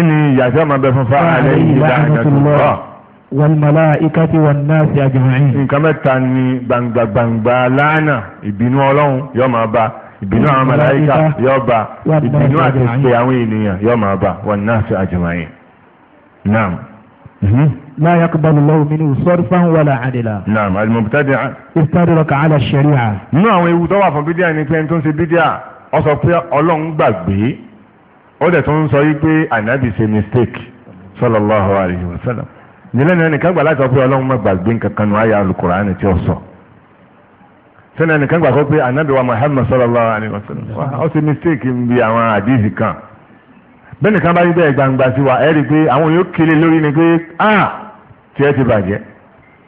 ni ìyàtọ̀ máa bẹ fún fáàlẹ́ yìí lánàá tó lọ. ikati wà náà sí àjùmáyé. nǹkan mẹ́ta ni gbangba gbangba Laana ibinu ọlọ́run yóò ma Ibinu naam. Mhm. لا يقبل الله منه صرفا ولا عدلا نعم المبتدع استدرك على الشريعة نعم يوضع في بديع نتين تنسي بديع ọsọ pé ọlọ́run gbàgbé ó dẹ̀ tó ń sọ yí pé ànábì ṣe mistake sallallahu alayhi wa sallam nílẹ̀ náà nìkan gbà láti sọ pé ọlọ́run má gbàgbé nǹkan kan nù ayé alukùránì tí ó sọ sẹ́nà nìkan gbà sọ pé ànábì wa Muhammad sallallahu alayhi wa sallam ó ṣe mistake ń bi àwọn àdìsí kan bẹ́ẹ̀ nìkan bá yí bẹ́ẹ̀ gbangba sí wa ẹ̀ rí i pé àwọn yóò kéré lórí ni pé ah tiẹ̀ ti bàjẹ́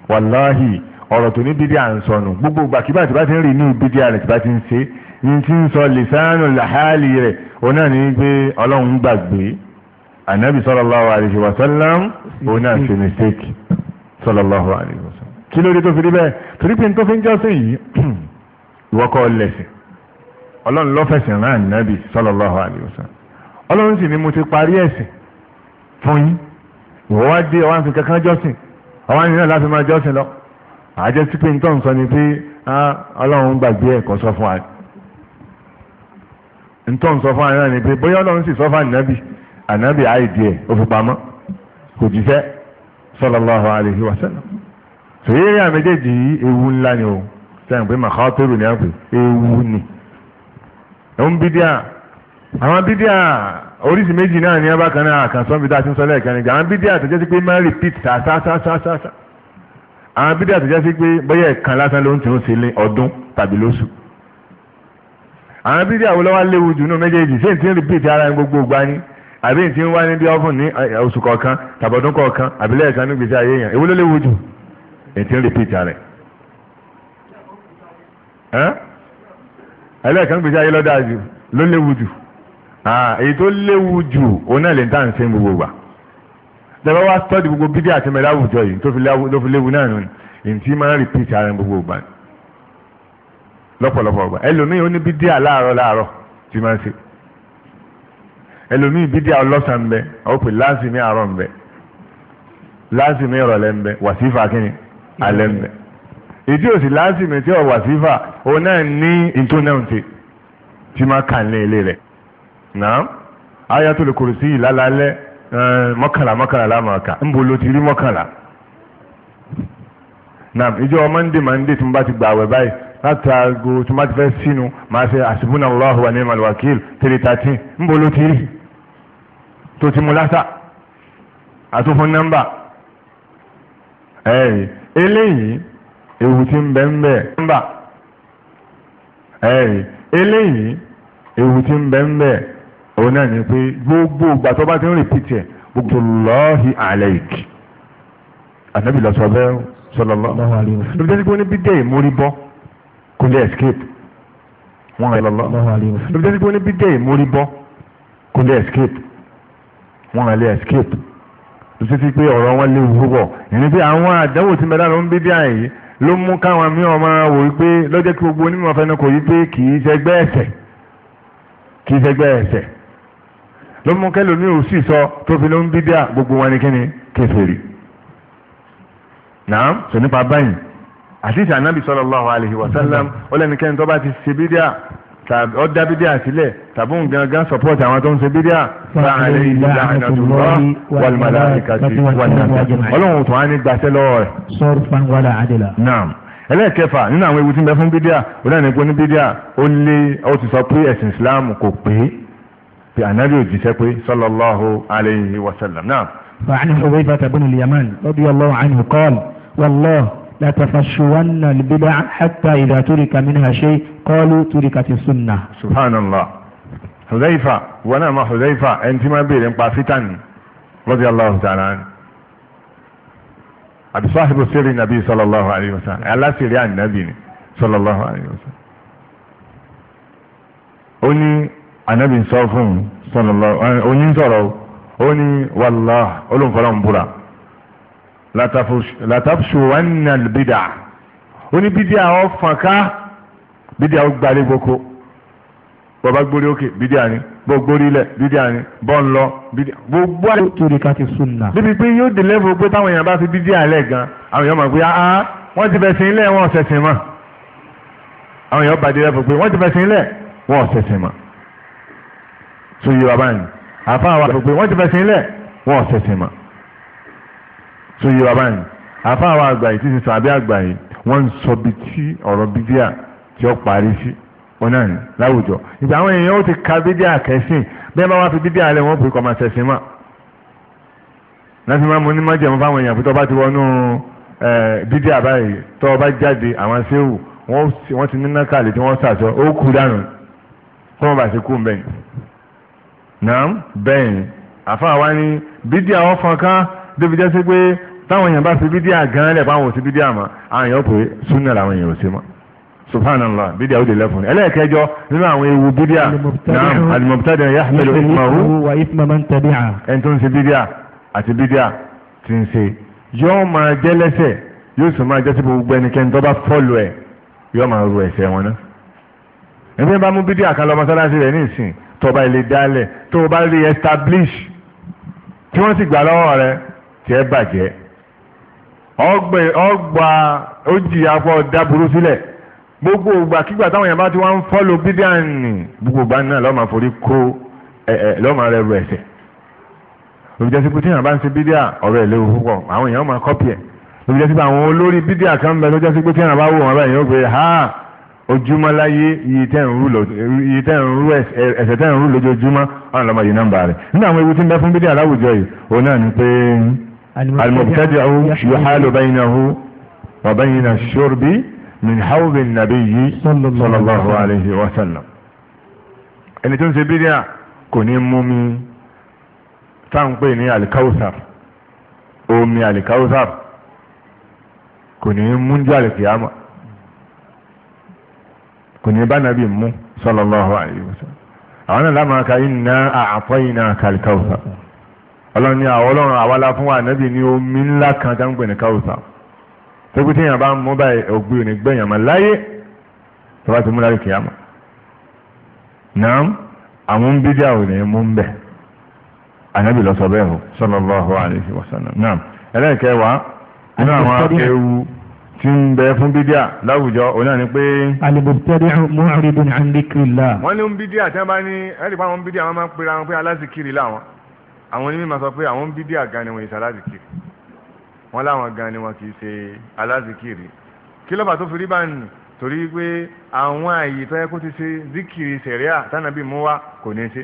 wàláhì ọ̀rọ̀ tó ní bídíà ń sọnù gbogbo gbàkígbà tí bá ti ń rí inú bídíà rẹ̀ tí bá ti ń ṣe ní ti ń sọ lìsánù làhálì rẹ̀ òun náà ní gbé ọlọ́run gbàgbé ànábì sallallahu alaihi wasallam òun náà ṣe mistake sallallahu alaihi wasallam kí ló dé tó fi rí bẹ́ẹ̀ torí pé n tó fi ń jọ́sìn yìí ìwọ́kọ́ lẹ̀sìn ọlọ́run lọ́fẹ̀sìn rán ànábì sallallahu alaihi wasallam ọlọ́run ìwọ wá dé ọwọ́n fi kankan jọ́sìn ọwọ́n ní náà láti máa jọ́sìn lọ àjẹ́ sí pé nítorí sọ ni pé ọlọ́run gbàgbé ẹ̀kọ́ sọ fún wa nítorí sọ fún wa náà ni pé bóyá ọlọ́run sì sọ fún ànábì ànábì àìdí ẹ̀ ó fi pamọ́ kò jíṣẹ́ sallallahu alaihi wa sallam sòye eré àméjèèjì yìí ewu ńlá ni o sẹ́yìn pé màkà tóru ni a pè ewu ni òun bídíà àwọn bídíà oríṣi méjì náà ní ẹbá kan náà àkànṣọ́ bí dáa ti ń sọ lẹ́ẹ̀kan nígbà àwọn bídíà tó jẹ́ sí pé máa ń repeat sáásáásáásá àwọn bídíà tó jẹ́ sí pé bóyá ẹ̀kan lásán ló ń tì ń ṣe lé ọdún tàbí lóṣù àwọn bídíà wo lọ́wọ́ léwu jù náà méjèèjì ṣé n ti ń repeat ara ní gbogbo ìgbà ni àbí n ti ń wá ní bí ọ́fún ní oṣù kọ̀ọ̀kan tàbọ̀dún kọ̀ọ̀kan àbí lẹ́ẹ̀kan ní gbèsè ayé yẹn èwo ló léwu jù n ti ló léwu jù Ah, èyí tó léwu jù òun náà lè ń tà ń sẹ́yìn gbogbo gbà lọ́wọ́ wá sọ́ọ̀dì gbogbo bídí àti mẹ́lá àwùjọ yìí tó fi léwu náà nù ní tí máa ń rìpíìtì ara gbogbo gbà lọ́pọ̀lọpọ̀ gbà ẹlòmíì ó ní bídí àláàrọ̀ láàrọ̀ tí máa ń ṣe ẹlòmíì bídí ọlọ́sàn ń bẹ ó pè láǹsìmí àárọ̀ ń bẹ láǹsìmí ìrọ̀lẹ́ ń bẹ wàsífà kínní alẹ́ ń bẹ ìdí òsì láǹsìmí tí ọ̀ wàsífà òun náà ní ìtúnáǹtì tí máa kà ní ilé rẹ̀ náà ayatul kursi yìí lálálẹ́ eh, mọ́kànlá mọ́kànlá lámàkà ń bo lo ti rí mọ́kànlá náà ìjọ mọ́ndé mọ́ndé tí mo bá ti gbà wẹ̀ báyìí látàgò tí mo bá ti fẹ́ sínú màá ṣe àṣìbùnà Allahu wa ni'mal wakil tèrè tàtí ń bo lo ti rí tó ti mu lásà àtúnfún nọ́mbà ẹ̀ẹ́dì eléyìí ewu ti ń bẹ ń bẹ nọ́mbà ẹ̀ẹ́dì eléyìí ewu ti ń bẹ ń bẹ òun náà ni pé gbogbo ìgbà tó bá ti ń rìpítì ẹ̀ gbogbo lọ́ọ̀hì àlẹ́ìkì ànábì lọ́sọ̀ bẹ́ẹ̀ sọlọ́lọ́ ló dé nígbó níbi dé ìmúrí bọ́ kò lè escape wọn rẹ lọ́lọ́ ló dé nígbó níbi dé ìmúrí bọ́ kò lè escape wọn rẹ lè escape ló ṣe ti pé ọ̀rọ̀ wọn léwu púpọ̀ ìní pé àwọn àdánwò tí mẹ́ta ló ń bí àyè ló mú káwọn mí ọmọ wò ó pé lọ́jọ́ kí gbogbo onímọ̀ fẹ́ni kò yí pé kì í ṣẹgbẹ́ ẹ̀ṣẹ̀ kì í ṣẹgbẹ́ ẹ̀ṣẹ̀ ló mú kẹlòmí ò sì sọ tó fi ló ń bídíà gbogbo wọn ni kíni kèfèrí náà sọ nípa báyìí àtìsí anábì sallallahu alaihi wasallam ó lẹ́nikẹ́ni tó bá ti ṣe bídíà tàbí ó dá bídíà sílẹ̀ tàbí òun gangan support àwọn tó ń ṣe bídíà láàrin ilé ìlànà tó lọ wal malaikati wan nas ọlọ́run tó wá ní gbàṣẹ́ lọ́wọ́ rẹ̀. sarfan wala adla. naam ẹlẹ́ẹ̀kẹfà nínú àwọn ewu tí ń bẹ fún bídíà ó náà ní pé ní bídíà ó lé ó ti sọ pé ẹ̀sìn Islam kò pé bí ànábì òjíṣẹ́ pé sallallahu alayhi wa sallam náà. فعن حذيفة بن اليمان رضي الله عنه قال والله لا تفشون البدع حتى إذا ترك منها شيء قالوا تركت السنة سبحان الله حذيفة وانا ما حذيفة انت ما بير انقا رضي الله تعالى عنه أبي صاحب سر النبي صلى الله عليه وسلم على سر النبي صلى الله عليه وسلم أني anabi sọ fún un sallallahu oyin sọ̀rọ̀ ó ní wàllá olùfọlọ́n búra látàfṣù wánà bídà ó ní bídíà ọ fànká bídíà ó gbalẹ̀ gboko bọba gbórí òkè bídíà ni bó gbórí ilẹ̀ bídíà ni bọ́ ń lọ bídíà gbogbo àlẹ́. torí ká ti sunna. bíbi pé yóò dé lẹ́fọ̀ pé táwọn èèyàn bá fi bídíà lẹ̀ gan àwọn èèyàn mọ̀ pé ah wọ́n ti fẹ̀sìn ilẹ̀ wọn ọ̀sẹ̀sìn mọ̀ àwọn èèyàn bàdé lẹ́fọ̀ pé wọ́n ti fẹ̀sìn ilẹ̀ wọn ọ̀sẹ̀sìn mọ̀. So yé wa báyìí àfáà wa àgbègbè wọ́n ti fẹ́ sin ilẹ̀ wọ́n ọ̀sẹ̀ sìn mà tó yé wa báyìí àfáà wa àgbà yìí ti ti sàbí àgbà yìí wọ́n ń sọ bí tí ọ̀rọ̀ bídíà tí ó parí sí ọ̀nà ní láwùjọ ìgbà àwọn èèyàn ó ti ka bídíà kẹ́sìn bẹ́ẹ̀ bá wá fi bídíà lẹ̀ wọ́n pè kọ́ máa sẹ̀sìn mà láti máa mú ní májẹ̀mú fáwọn èèyàn pé tó bá ti wọnú bídíà báyìí tó bá jáde àwọn séwù wọ́n ti ní nákàlẹ̀ tí wọ́n sàṣọ ó kú dànù kó wọ́n bá nàám bẹ́ẹ̀ àfáà wá ní bídíà ọ̀fọ̀n kan débi jẹ́ sí pé táwọn èèyàn bá fi bídíà gan lẹ̀ fáwọn òsì bídíà mọ́ àwọn èèyàn pè é súnà làwọn èèyàn ò sí mọ́ subhanallah bídíà ó di lẹ́fún ẹlẹ́ẹ̀kẹjọ nínú àwọn ewu bídíà nàám alimọ̀tàdé yahmed ismahu wa ismaman tabi'a ẹni tó ń ṣe bídíà àti bídíà ti ń ṣe yóò máa jẹ́ lẹ́sẹ̀ yóò sì máa jẹ́ sí gbogbo ẹnikẹ́ni tó bá fọ́lù ẹ̀ yóò máa ru ẹ̀ṣẹ̀ wọn náà ẹgbẹ́ bá mú bídíà kan lọ mọ́sálásí rẹ̀ ní ìsìn tọba ilé dálẹ̀ tó o bá rí establish tí wọ́n sì gbà lọ́wọ́ rẹ tiẹ̀ bàjẹ́ ọgbà ó jìyà fọ́ dáburú sílẹ̀ gbogbo ògbà kígbà táwọn èèyàn bá ti wá ń fọ́lò bídíàn ní gbogbo ògbà náà lọ́mà forí kó lọ́mà rẹ̀ rẹ̀ ẹ̀sẹ̀ lóbìjẹ́ sí pé tí èèyàn bá ń ṣe bídíà ọ̀rọ̀ ẹ̀ léwu púpọ̀ àwọn èèyàn máa kọ́pì ẹ̀ lóbìjẹ́ àwọn olórí bídíà kan bẹ tó jẹ́ tí èèyàn bá wò wọn báyìí ó gbé ha ojúmọ́ láyé iye tẹ́ ń rú ẹsẹ̀ tẹ́ ń rú lójoojúmọ́ ọ̀nà lọ́mọ yìí nọ́mbà rẹ̀ nínú àwọn ewu tí ń bẹ fún bídí aláwùjọ yìí òun náà ni pé alimọ̀tẹ́dìáwó yòhálò bẹ́yìn náà wà bẹ́yìn náà ṣọ́rbí min hawbi nàbí yìí sallallahu alayhi wa sallam. ẹni tó ń ṣe bídí kò ní mú mi táǹpé ní alikawusar omi alikawusar kò ní mú jálè kìámà kò ní bá nàbí mú sallallahu alaihi wasallam àwọn náà lámàkà inna a'tainaka al-kawthar ọlọ́run ní àwọn ọlọ́run àwọlá fún wa nàbí ní omi ńlá kan tá ń gbẹ̀ ní kawthar tó kú téèyàn bá ń mú báyìí ògbé òní gbẹ̀yàn mọ́ láyé tó bá ti mú láyé kìyàmà náà àwọn ń bídí àwọn ènìyàn mú ń bẹ̀ ànábì lọ bẹ́ẹ̀ o sallallahu náà ẹlẹ́ẹ̀kẹ́ tí ń bẹ fún bídíà láwùjọ òun náà ni pé. alìbùtẹ́rẹ́ mu'ridun an dhikrillah. wọ́n ní bídíà tí wọ́n bá ní ẹ̀rí pa àwọn bídíà wọn máa ń pera wọn pé alásìkiri láwọn àwọn onímọ̀ máa sọ pé àwọn bídíà gan ni wọ́n ìṣe alásìkiri wọ́n láwọn gan ni wọ́n kì í ṣe alásìkiri kí ló fà tó fi rí báyìí nì torí pé àwọn àyè tó yẹ kó ti ṣe zikiri sẹ̀ríà tánàbí mú wá kò ní ṣe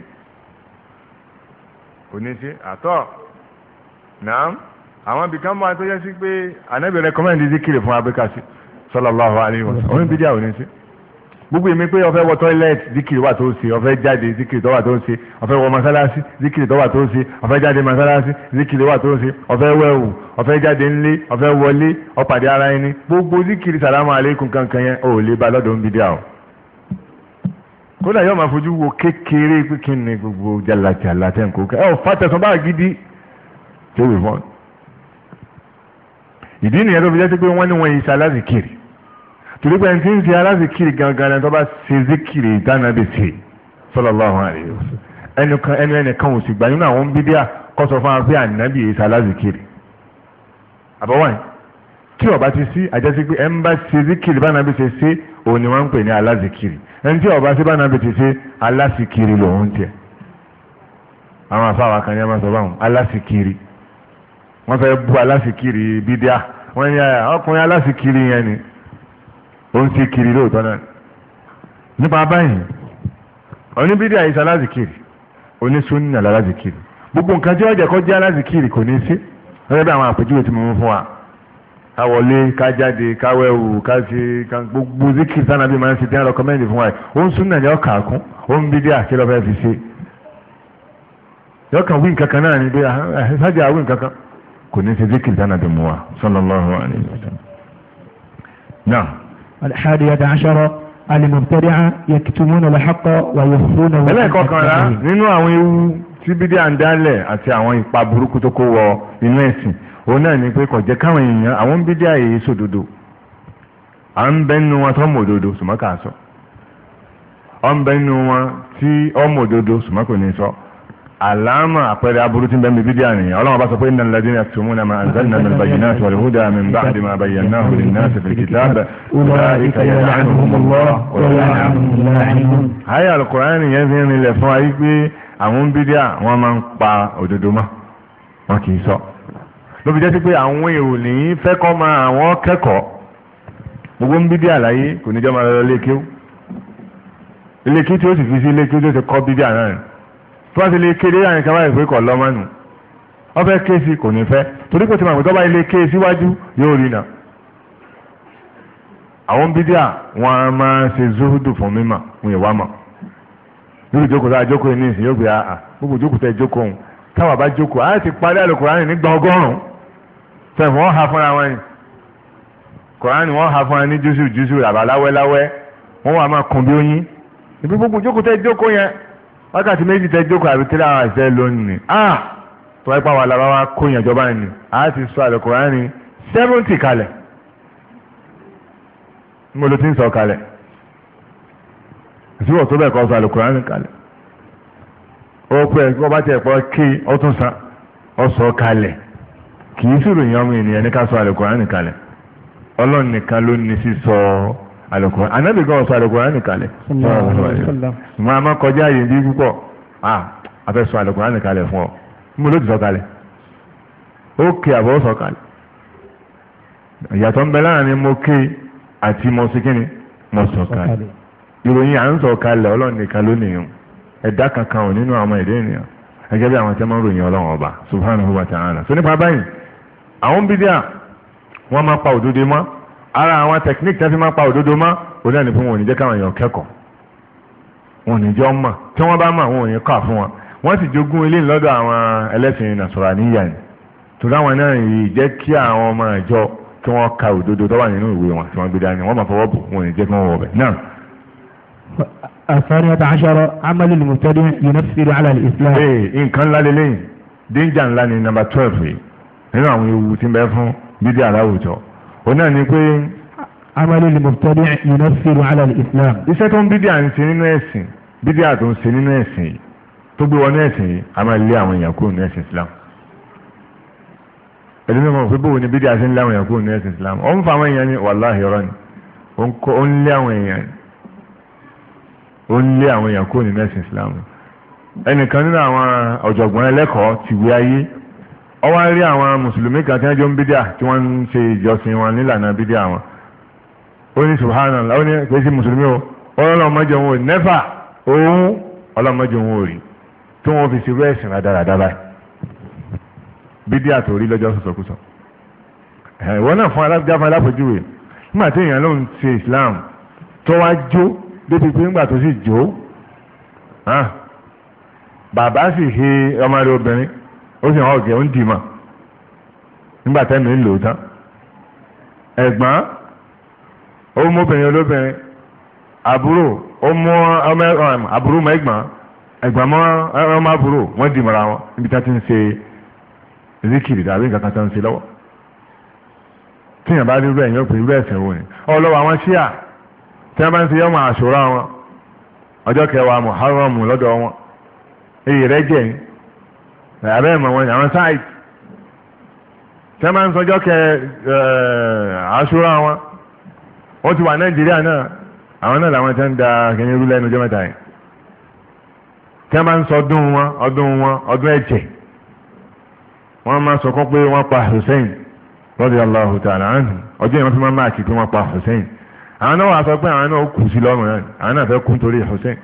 kò ní ṣe àtọ̀ náà àwọn ibìkan máa tó yẹ sí pé ànábì rẹkọmẹ́ndì zikiri fún abẹ́kasí sallallahu alaihi wasallam òun bídíà òní sí gbogbo èmi pé ọfẹ wọ toilet zikiri wà tó ṣe ọfẹ jáde zikiri tó wà tó ṣe ọfẹ wọ masalasi zikiri tó wà tó ṣe ọfẹ jáde masalasi zikiri wà tó ṣe ọfẹ wẹwù ọfẹ jáde ńlé ọfẹ wọlé ọpàdé ara ẹni gbogbo zikiri salamu aleikum kankan yẹn ò lè ba lọ́dọ̀ ń bi díà o. kódà yóò máa fojú wo kékeré pé kí ni gbogbo jalajala tẹ̀ ń kó kẹ́ ẹ ò fa tẹ̀sán bá gidi tó wì fún ìdí nìyẹn tó fi jẹ́ sí pé wọ́n ní wọn ìṣe alázìkiri torí pé ẹni tí ń ṣe alázìkiri gangan ni tó bá ṣe zikiri ìdánábì sí sallallahu alaihi wasallam ẹnu ẹnìkan ò sì gbà nínú àwọn bídíà kó sọ fún wa pé ànábì ìṣe alázìkiri àbọ̀wọ̀n tí ọba ti sí àjẹsí pé ẹ ń bá ṣe zikiri bá nàbì ṣe ṣe òun ni wọ́n ń pè ní alázìkiri ẹni tí ọba ṣe bá nàbì ti ṣe alásìkiri lòun tiẹ̀ àwọn àfáwà kan ní ẹ máa wọ́n fẹ́ bú aláṣìkiri bídíà wọ́n ní ah, ọkùnrin aláṣìkiri yẹn ni ó ń ṣe kiri lóòótọ́ náà nípa báyìí oníbídíà yìí ṣaláṣìkiri onísúnni aláṣìkiri gbogbo nǹkan tí ọjà kọjá aláṣìkiri kò ní sí lọ́jọ́ bí àwọn àpèjúwe ti mú fún wa ká wọlé ká jáde ká wẹ̀wù ká ṣe gbogbo zikiri sanabi máa ń ṣe díẹ̀ rọkọmẹ́ndì fún wa yìí ó ń súnni àjọ kàákún ó ń bídíà kí lọ́ fi ṣe yọkàn wí nǹkan kan náà ni bí sájà ah, wí nǹkan kan kò ní ṣe zikiri tánà bí mu wa sallallahu alayhi wa sallam. náà. alḥadiyata aṣara alimubtadi'a yakitumuna alhaqa wa yukhfuna. ẹlẹ́ẹ̀kọkànlá nínú àwọn ewu tí bídí à ń dálẹ̀ àti àwọn ipa burúkú tó kó wọ inú ẹ̀sìn òun náà ni pé kò jẹ́ káwọn èèyàn àwọn bídí àyè sòdodo à ń bẹ́ wọn tó mọ̀ òdodo sọ ọ̀ ń ọmọ òdodo àlàámà àpẹẹrẹ aburú tí ń bẹ́ẹ̀ bíbí díà nìyẹn ọlọ́run bá sọ pé iná ladí ní àtúmú náà máa zan náà bàyí náà tí wọ́n hu dáa mi bá àdìmọ̀ àbàyàn náà hù náà sì fi kìtà bẹ̀ ọ̀la ìkàyà láàánú. ayé alukóraní yẹn fi rin ilẹ̀ fún ayé pé àwọn bíbí díà wọ́n máa ń pa òdodo mọ́ wọn kì í sọ. ló jẹ́ sí pé àwọn èrò tó bá ti lè kéde àyìn kan báyìí pé kọ̀ lọ́mọ nù wọ́n fẹ́ ké sí kò ní fẹ́ torí kò ti mọ̀ pé tó bá ilé ké síwájú yóò rí nà. àwọn bídíà wọn a máa ṣe zuhudu fún mímọ̀ wọn ìwà mọ̀ lórí ìjókòó tá a jókòó ní ìsìn yóò gbé àà gbogbo ìjókòó tẹ jókòó òun táwa bá jókòó àá ti parí àlò kòránì nígbà ọgọ́rùn-ún fẹ̀fọ́ wọn ha fúnra wọn ni kòránì wọn ha fúnra ní jùsù jùsù láwẹ́láwẹ́ wọn wà máa kùn bí oyin ìbí gbogbo ìjókòó tẹ jókòó yẹn wákàtí méjì tẹ àbí three hours lónìí ah tó wáyé wa a ti sọ àlùkòrán ni seventy kalẹ̀ mo ló ń sọ kalẹ̀ ìṣúwọ̀ tó bẹ̀ kọ́ sọ àlùkòrán ni kalẹ̀ ó pẹ́ kí wọ́n bá tẹ̀ pọ́ kí tún san sọ kalẹ̀ kì í sùrù ká sọ àlùkòrán ni kalẹ̀ ọlọ́run nìkan alùkùrán anábì gan sọ alùkùrán nìkalẹ̀ mo a máa kọjá yìí bí púpọ̀ a afẹ́ sọ alùkùrán nìkalẹ̀ fún ọ mo ló ti sọ kalẹ̀ ó ké àbọ̀ sọ kalẹ̀ ìyàtọ̀ ń bẹ láàrin mo ké àti mo sí kíni mo sọ kalẹ̀ ìròyìn à ń sọ kalẹ̀ ọlọ́run nìkan lónìí o ẹ̀dá kankan ò nínú àwọn èdè ènìyàn ẹgẹ́ bí àwọn tẹ́ ròyìn ọlọ́run ọba subhanahu wa ta'ala so nípa báyìí àwọn bídíà wọ́n máa pa òdodo mọ́ ara àwọn technique tẹ́sí máa pa òdodo mọ́ òun náà ní fún wọn ò ní jẹ́ káwọn èèyàn kẹ́kọ̀ọ́ wọn ò ní jọ mọ̀ tí wọ́n bá mọ̀ wọn ò ní kà fún wọn wọ́n sì jogún ilé lọ́dọ̀ àwọn ẹlẹ́sìn nàṣọ́ra níyà ni torí àwọn náà yìí jẹ́ kí àwọn ọmọ ìjọ kí wọ́n ka òdodo tó wà nínú ìwé wọn tí wọ́n gbé dání wọ́n máa fọwọ́ bò wọn ò ní jẹ́ kí wọ́n wọ̀ bẹ̀ náà. عشرة عمل المبتدع ينفذ على الإسلام إيه إن كان لا للين دين جان لاني نمبر 12 هنا هو يوتين بيفون على وجهه òun náà ni pé. amalu limubtadi yunafiru ala islam. Ise tó ń bídí n'inu esi ṣe nínú ẹ̀sìn n'inu esi to ń ṣe nínú ẹ̀sìn yìí tó gbé wọn islam. ẹ̀dùn náà ni bídí à ṣe ń lé àwọn islam. o n fa àwọn ni islam. ọwọ́ rí àwọn mùsùlùmí kan tí wọ́n jọ ń bídíà tí wọ́n ń ṣe ìjọsìn wọn nílànà bídíà wọn ó ní subhanallah ó ní kìí ṣe mùsùlùmí o ọlọ́mọdé wọn ò nẹ́fà òun ọlọ́mọdé wọn ò rí tí wọ́n fi ṣerú ẹ̀sìn rádaràdá báyìí bídíà tó rí lọ́jọ́ sọ̀sọ̀kúsọ. ìwọ náà fún alájáfún aláfojúwe nígbà tí èèyàn ló ń ṣe Islam tó wá jó débi pé nígbà tó sì jó ah, bàbá sì he ọmọdé obìnrin ó sì hàn ọ̀gẹ̀ ó ń dì mà nígbà tẹ́mi ń lò tán ẹ̀gbọ́n ó mú obìnrin olóbìnrin àbúrò ó mú um, àbúrò mọ́ ẹ̀gbọ́n ẹ̀gbọ́n mọ́ um, ọmọ àbúrò wọ́n dì mọ́ra wọn níbi tá ti ń ṣe zikiri tàbí nǹkan kan tó ń ṣe lọ́wọ́ tíyàn bá rí bẹ́ẹ̀ yóò pè bẹ́ẹ̀ sẹ̀ wò ni ọlọ́wọ́ àwọn ṣíà tí wọ́n bá ń ṣe yọ́mọ àṣùrà ọjọ́ kẹwàá lọ́dọ̀ wọn èyí abẹ́ mọ̀ wọn àwọn sáìtì tẹ́ sọjọ́ kẹ eh, àṣúrà wọn ó ti wà nàìjíríà náà àwọn náà làwọn ń da kìnìún rú yẹn sọ ọdún wọn ọdún wọn ọdún ẹ̀jẹ̀ wọ́n máa sọ kọ́ pé wọ́n pa Hussein radiyallahu ta'ala anhu ọjọ́ ìwọ́n fi máa máa kì pé wọ́n pa Hussein àwọn náà wàá sọ pé àwọn náà kù sí lọ́rùn náà àwọn náà fẹ́ kú nítorí Hussein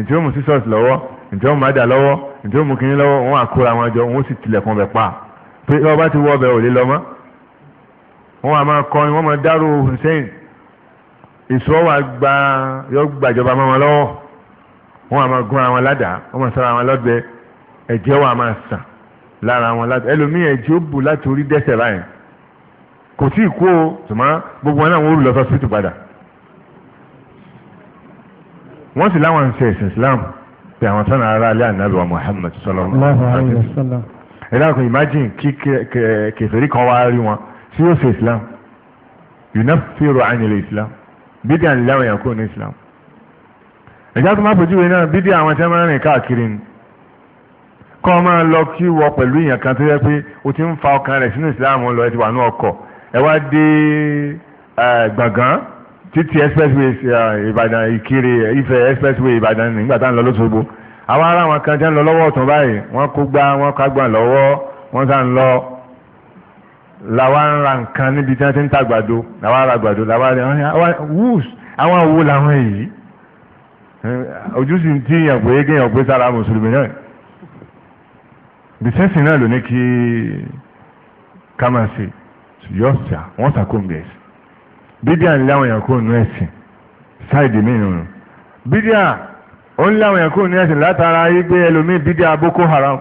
ntí ó mú sísọ́ọ̀sì lọ́wọ́ ntí ó mú àdá lọ́wọ́ ntí ó mú kínní lọ́wọ́ wọn àkóra wọn jọ wọn ó sì tilẹ̀kùn bẹ̀ pa pé ọba ti wọ ọbẹ̀ ò lè wọn a máa kọrin wọn máa dárò Hussein èso wa gba yọ gbàjọba mọ́ wọn lọ́wọ́ wọn a máa gún àwọn ládàá wọn máa sára àwọn lọ́bẹ ẹ̀jẹ̀ wa máa sàn lára wọn ládàá ẹlòmíì ẹ̀jẹ̀ ó bù láti orí dẹ́sẹ̀ báyìí kò tí ì kú o tùmọ̀ gbogbo wọn náà wọn ó lọ sọ síìtù padà wọ́n sì láwọn ń ṣe ẹ̀sìn Islam pé àwọn tán ara alẹ́ ànábì wa Muhammad sallallahu alaihi wasallam ẹ dákun imagine kí kèfèrí kan wá rí wọn tí yóò ṣe Islam yunafiru anil Islam bídí àlè láwọn èèyàn kúrò ní Islam ẹ̀já tó máa pèjúwe náà bídí àwọn tí wọ́n máa ń rìn káàkiri ni kọ́ máa lọ kí Islam títí expressway uh, ìbàdàn ìkiri ìfẹ́ expressway ìbàdàn nígbà tá à ń lọ lóṣogbo àwọn ará wọn kan tí ń lọ lọ́wọ́ ọ̀tún báyìí wọ́n kó gbá wọ́n kágbà lọ́wọ́ wọ́n sá ń lọ làwa ń ra nǹkan níbi tí wọ́n ti ń tàgbàdo làwa ra gbàdo làwa ra wúùs àwọn wo làwọn èyí ojú sì ń tí yàn pé kéèyàn pé sára mùsùlùmí náà bìsẹ́sì náà ló ní kí ká máa ṣe yọ̀ọ̀sà wọ́n sàkóńgẹ̀ẹ́sì. bídíà ń láwọn èèyàn kúrò nínú ẹ̀sìn sáìdì mìíràn bídíà ó ń láwọn èèyàn kúrò nínú ẹ̀sìn látara Boko Haram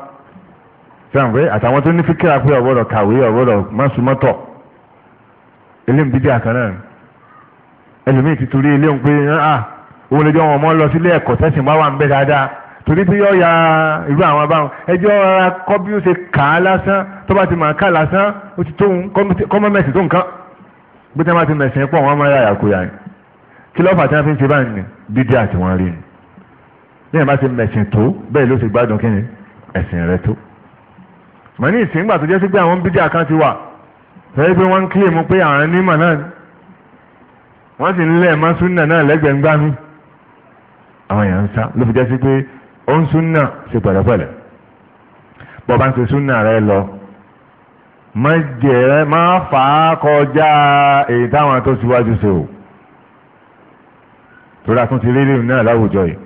sàn pé àtàwọn tó ní fíkìrà pé ọ̀gbọ́dọ̀ kàwé ọ̀gbọ́dọ̀ mọ́sùmọ́tọ̀ eléyìí bídíà kan náà ẹlòmíì ti torí eléyìí pé ah òun lè jọ wọn mọ́ lọ sílé ẹ̀kọ́ tẹ̀sìn wà ń dáadáa torí pé yọ ya irú àwọn abáwọn ẹjọ́ ara kọ́ bí ó ṣe kà á lásán tó bá ti máa bí tẹ́lẹ̀ máa ti mẹ̀sìn pọ̀ wọ́n máa yà àyàkóyà ni kí lọ́ọ̀fà tí wọ́n fi ń ṣe báyìí ni dídí àti wọ́n rí ni bí yẹn bá ti mẹ̀sìn tó bẹ́ẹ̀ ló ti gbádùn kí ni ẹ̀sìn rẹ tó. mọ̀ ní ìsìn gbà tó jẹ́ sí pé àwọn bídí àkán ti wà fẹ́ẹ́ pé wọ́n ń kílè mu pé àwọn onímọ̀ náà ni wọ́n sì ń lẹ̀ mọ́ súnà náà lẹ́gbẹ̀ẹ́ngbá mi àwọn èèyàn ń sá ló fi jẹ́ sí pé ó ń súnà ṣe pẹ̀lẹ́pẹ̀lẹ́ bọ́ bá ń ṣe súnà rẹ lọ má jẹ́ má fà á kọjá èyí táwọn tó síwájú ṣe o torí a tún ti rí rírun náà láwùjọ yìí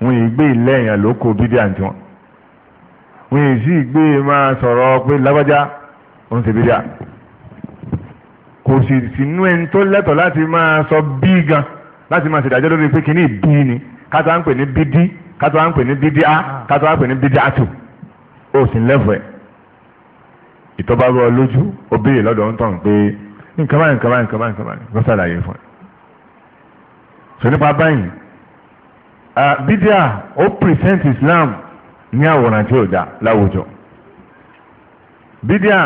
wọn yìí gbé ìlẹ́yìn lóko bídí àǹtí wọn wọn yìí sì gbé e máa sọ̀rọ̀ pé lágbájá òun ṣe bídí à kò sì sínú ẹni tó lẹ́tọ̀ọ́ láti máa sọ bí gan láti máa ṣèdájọ́ lórí pé kíní bí ni kátó à ń pè ní bídí kátó à ń pè ní bídí á kátó à ń pè ní bídí á ó sì ń ìtọ́ba rọ lójú ó béèrè lọ́dọ̀ ń tàn pé nǹkan báyìí nǹkan báyìí nǹkan báyìí nǹkan báyìí wọ́n ṣàlàyé fún ẹ. sọ nípa báyìí bídíà ó present Islam ní àwòrán tí ò dá láwùjọ bídíà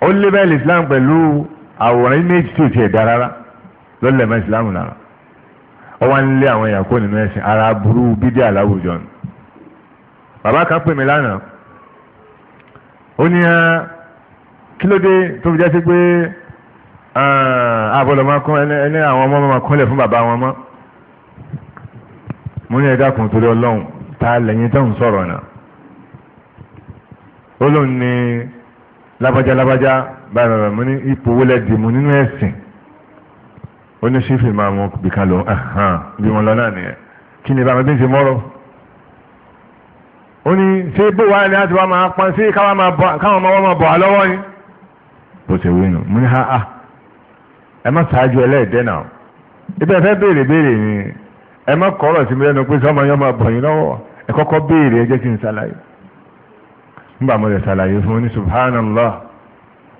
ó label Islam pẹ̀lú àwòrán image tí ò tiẹ̀ dá rárá lọ́lẹ̀ mọ́ Islam lára ó wá ń lé àwọn èèyàn kó nínú ẹ̀sìn ara burú bídíà láwùjọ ni bàbá kan pè mí lánàá ó ní ẹ́ kí ló dé tó fi jásí pé àbọ̀lọ̀ eh, máa kún ẹni àwọn ọmọ máa kúnlẹ̀ fún bàbá wọn mọ́ mo ní ẹ̀dá kan torí ọlọ́run ta lẹ́yìn tó ń sọ̀rọ̀ náà ó lóun ní lábájá lábájá báyìí bàbá mo ní ipò owó lẹ́dì mo nínú ẹ̀sìn ó ní sífì máa mú bìkan lò bí wọn lọ náà nìyẹn kí ni bàbá bí ń ṣe mọ́rọ̀ ó ní ṣé bó wà ní àti wà máa pọn sí káwọn ọmọ wọn máa bọ̀ á lọ́wọ́ ni bó ṣe wínú mo ní ha ah ẹ má ṣáájú ẹlẹ́ẹ̀dẹ́ náà ibẹ̀ fẹ́ béèrè béèrè ni ẹ má kọ́rọ̀ sí mi lẹ́nu pé sọ́mọ yẹn máa bọ̀ yín lọ́wọ́ ẹ kọ́kọ́ béèrè ẹ jẹ́ kí n ṣàlàyé nígbà mo lè ṣàlàyé fún ní subhanallah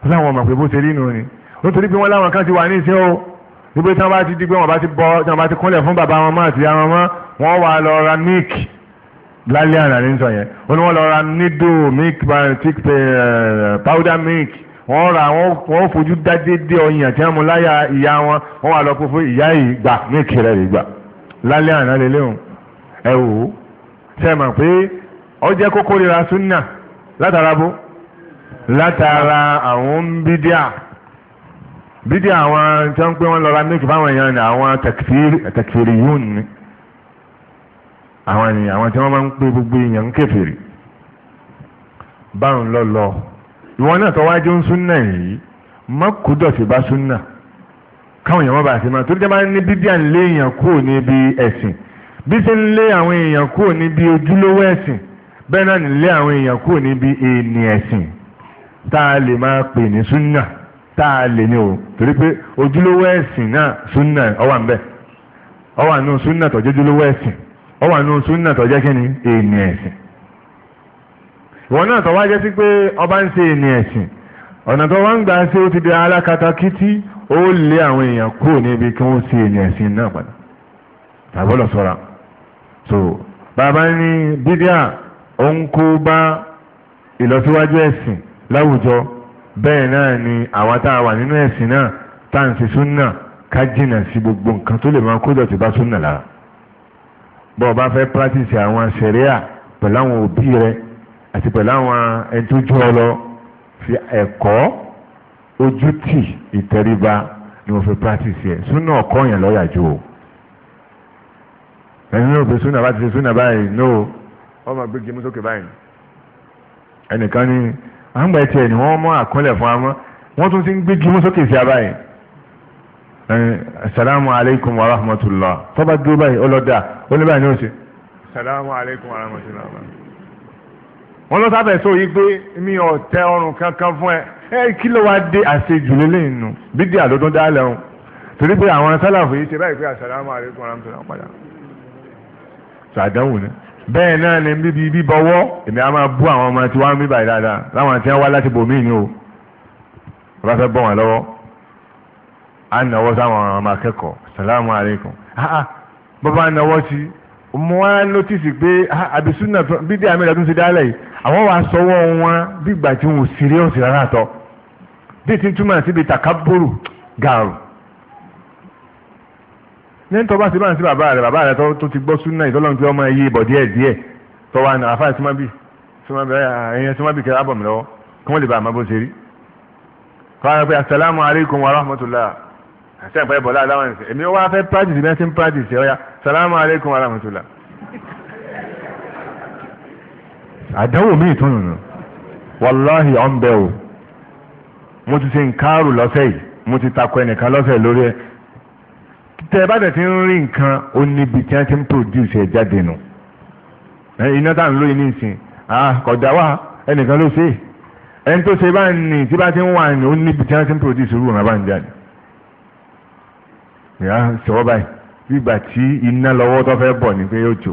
ó láwọn ọmọ pé bó ṣe rí nù ni ó torí pé wọ́n láwọn kan ti wà ní iṣẹ́ o nígbà tí wọ́n bá ti di pé wọ́n bá ti bọ́ tí wọ́n bá ti kúnlẹ̀ fún bàbá wọn máa ti ya wọn mọ́ wọ́n wà lọ ra milk lálẹ́ àná ní sọ yẹn ó ní wọ́n lọ ra nido milk eh, powder milk wọ́n ra wọ́n fojú dá déédéé ọyàn tí wọ́n mú láyà ìyá wọn wọ́n wà lọ pé fún ìyá yìí gbà ní ìkìlẹ̀ rẹ̀ gbà lálẹ́ àná lélẹ́ òun ẹ wò ó ṣe mọ̀ pé ó jẹ́ kókó rira súnà látara bó látara àwọn bídíà bídíà àwọn tí wọ́n pé wọ́n lọ méjì fáwọn èèyàn ní àwọn tẹkifiri yún ni àwọn ènìyàn àwọn tí wọ́n máa ń pè gbogbo èèyàn ń kèfèrí báwọn lọ lọ. ìwọ náà tọ́wọ́ ń súnà yìí má kú dọ̀tí bá súnà káwọn èèyàn má ma torí jẹ́ máa ní bíbí à ń lé èèyàn kúrò níbi ẹ̀sìn bí ṣe ń lé àwọn èèyàn kúrò níbi ojúlówó ẹ̀sìn bẹ́ẹ̀ náà ní lé àwọn èèyàn kúrò níbi ẹ̀sìn tá a lè máa o torí pé ojúlówó ẹ̀sìn náà súnà ó wà wà nù ojúlówó ẹ̀sìn wà nù wọn náà tọ́wá jẹ́ sí pé ọba ń ṣe ènì ẹ̀sìn ọ̀nà tó wá ń gbà ṣe ó ti di alákatakítí ó lé àwọn èèyàn kúrò níbi kí wọ́n ṣe ènì ẹ̀sìn náà padà tàbí ọ̀lọ̀ sọ́ra so bàbá ní bídíà ó ń kó bá ìlọsíwájú ẹ̀sìn láwùjọ bẹ́ẹ̀ náà ni àwa tá a wà nínú ẹ̀sìn náà tá à ń ṣe súnà ká jìnà sí gbogbo nǹkan tó lè máa kó dọ̀tí bá súnà lára bọ́ọ̀ bá fẹ́ pírátìsì àwọn ṣẹ̀ríà pẹ̀lú òbí rẹ̀ àti pẹ̀lú àwọn ẹni tó jọ ọ lọ fi ẹ̀kọ́ ojú tì ìtẹríba ni mo fi practice yẹ súnà ọkọ yẹn lọ́yà o ẹni náà fi súnà bá ti fi súnà báyìí no ọmọ gbégi mú sókè báyìí ẹnìkan ní àgbà ẹtì ẹni wọn mọ àkọlẹ fún amọ wọn tún ti ń gbégi mú sókè sí abáyìí salamu aleykum wa rahmatulah tọ́ba dúró báyìí ọlọ́dà ó ní báyìí ní ó ṣe salamu aleykum wa rahmatulah wọ́n lọ sábẹ̀ sọ yìí pé mi ò tẹ ọrùn kankan fún ẹ ẹ kí ló wá dé àṣejù lélẹ̀ nù bídìí àlódún dálẹ̀ ọ̀hún torí pé àwọn sálàfù yìí ṣe báyìí pé àṣàlámù àríkùn aráàmùsọ̀rọ̀ padà ṣàdánwò ni bẹ́ẹ̀ náà ni bíbi bíbọwọ́ èmi á máa bú àwọn ọmọ tí wọ́n ń bí báyìí dáadáa láwọn tí wọ́n wá láti bòmíì ni o bá fẹ́ bọ́ wọn lọ́wọ́ á nàwọ́ sáwọn ọmọ akẹ́kọ̀ọ́ mo wá notice pé àbísúnà bídí àmì ìdàtúnṣe dálẹ̀ yìí àwọn wàá sọwọ́ wọn bígbà tí wọn ò serious rárá tọ́ bí ti ń túmọ̀ síbi takaburu gàrú ní tọ́ bá ti bá ń sí bàbá rẹ̀ bàbá rẹ̀ tó ti gbọ́ súnà ìtọ́lọ́run tí ọmọ ẹyẹ ìbọ̀ díẹ̀ díẹ̀ tọ́ wa nà àfáà símábì símábì eh, ẹ̀yẹ símábì kẹrẹ ábọ̀ mi lọ́wọ́ kí wọ́n lè bá àmọ́ bó ṣe rí. kọ́ ara pé asalaamu alaykum wa rahmatulah àtẹ̀yìn pẹ̀lú bọ̀lá aláwọ̀ nìkan èmi wá fẹ́ practice bí wọ́n ti ń practice ẹ̀ ọ́yá salamu aleykum wa rahmatulah. àdánwò mi ìtún nù wàláhì ọ̀nbẹ o mo ti ṣe nkárù lọ́sẹ̀ yìí mo ti takọ ẹnìkan lọ́sẹ̀ lórí ẹ̀ tẹ ẹ bá tẹ̀ ti ń rí nǹkan ó níbi tí wọ́n ti ń produce ẹ̀ jáde nù iná tá à ń lóye ní ìsìn kọjá wa ẹnìkan ló ṣe ẹni tó ṣe bá ń nì tí bá ti ń wà ní ó níbi tí wọ́n ti ń produce irú ọ̀nà bá ń jáde. ìyá sọ báyìí gbígbà tí iná lọ́wọ́ tó fẹ́ bọ̀ ni pé yóò jò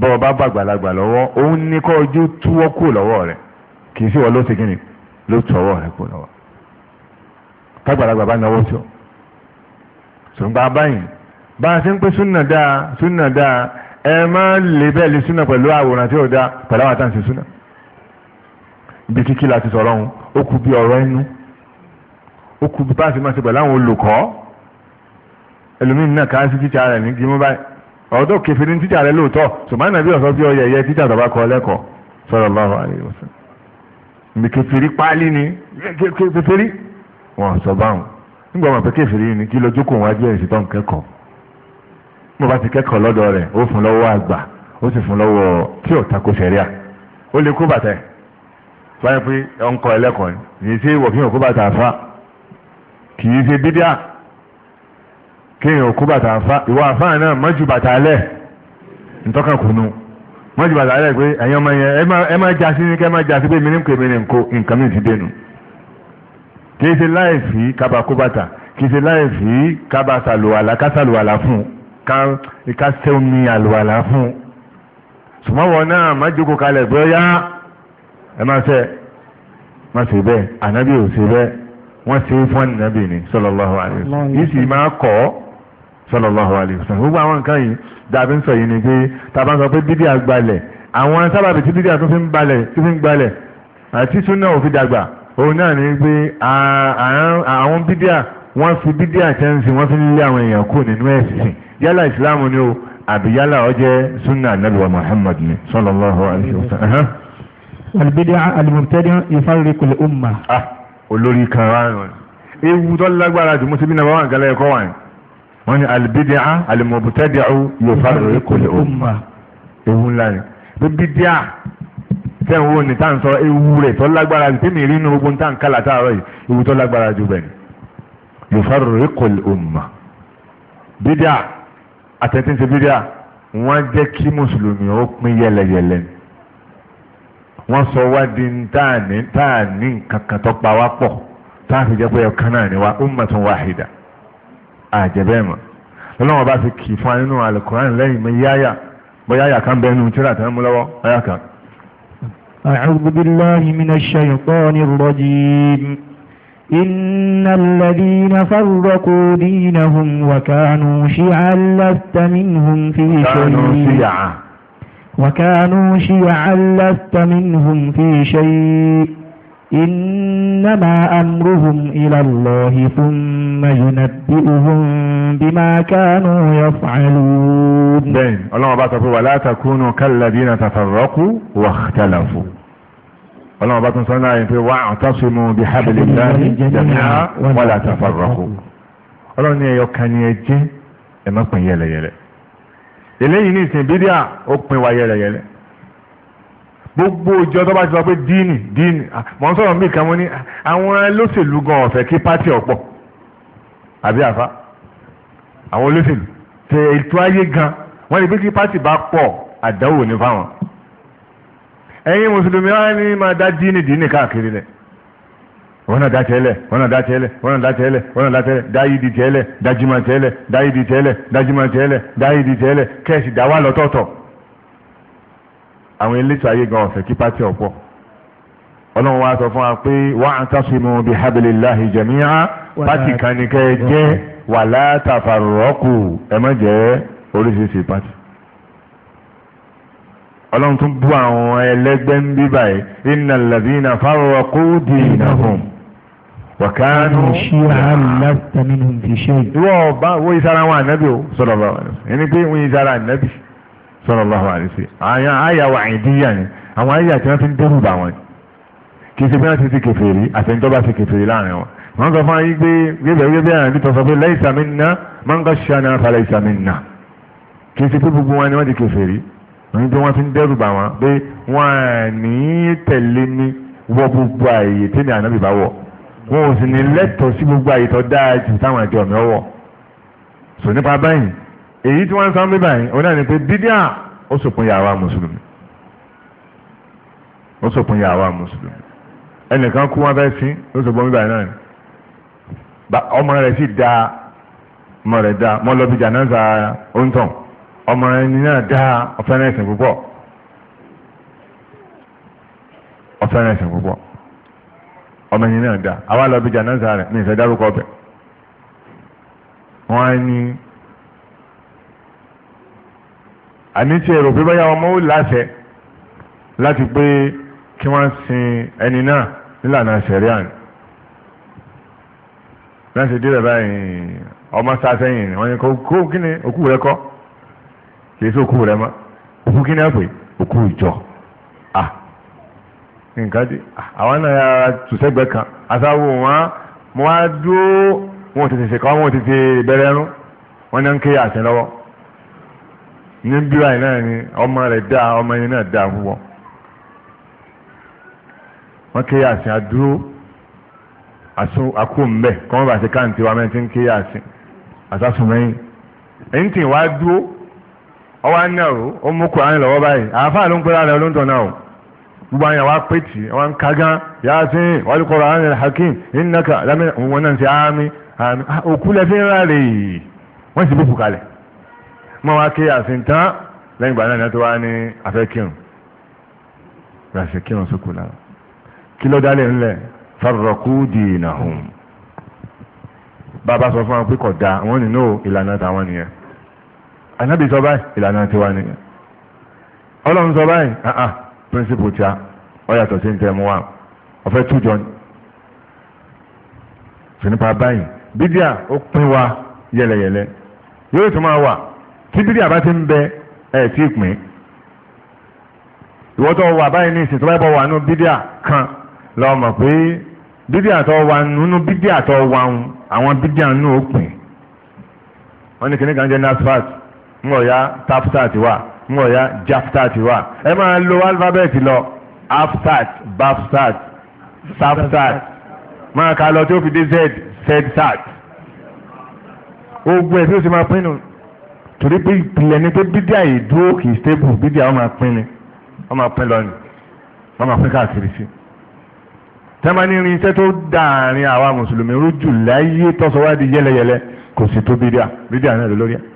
bọ́ ọ bá gbàlagbà lọ́wọ́ òun ní kọ́ ojú túwọ́ kù lọ́wọ́ rẹ̀ kì í sí wọ́n ló ló tọwọ́ rẹ̀ lọ́wọ́ bá náwó tó ṣùgbọ́n bá a ṣe ń súnà dáa súnà dáa ẹ lè bẹ́ẹ̀ lè súnà pẹ̀lú àwòrán tí ò dáa pẹ̀lú àwọn àtàǹsì súnà ibi kíkí la ti sọ̀rọ̀ ó kú bí báàsì máa ṣe pẹ̀lú àwọn olùkọ́ ẹlòmíín náà káàsì tíṣà rẹ̀ ní gímú báyìí ọ̀dọ́ kẹfìrí ní tíṣà rẹ̀ lóòótọ́ ṣùgbọ́n àbí ọ̀sọ́ bí ọyẹ yẹ tíṣà tọ́ba kọ lẹ́kọ̀ọ́ sallallahu alaihi wasallam ní kẹfìrí páálí ni kẹfìrí wọn sọ báwọn nígbà wọn pé kẹfìrí ni kí lọ jókòó wájú ẹ̀ ṣùgbọ́n kẹ́kọ̀ọ́ mo bá ti kẹ́kọ̀ọ́ lọ́dọ̀ rẹ̀ ó fún lọ́wọ́ àgbà ó sì fún lọ́wọ́ tí ni èyí tí wọ̀ fi kì í ṣe bídíà kéèyàn kó bàtà àfa ìwọ àfa náà má ju bàtà alẹ́ ntọ́ka kùnú má ju bàtà alẹ́ pé ẹ̀yin ọmọ yẹn ẹ má já sí ní kẹ́ ẹ má já sí pé mi ní nkè mi ní nkó nǹkan mi ti dénú kì í ṣe láì sí kaba kó bàtà kì ṣe láì sí kaba sàlùwàlà ká sàlùwàlà fún ká ṣe omi àlùwàlà fún sùmọ́wọ́ náà má jókòó kalẹ̀ bóyá ẹ má ṣe má ṣe bẹ́ẹ̀ wọ́n ṣe é fún ànínàbì ni sallallahu alaihi wasallam yìí sì máa kọ́ ọ́ sallallahu alaihi wasallam gbogbo àwọn nǹkan yìí dàbí ń sọ yìí ni pé tàbá sọ pé bídí àgbalẹ̀ àwọn sábàbí tí bídí àtúnfi ń balẹ̀ tí fi ń gbalẹ̀ àti súnà òfin dàgbà òun náà ni pé àwọn bídí à wọ́n fi bídí àtẹ́ǹsì wọ́n fi ń lé àwọn èèyàn kù nínú ẹ̀sìn yálà ìsìláàmù ni o àbí yálà ó jẹ́ súnà nàbìwà Muhammad ni sallallahu alaihi wasallam. al-bid'a al-mubtadi'a yufarriqu al-ummah. Ah olórí kan rárá ewu tó lágbára jù mọ́tò bí nàbà wà gálẹ̀ ẹ̀kọ́ wà ní wọ́n ní alìbídíà alìmọ̀bùtẹ́díà yóò fárò kò lè ó mà ewu ńlá ni bí bídíà tẹ́ ń wo ní tá à ń sọ ewu rẹ̀ tó lágbára jù tẹ́mi rí inú gbogbo tá à ń kálà táàrọ̀ yìí ewu tó lágbára jù bẹ́ẹ̀ ni yóò fárò kò lè ó mà bídíà àtẹ̀tẹ̀ ń ṣe wọ́n jẹ́ kí mùsùlùmí ó pín yẹlẹyẹlẹ ni wọ́n sọ wá di táàní táàní kankan tó pa wá pọ̀ táàfi jẹ́ pé ọ̀kan náà ni wá ummatun wahida àjẹbẹ́ mọ̀ lọ́wọ́ bá fi kì í fún wa alukuran lẹ́yìn mi yáyà bóyá yà kan bẹ́ẹ̀ nù tíra tán mú lọ́wọ́ ọ̀yà kan. أعوذ بالله من الشيطان الرجيم إن الذين فرقوا دينهم وكانوا شيعا لست منهم في شيء كانوا شيعا وكانوا شيعا لست منهم في شيء إنما أمرهم إلى الله ثم ينبئهم بما كانوا يفعلون بين الله بات ولا تكونوا كالذين تفرقوا واختلفوا الله بات صلى واعتصموا بحبل الله جميعا ولا تفرقوا الله ني يوكاني اجي اما يلا يلي eléyìí ní ìsìn bídíà ó pin wa yẹlẹyẹlẹ gbogbo ìjọ tó bá ti sọ pé díìnì díìnì mọ̀ ń sọ̀rọ̀ mìkan mo ní àwọn olóṣèlú gan ọ̀fẹ́ kí pátì ọ̀pọ̀ àbí àfa àwọn olóṣèlú tẹ ètò ayé gan wọ́n ni pé kí pátì bá pọ̀ àdánwò ní fáwọn ẹ̀yin mùsùlùmí wa ni máa dá díìnì díìnì káàkiri lẹ̀ wọn da dá tẹ́lẹ̀ wọn náà dá tẹ́lẹ̀ wọn náà dá tẹ́lẹ̀ wọn náà dá tẹ́lẹ̀ dáyé di tẹ́lẹ̀ dájúmọ̀ tẹ́lẹ̀ dáyé di tẹ́lẹ̀ dájúmọ̀ tẹ́lẹ̀ di tẹ́lẹ̀ kẹ́ẹ̀sì dawa wà àwọn elétò ayé gan kí wa sọ fún wa pé wa'tasimu bihablillahi wala ẹ má oríṣiríṣi tún àwọn ń bíbáyé wàkánù ṣíhàn lásìtà nínú fi ṣe. ìwọ ọba wo ìsara wọn ànábì o sallallahu alaihi wasallam ẹni pé wọn ìsara ànábì sallallahu alaihi wasallam àyàn àyàwó àìdíyà ni àwọn àyà tí wọn fi ń dẹrù bà wọn kì í ṣe bí wọn ti ti kèfèrí àtẹnudọba ti kèfèrí láàrin wọn wọn sọ fún ayé gbé gbébẹ gbébẹ àrùn bí tọsọ pé laysa minna man ghashana fa laysa minna kì í ṣe pé gbogbo ni wọn ti kèfèrí wọn bí wọn fi ń dẹrù bà wọn pé wọn à ní tẹ̀lé mi wọ gbogbo àyè tí ní ànábì bá wọn ò sì ní lẹ́tọ̀ọ́ sí gbogbo àyè tó dáa jù táwọn àjọ mi ọwọ́ sọ nípa báyìí èyí tí wọ́n ń sọ báyìí òun náà ni pé bídíà ó sòpin yàrá mùsùlùmí ó sòpin yàrá mùsùlùmí ẹnìkan kú wọn fẹ́ sí ó sòpin bíbáyìí náà ni ọmọ rẹ̀ sì da ọmọ rẹ̀ da mọ́ lọ bí jàǹdà ó ń tàn ọmọ ẹni náà da ọ̀fẹ́rẹ́ ẹ̀sìn púpọ̀ ọ̀fẹ́rẹ́ ẹ̀sìn púpọ̀ ọmọ ẹni náà dá àwa lọ bí jàǹdà rẹ̀ ní ìfẹ́ dárúkọ ọbẹ̀ wọ́n á ní àní tí èrò pé báyà ọmọ ó láṣẹ láti pé kí wọ́n sin ẹni náà nílànà sẹ̀ríàn náà ṣe dé ọmọ sásẹ́yìn ni wọ́n ní kó kí ni òkú rẹ kọ́ kì í sí òkú rẹ mọ́ òkú kí ni ẹ òkú ìjọ nǹkan dé àwọn náà yà tùsẹ́gbẹ́ kan asáwò wọn mo wá dúró wọn tètè ṣe kọ́ wọn tètè bẹ̀rẹ̀ ẹrú wọn náà ń ké àṣẹ lọ́wọ́ ní bíwá yìí náà ni ọmọ rẹ̀ dá ọmọ yẹn náà dá púpọ̀ wọn ké àṣẹ àdúró àkó mbẹ kọ́ wọn bá ṣe káàntì wa mẹ́tí ń ké àṣẹ àṣàṣùmẹ́yìn èyí tì wá dúró ọwọ́ á náà ó mú kùránì lọ́wọ́ báyìí àáfàá ló ń pẹ́ o gbogbo àyàn wa pé tì wọn ń kagán yasin wal Qur'anil hakim innaka lamina wọn náà ń ṣe àmì àmì ah, òkú lẹ́fẹ́ ńlá rèé wọ́n sì bùkù kalẹ̀ mọ́ wá ké yasin tán lẹ́yìn ìgbà náà ni wọ́n ti wá ní afẹ́ kírun ràṣẹ kírun sókù lára kí ló dálé ńlẹ̀ farraqu dinahum bàbá sọ fún wa pé kò dáa wọ́n nínú ìlànà tàwọn nìyẹn anábì sọ báyìí ìlànà tiwa nìyẹn ọlọ́run sọ báyìí ah, ah, Principal tí ọ yàtọ̀ sí wa ọ̀fẹ́ tújọ báyìí bídíà ó pín wa yẹlẹyẹlẹ yóò tún máa wà tí bídíà bá ti ń bẹ ẹ tí pín ìwọ́tọ̀ wà báyìí ní ìsìn tó wà bídíà kan lọ́ọ́ pé bídíà tó wà nínú bídíà tó wà ń àwọn bídíà nasfat ń ya tapsat wà. mọ̀ ya jaftat wà ẹ máa lo alphabet lọ afsat bafsat safsat máa kà lọ tí ó fi dé z zedsat gbogbo ẹ̀ tí ó sì máa pinnu torí pé ìpìlẹ̀ ni pé bídí àyè dúró kì í stable bídí àwọn máa pín ni wọ́n máa pín lọ ni wọ́n máa pín káàkiri sí i tẹ́mání rin iṣẹ́ tó dáàrin àwa mùsùlùmí rújù láyé tọ́sọ̀wádìí yẹ́lẹ́yẹ́lẹ́ kò sì tó bídíà bídíà náà lórí ẹ̀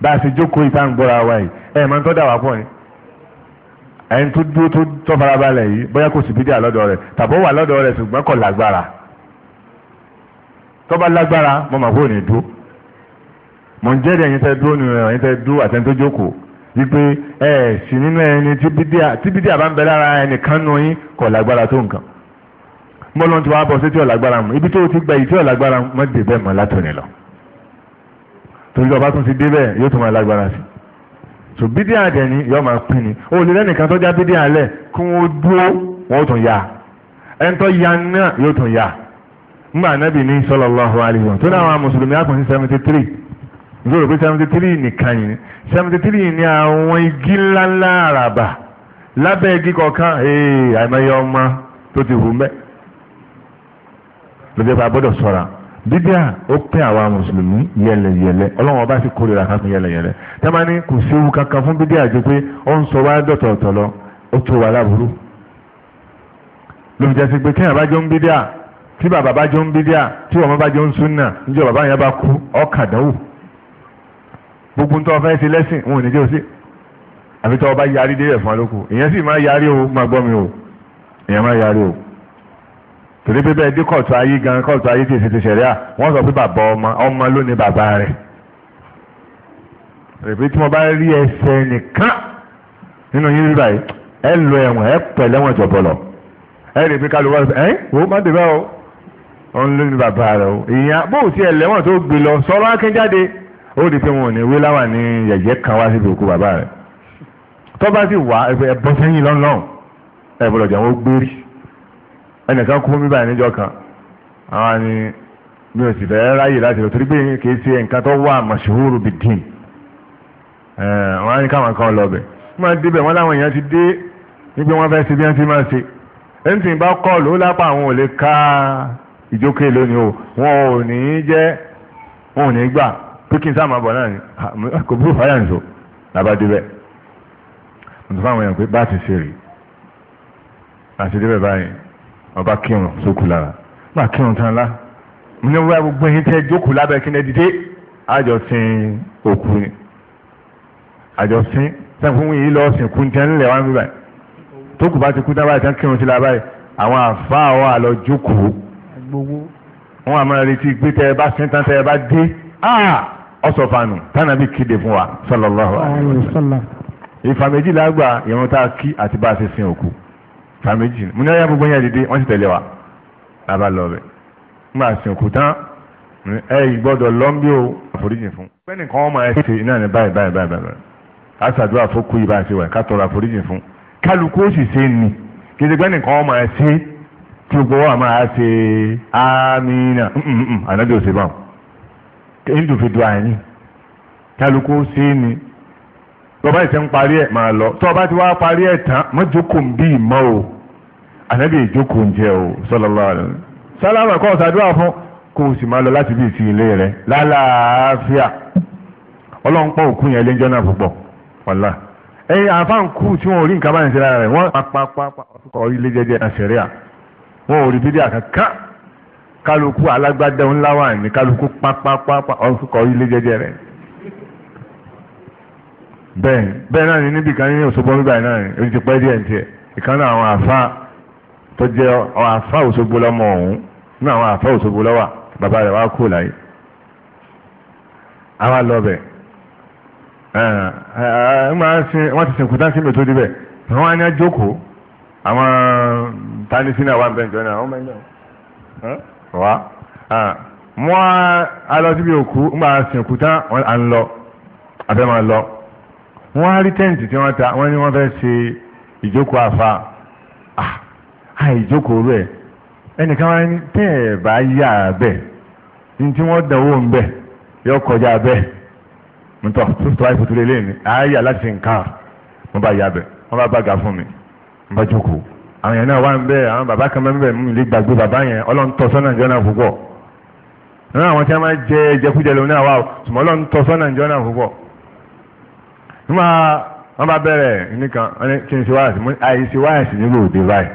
bá a ṣe jókòó ìta ń gbọ́ra wa yìí ẹ̀ máa ń tọ́ dà wá pọ̀ ni ẹni tó dúró tó tọ́ farabalẹ̀ yìí bóyá kò sì bídíà lọ́dọ̀ rẹ̀ tàbó wà lọ́dọ̀ rẹ̀ ṣùgbọ́n kò lágbára tó bá lágbára mo mà kó ní dúró mo ń jẹ́rìí ẹ̀yin tẹ́ dúró nínú ẹ̀yin tẹ́ dúró àtẹ́ni tó jókòó wípé ẹ sì nínú ẹni tí bídíà bá ń bẹ lára ẹnìkan nù yín kò lágbára tó nǹkan mo lọ́n ti wá bọ́ sí tí ò lágbára mu ibi tó ti gba ìtí ò lágbára mu mọ́ dé bẹ́ẹ̀ mọ́ látòní lọ torí ọba tún ti débẹ̀ yóò tún máa lágbára sí so bídíà dẹ̀ ni yóò máa pín ni o lè lẹ́nìkan tó já bídíà lẹ̀ kí wọ́n dúró wọ́n tún yá ẹni tó ya náà yóò tún yá ngba anabi ní sallallahu alaihi wa tó ní àwọn mùsùlùmí àkùnrin seventy three nítorí pé seventy three nìkan yìí seventy three ní àwọn igi ńláńlá àràbà lábẹ́ igi kọ̀ọ̀kan eh, àìmọye ọmọ tó ti hù mẹ́ lọ́jọ́ pé a gbọ́dọ̀ sọ̀rọ̀ bíbíà ó pín àwa mùsùlùmí yẹlẹyẹlẹ ọlọ́run ọba sì kórìíra ká fún yẹlẹyẹlẹ tẹ́lẹ̀ ní kò sí ewu kankan fún bíbíà jù pé ó ń sọ wá dọ̀tọ̀ọ̀tọ̀ lọ ó tó wà láburú lóbi jẹ́sí pé kéèyàn bá jọ ń bíbíà tí bàbá bá jọ ń bíbíà tí wọ́n bá jọ ń súnà níjọ́ bàbá yẹn bá kú ọkà dánwò gbogbo ń tọ́ fẹ́ ṣe lẹ́sìn òun níjẹ́ òsì àfi tọ́ ọba yarí dé ẹ̀fọn lóko ìyẹn sì máa yarí o máa gbọ́ mi o ìyẹn máa yarí o torí pé bẹ́ẹ̀ dé kóòtù ayé gan kóòtù ayé tí èsì ti ṣẹ̀ríà wọ́n sọ pé bàbá ọmọ ọmọ ló ní bàbá rẹ̀ rèpé tí mo bá rí ẹsẹ̀ nìkan nínú yín rí báyìí ẹ lọ ẹ̀wọ̀n ẹ pẹ̀lẹ́wọ̀n jọ̀bọ̀lọ̀ ẹ rèpé kálukú ẹ wò má dé báwo òun ló ní bàbá rẹ̀ o ìyẹn bó o ti ẹlẹ́wọ̀n tó gbé lọ sọ̀rọ̀ akínjáde ó di pé wọn ò ní wé láwà ní yẹ̀yẹ́ kan wá síbi òkú bàbá rẹ̀ tó bá sì wà ẹ bọ́ sẹ́yìn lọ́nlọ́n ẹ bọ́lọ̀ jẹ́ wọn gbérí ẹnìkan kú fún mi báyìí níjọ́ kan àwọn ni mi ò sì fẹ́ ráyè láti lọ torí pé kì í ṣe nǹkan tó wà màṣúhùrù bì dín wọn á ní káwọn kan lọ bẹ̀ wọ́n máa débẹ̀ wọ́n láwọn èèyàn ti dé wípé wọ́n fẹ́ ṣe bí wọ́n ti máa ṣe ẹni tí ń bá kọ́ọ̀lù ó lápá àwọn ò lè ka ìjókè lónìí o wọn ò ní jẹ́ wọn ò ní gbà pé kí n sáà máa bọ̀ náà ni kò búrò fáyà nìṣó làbá débẹ̀ mo tún fáwọn èèyàn pé bá ti ṣe rè àti débẹ̀ báyìí ọba kírun sókù lára máa kírun tán lá mo ní wá gbogbo ẹyin tẹ jókòó lábẹ́ kí ní dìde àjọsìn òkú ni àjọsìn sẹ́kùn wọn yìí lọ sìnkú tẹ́ ńlẹ̀ wọn bíbá tó kù bá ti kú dábàá tán kírun sí lábàá yìí àwọn àfáà wọn àlọ jókòó wọn àmọ́ retí pé tẹ ẹ bá sin tán tẹ ẹ bá dé ọsọfanu tánàbí kéde fún wa sallallahu alaihi wasallam ìfàmẹ́jì lágbà ìrún tá a kí àti bá a ṣe sin òkú ta méjì mo ní ọyá gbogbo yẹn dìde wọ́n sì tẹ̀lé wa lába lọ bẹ̀ nígbà sìnkú tán ẹ gbọ́dọ̀ lọ́nbí o àforíjì fún pẹ́ẹ́nì kan ọmọ ẹ ṣe iná ní báyìí báyìí báyìí báyìí ká ṣàdúrà fún kú ibà ṣe wà ká tọrọ àforíjì fún kálukú ó sì ṣe ni kí ṣe pẹ́ẹ́nì kan ọmọ ẹ ṣe tí gbogbo wa máa ṣe amínà ànájọ́ òṣèbáwò kí n dùn fi dùn àyìn kálukú ó ṣe ni tọba ìṣẹ́ ń parí ẹ̀ máa lọ tọba ti wá parí ẹ̀ tán mọ́jókòó ń bí ìmọ̀ o ànábì ìjókòó ń jẹ́ o sallallahu alaihi wasallam sálámà kọ́ ṣàdúrà fún kó o sì máa lọ láti bí ìsìn ilé rẹ lálàáfíà ọlọ́run pọ̀ òkú yẹn léjọ́ náà púpọ̀ wàlá ẹyin àfáàn kú tí wọn ò rí nǹkan báyìí síra rẹ wọn apapapa ọkọ ilé jẹjẹ àṣẹríà wọn ò rí bẹ́ẹ̀ bẹ́ẹ̀ náà ni níbi kan ní Òṣogbo nígbà náà ni èyí ti pẹ́ díẹ̀ tiẹ̀ ìkànnà àwọn àfa tó jẹ́ àfa Òṣogbo lọ́mọ ọ̀hún náà àwọn àfa Òṣogbo lọ́wà bàbá rẹ̀ wá kú láyé àwa lọ bẹ̀ wọ́n ti sìnkú dáńsí mi tó débẹ̀ àwọn á ní àjókòó àwọn tani sínú àwọn abẹ́jọ́ náà wọ́n mẹ́jọ wá wọ́n á òkú ń bá sìnkú tán à ń lọ àfẹ́ máa lọ wọ́n á rí tẹ́ǹtì tí wọ́n ta wọ́n ní wọ́n fẹ́ ṣe ìjókòó àfa ah, à ìjókòó rẹ̀ ẹnìkan wọ́n ní tẹ́ ẹ̀ bá yà bẹ́ẹ̀ ní tí wọ́n dánwò ń bẹ̀ yọ kọjá bẹ́ẹ̀ mọ̀tọ́ tó tó àìsàn tó lé lé ní ààyè aláṣẹ nǹkan mo bá yà bẹ́ẹ̀ wọ́n bá bàgà fún mi mo bá jókòó àwọn yẹn náà wà ń bẹ àwọn bàbá kan bẹ́ẹ̀ bẹ́ẹ̀ mi lè gbàgbé bàbá yẹn ọlọ́run ìjọ nígbà wọn bá bẹ̀rẹ̀ nìkan kí n ṣe wáyà sí àìsí wáyà sí nílò òde báyìí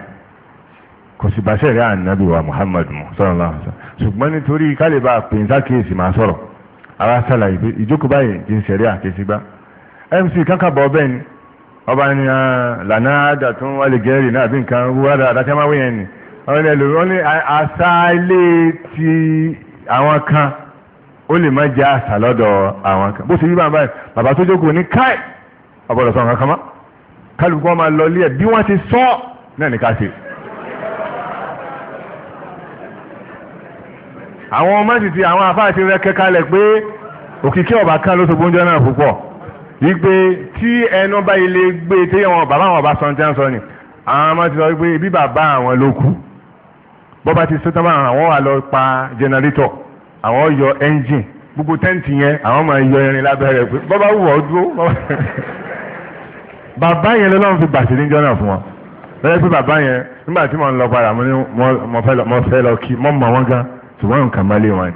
kò sì bá sẹ́rẹ̀ ànábì wa Muhammad mu sallallahu alaihi wasallam ṣùgbọ́n nítorí kálíbà pèntà kéèsì máa sọ̀rọ̀ ara sàlàyé pé ìjókòó báyìí kì í sẹ̀rí àkẹ́sí gbá mc kankanbọ̀ bẹ́ẹ̀ ni ọba ni ah, lànà àdà tó ń wálé gẹ́rì náà bí nǹkan wúwá dáadáa tí wọ́n máa wéyẹn ni ọ̀rẹ́ ní àṣà ilé ti àwọn kan ó lè má jẹ́ àṣà lọ́dọ̀ àwọn kan bó ṣe yí bàbá bàbá tó jókòó ní káì ọ̀bọ̀dọ̀ sọ nǹkan kan mọ́ kálukú wọn máa lọ ilé ẹ̀ bí wọ́n ti sọ náà ní ká ṣe. àwọn ọmọ sì ti àwọn afáà ti rẹ kẹkalẹ̀ pé òkìkí ọ̀bà kan ló so náà púpọ̀ wípé tí ẹnu bá ilé gbé tí wọn bàbá àwọn ọba sọ ní tí sọ ni àwọn ọmọ ti sọ wípé bí bàbá àwọn ló kú bọ́ba ti sọ tán bá àwọn wà lọ pa jẹnẹrétọ̀ àwọn yọ ẹ́ńjìn gbogbo tẹ́ǹtì yẹn àwọn máa yọ irin lábẹ́rẹ́ pé bọ́bá wù ọ́ dúró bàbá yẹn lọ́lọ́run fi bàṣẹ́ níjọ́ náà fún wọn lọ́jọ́ pé bàbá yẹn nígbà tí mo ń lọ padà mo ní mo fẹ́ lọ kí mo mọ̀ wọ́n gan ṣùgbọ́n nǹkan máa lé wọn ni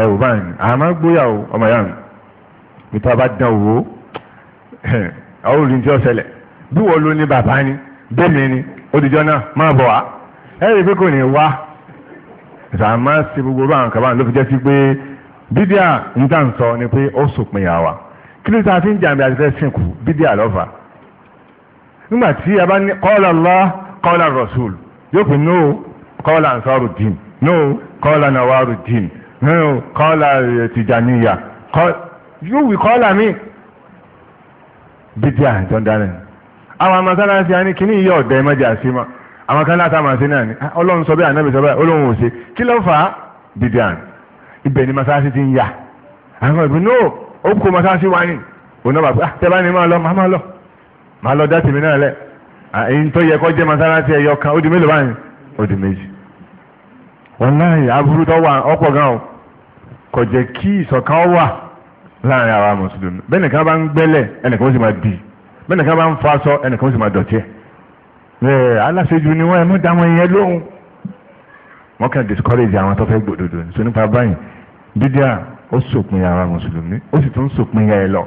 ẹ wò báyìí ni àmọ́ gbóyàwó ọmọ yàrá mi nítorí bá dán owó àwọn olùdí ṣẹlẹ̀ bí wọ́n ló ní bàbá ni bẹ́ẹ̀ ni ó dìjọ́ náà máa bọ̀ wá ẹ pé kò ní wá ìsàmà sí gbogbo orú àwọn kaba ló fi jẹ́ sí pé bídíà ń tà ń sọ ni pé ó sòpin yà wá kí ló ta fi ń jàǹbí àti fẹ́ sìnkú bídíà lọ́fà nígbà tí a bá ní qala Allah qala rasul yóò pè no qala ansaruddin no qala nawaruddin no qala tijaniya yóò wí qala mi bídíà tó ń dáná àwọn amasalasi á ní kíní ọ̀dẹ́ mọ́jà sí mọ́ àwọn kan láta màá sí náà ni ọlọ́run sọ bẹ́ẹ̀ ànábì sọ bẹ́ẹ̀ ọlọ́run ò ṣe kí ló fà á bidan ibẹ̀ ni masáàsì ti ń yà àwọn ìbí nóò ó kó masáàsì wá ní òun náà bà pé ah, tẹ́lá ni máa lọ máa máa lọ máa lọ dá tèmi náà lẹ̀ èyí tó yẹ kó jẹ́ masáàsì ẹ̀yọ kan ó di mélòó báyìí ó di méjì wàláhì aburú tó wà ọ̀pọ̀ gan o kò jẹ́ kí ìṣọ̀kan wà láàrin àwa mùsùlùmí bẹ́ẹ̀ Eh, aláṣejù ni wọ́n ẹ̀ mú yẹn lóhùn wọ́n kàn discourage àwọn tó fẹ́ gbòdodo ní sọ nípa báyìí bídíà ó sòpin ara mùsùlùmí ó sì tún sòpin ya ẹ lọ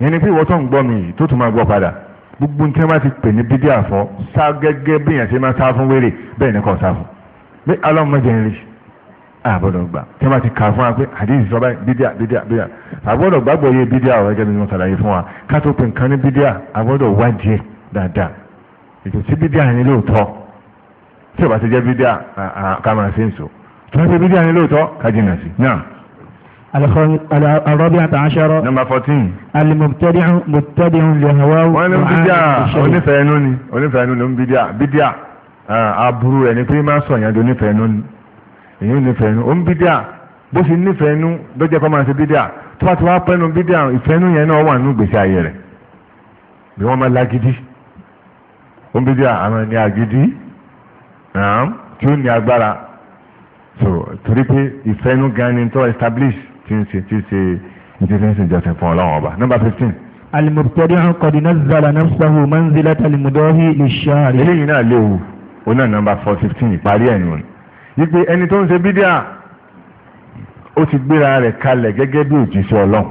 yẹn ni pé ìwọ tó ń gbọ́ mi yìí tó tún máa gbọ́ padà gbogbo ní tí wọ́n bá ti pè ní bídíà fọ́ sá gẹ́gẹ́ bí yẹn ṣe máa sá fún wéré bẹ́ẹ̀ ni kò sá fún pé alọ́mọdé ń rí àbọ̀dọ̀ gbà tí wọ́n bá ti kà fún wa pé àdéhùn sọ báyìí bídíà bídíà bídíà àbọ̀dọ̀ gbàgbọ́ yé bídíà ọ̀rẹ́gẹ́ bí ṣàlàyé fún wa ká tó pè nǹkan ní bídíà àbọ̀dọ̀ wádìí dáadáa ètò sí bídíà ni lóòótọ́ tí o bá ti jẹ́ bídíà ká máa ṣe ń sọ tí wọ́n ṣe bídíà ni lóòótọ́ ká jìnnà sí náà. الرابعة عشرة نمبر 14 المبتدع مبتدع لهواه وانا بدع onífẹ̀ẹ́nú ni onífẹ̀ẹ́nú ló ń bidà bidà aburú ẹni pé máa sọ ìyàn di onífẹ̀ẹ́nú ni èyí onífẹ̀ẹ́nú ó ń bidà bó ṣe nífẹ̀ẹ́nú ló jẹ́ kó máa ṣe bidà tó bá ti wá pẹ́nu bidà ìfẹ́nú yẹn náà wà ó ń bí díà àwọn ní agídí tí ó ní agbára so torí pé ìfẹ́nu gan ni tó establish ti ń ṣe ti ṣe ti fi ń ṣe jọ̀sìn fún ọlọ́run ọba number fifteen. alimubtadi'u qad nazzala nafsahu manzilata limudahi lishari. eléyìí náà léwu ó náà number four fifteen ìparí ẹ̀ nù. wípé ẹni tó ń ṣe bídíà ó ti gbéra rẹ̀ kalẹ̀ gẹ́gẹ́ bí òjíṣẹ́ ọlọ́run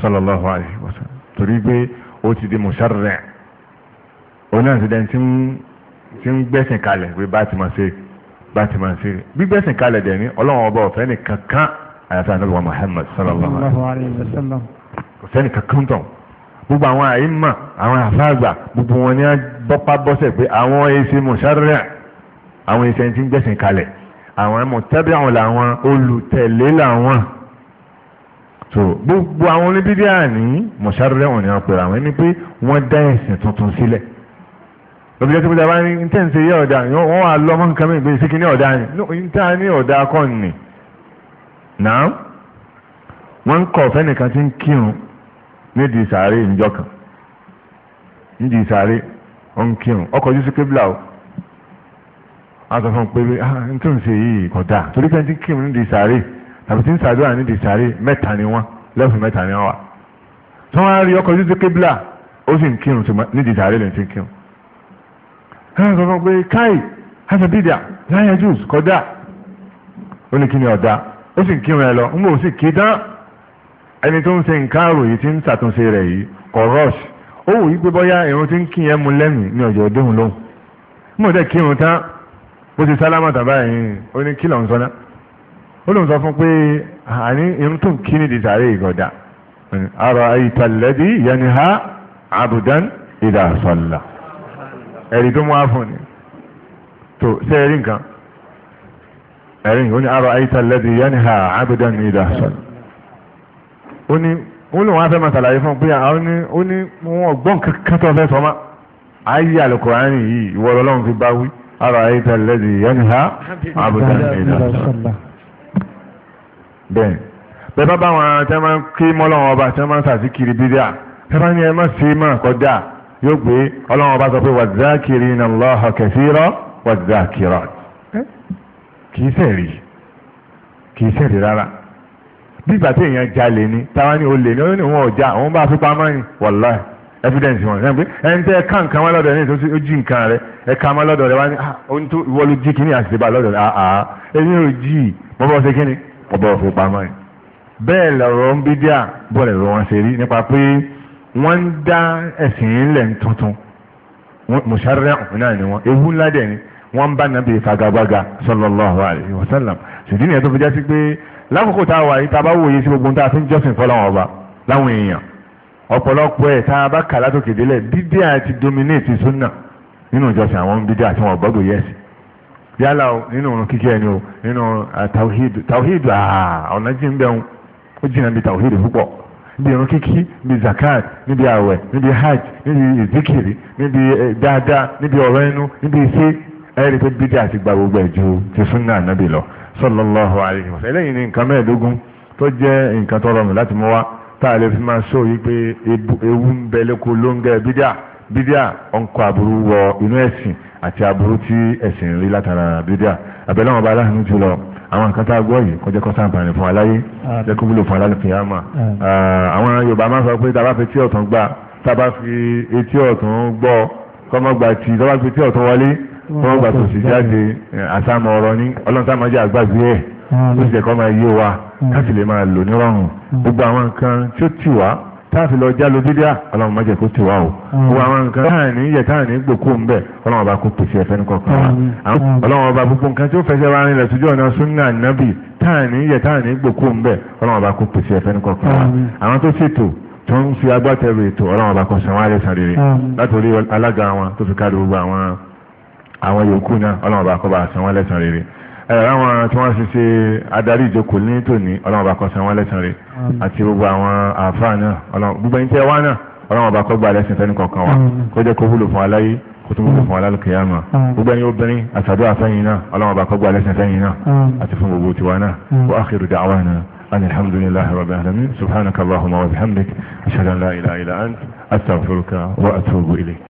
sallallahu alaihi wasallam torí pé ó ti di musharri' òun náà ti dẹni tí ń gbẹ́sìn kalẹ̀ pé bá ti máa ṣe bá ti máa ṣe bí gbẹ́sìn kalẹ̀ dẹ̀ ní ọba ọ̀fẹ́ nìkan kan àyàfẹ́ ànábì wa Muhammad sallallahu alayhi wa sallam kò sẹ́ni kankan tán gbogbo àwọn àyínmà àwọn àfáàgbà gbogbo wọn ni a bọ́pá bọ́sẹ̀ pé àwọn èsì mọ̀ṣárẹ́à àwọn èsì ẹni tí ń gbẹ̀sìn kalẹ̀ àwọn mọ̀tẹ́bí àwọn làwọn olùtẹ̀lé làwọn so gbogbo àwọn oníbídíà ní mọ̀ṣárẹ́à wọn ni wọn pèrè àwọn ẹni pé wọ́n dá ẹ̀sìn tuntun sílẹ̀ lọ́bí jẹ́ sí pẹ́ta bá ní tẹ́ǹsì yẹ́ ọ̀dà wọ́n wà lọ́mọ nǹkan mi ìgbésí kí ní ọ̀dà ní ta ní ọ̀dà kọ́ ni náà wọ́n ń kọ̀ fẹ́nìkan tí ń kírun nídìí sàárè ìjọ kan nídìí sàárè ó ń kírun ọkọ̀ ojú sí kébìlà o a sọ fún un pé ah, n tó ń ṣe yìí kò dáa torí pé tí ń kírun nídìí sàárè tàbí tí ń sàdúrà nídìí sàárè mẹ́ta ni wọ́n lẹ́fù mẹ́ta ni wọ́n wà tí wọ́n á rí ọkọ̀ ojú sí kébìlà ó sì ń kírun nídìí sàárè lè ti ń kírun káyọ̀ sọ fún pé káì hasabida láyé jùs kọ́dà ó ní kí ni ọ̀dà ó sì kírun ẹ lọ ń gbòó sì kí dán ẹni tó ń ṣe nǹkan àròyìn tí ń ṣàtúnṣe rẹ̀ yìí kọ̀ rọ́ọ̀ṣì ó wù yí pé bọ́yá irun tí ń kí yẹn mu lẹ́mìí ní ọ̀jọ̀ ọdún lóhùn mo dẹ̀ kírun tán bó ti sálámà tàbá yìí ó ní kí lòun sọ ó lòun sọ fún pé àní irun tó ń kí ní ìdìsàrè ìgọ̀dà ara ìtàlẹ́dì yẹn ni ha àbùdán ìdà ẹ̀rí tó mú àfún ni tó ṣe ẹ̀rí nǹkan ẹ̀rí nǹkan ó ní àrò àyíta lẹ́dí yẹn ha àbẹ̀dẹ̀ ní ìdá sọ̀rọ̀ ó ní wọ́n lòun á fẹ́ máa ṣàlàyé fún un pé àwọn ní ó ní wọn gbọ́n kankan tó fẹ́ sọ́mọ́ ayé àlùkòránì yìí ìwọ ọlọ́run fi bá wí àrò àyíta lẹ́dí yẹn ha àbẹ̀dẹ̀ ní ìdá sọ̀rọ̀ bẹ́ẹ̀ bẹ́ẹ̀ bá wọn tẹ́ máa ń kí mọ́lọ́wọ́n ọba tẹ́ máa ń sàtìkiri bídíà tẹ́ bá ní ẹ má ṣe é má kọjá yóò gbé ọlọ́run ọba sọ pé wazakirina Allaha kathira wazakirat kì í sẹ̀rí kì í sẹ̀rí rárá bí ìgbà tí èèyàn jalè ni táwa ní olè ni ó ní òun ọjà òun bá fi pamọ́ ni wallahi evidence wọn ẹ̀ pé ẹni tẹ́ ẹ ká nǹkan wọn lọ́dọ̀ ẹ̀ ní ìtọ́sí ó nǹkan rẹ ẹ wọn lọ́dọ̀ rẹ wá ní ah, ohun tó ìwọ jí kíní àti ìbá lọ́dọ̀ àá ẹni ah, ah, ò jí mo bọ́ ṣe kíní mo bọ́ fi pamọ́ ni bẹ́ẹ̀ lọ̀rọ̀ ń bí díà bọ́ọ̀lù rẹ̀ wọ́n ṣe rí nípa pé wọ́n ń dá ẹ̀sìn ilẹ̀ tuntun mùsàrẹ́ ọ̀hún náà ni wọ́n ewu ńlá dẹ̀ ni wọ́n ń bá nàbí fagagbága sallallahu alaihi wasallam ṣèdí nìyẹn tó fi jásí pé lákòókò tá a wà yìí tá a bá wòye sí gbogbo tá a fi ń jọ́sìn fọlọ́wọ́n ọba láwọn èèyàn ọ̀pọ̀lọpọ̀ ẹ̀ tá a bá kà látòkè délẹ̀ dídé àti dominate sunna nínú ìjọsìn àwọn dídé àti wọn gbọ́dọ̀ yẹ sí yálà o nínú òrùn kíkẹ́ ẹni o nínú ah, tawhid tawhid ah, ọ̀nà níbi irun kíkí níbi zakat níbi àwẹ̀ níbi hajj níbi ìzíkiri níbi eh, dáadáa níbi ọ̀rọ̀ ẹnu níbi iṣẹ́ ẹ̀rí pé bídí àti gba gbogbo ẹ̀ ju ti súnà nábì lọ sallallahu alaihi wasallam eléyìí ni nǹkan mẹ́ẹ̀ẹ́dógún tó jẹ́ nǹkan tó rọrùn láti mú wá tá a lè fi máa sọ yìí pé ewu ń bẹ lẹ́kọ̀ọ́ ló ń gẹ bídíà bídíà ọ̀nkọ́ aburú wọ inú ẹ̀sìn àti aburú tí ẹ̀sìn rí látara bídíà àbẹ̀lẹ́wọ̀n bá aláhùn jùlọ àwọn nǹkan tá a gbọ́ yìí kọjá kọ́ sáǹpàní fún aláyé jẹ́ kó wúlò fún aláyé fìyàmà àwọn Yorùbá máa ń sọ pé tá a bá fi etí ọ̀tún gbà tá a bá fi etí ọ̀tún gbọ́ kọ́mọ́ gbà tí tá a bá fi etí ọ̀tún wọlé kọ́mọ́ gbà tòsí jáde àsámọ̀ ọ̀rọ̀ ní ọlọ́run máa jẹ́ àgbàgbé ẹ̀ ó sì jẹ́ kọ́ máa yé wa ká lè máa lò nírọ̀rùn gbogbo àwọn nǹkan tí ó tì wá táàfin lọ já lójú díà ọlọ́run má jẹ́ kó tiwa o wo àwọn nǹkan táà ní yẹ táà ní gbòkó ń bẹ̀ ọlọ́run ọba kó pèsè ẹ̀fẹ́ ní kọ̀ọ̀kan wa ọlọ́run ọba gbogbo nǹkan tí ó fẹsẹ̀ wá rìn lẹ́tọ́jú ọ̀nà súnà nábì táà ní yẹ táà ní gbòkó ń bẹ̀ ọlọ́run ọba kó pèsè ẹ̀fẹ́ ní kọ̀ọ̀kan wa àwọn tó ṣètò tó ń fi agbátẹrù ètò ọlọ́run ọba kan san wá lẹ́sàn rere látòrí àwọn tí wọ́n ṣe ṣe adarí ìjókòó ní tòní ọlọ́run bá kó san wọ́n lẹ́san rẹ̀ àti gbogbo àwọn àáfàá náà ọlọ́run gbogbo ẹni tẹ́ wá náà ọlọ́run bá kó gba lẹ́sìn fẹ́ni kọ̀ọ̀kan wa kó jẹ́ kó wúlò fún aláyé kó tún wúlò fún alálùkìyàmà gbogbo ẹni obìnrin àtàdó àfẹ́yìn náà ọlọ́run bá kó gba lẹ́sìn fẹ́yìn náà àti fún gbogbo tiwa náà wa akhiru da'wana أن الحمد لله رب العالمين سبحانك اللهم وبحمدك أشهد أن لا إله إلا أنت أستغفرك وأتوب إليك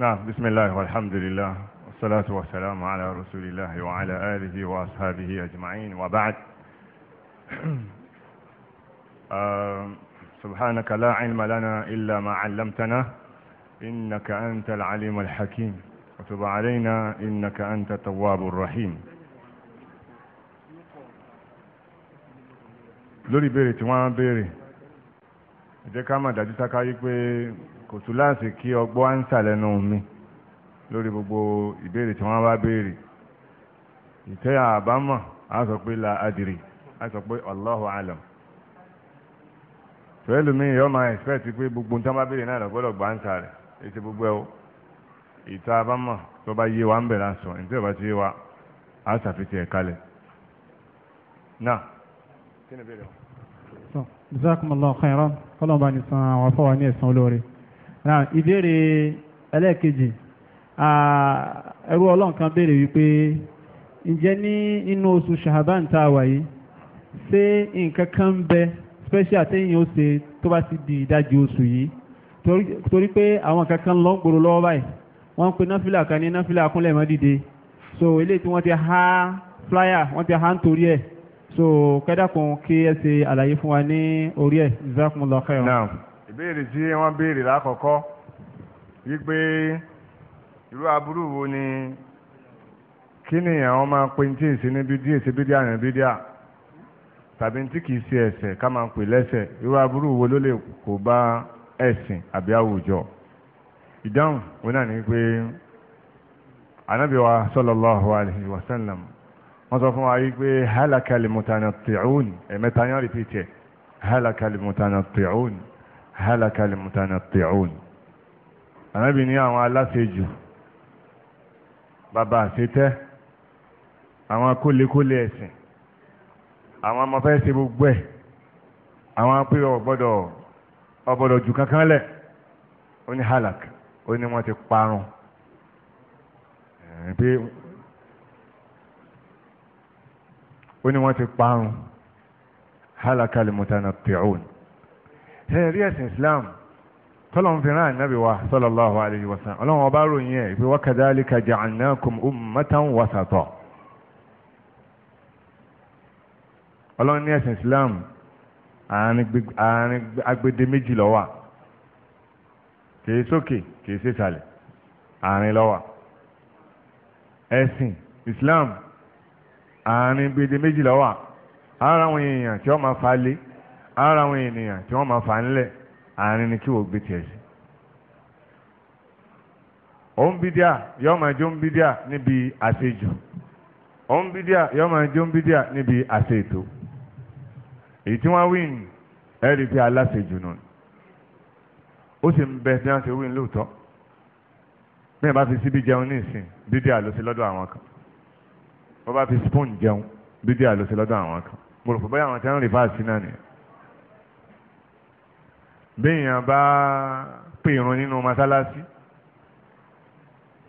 نعم بسم الله والحمد لله والصلاة والسلام على رسول الله وعلى آله وأصحابه أجمعين وبعد سبحانك لا علم لنا إلا ما علمتنا إنك أنت العليم الحكيم وتب علينا إنك أنت التواب الرحيم lórí ìbéèrè tí wọ́n á béèrè jẹ́ ká mọ̀ dájú sáká wípé kò tún láǹsì kí ọgbọ́n á ń sàlẹ́nu mi lórí gbogbo ìbéèrè tí wọ́n á béèrè ìtẹ́ àbámọ̀ á sọ la adìrì á sọ pé pẹ̀lú mi yọ máa expect pé gbogbo nǹkan bá béèrè náà gbogbo ẹ̀ o ìta àbámọ̀ tó bá kí ni ìbéèrè wọn. sọ jazakumullahu khairan kọ́lọ́n bá ní san àwọn afọwọ́ ní ẹ̀sán olóore. ẹlẹ́ẹ̀kejì ẹrú ọlọ́run kan wípé ǹjẹ́ ní inú oṣù shahaban tá a wà yìí ṣé nǹkan kan ń bẹ special téèyàn ó ṣe tó bá ti di ìdajì oṣù yìí torí pé àwọn kankan lọ ń gbòòrò lọ́wọ́ báyìí wọ́n ń pe náfìlà kan ní náfìlà akúnlẹ̀ mọ́ dìde so eléyìí tí wọ́n ti há flyer wọ́n ti há nítorí ẹ̀ so kẹ́dàkùn kí ẹ ṣe àlàyé fún wa ní orí ẹ̀ jazakumullahu khairan. naam ìbéèrè tí wọ́n béèrè lákọ̀ọ́kọ́ wípé irú aburú wo ni kí ni àwọn máa pe tí èsì ní bídíà èsì bídíà ní bídíà tàbí tí kìí ṣe ẹ̀ṣẹ̀ ká máa pè lẹ́ṣẹ̀ irú aburú wo ló lè kó bá ẹ̀sìn àbí àwùjọ ìdáhùn wọn náà ni pé anábìwa sallallahu alaihi wasallam wọ́n sọ fún wa yí pé halakali mutanatti'un ẹ̀mẹ́ta yẹn rìpítì ẹ̀ halakali mutanatti'un halakali mutanatti'un ànábì ní àwọn aláṣejù bàbá àṣetẹ́ àwọn kólékólé ẹ̀sìn àwọn ọmọ fẹ́ ṣe gbogbo ẹ̀ àwọn apẹ́rẹ́ ọ̀gbọ́dọ̀ ọ̀gbọ́dọ̀ jù kankan lẹ̀ ó ní halak ó ní wọ́n ti parun ó ní wọ́n ti parun halakali mutanatti'un ṣe rí ẹ̀sìn islam tọ́lọ́n fi rán ànábì wa sallallahu alayhi wa sallam ọlọ́run ọba ròyìn ẹ̀ pé wa kadhalika ja'alnakum ummatan wasata ọlọ́run ní ẹ̀sìn islam àárín agbede méjì ló kìí sókè kìí sísàlẹ̀ àárín ló ẹ̀sìn islam àárín gbèdé méjì ló wà ara àwọn èèyàn tí wọ́n máa fa lé ara àwọn ènìyàn tí wọ́n máa fa ńlẹ̀ àárín ni kí wọ́n gbé tiẹ̀ sí. òǹbídíà yọ́ọ́ máa jó òǹbídíà níbi àṣejù òǹbídíà yọ́ọ́ máa jó òǹbídíà níbi àṣeètò èyí tí wọ́n wí ní ẹ̀rí pé aláṣejù nù ó sì ń bẹ tí wọ́n ṣe wí ní bí wọ́n bá fi síbi jẹun ní ìsìn bídíà ló sí lọ́dọ̀ àwọn kan bọ́bá fi spoon jẹun bíbí àlọ́sẹ̀ lọ́dọ̀ àwọn kan mo rò pé báyà àwọn tí wọ́n ń rìfáàsì náà nìyẹn. béèyàn bá pè irun nínú mọ́sálásí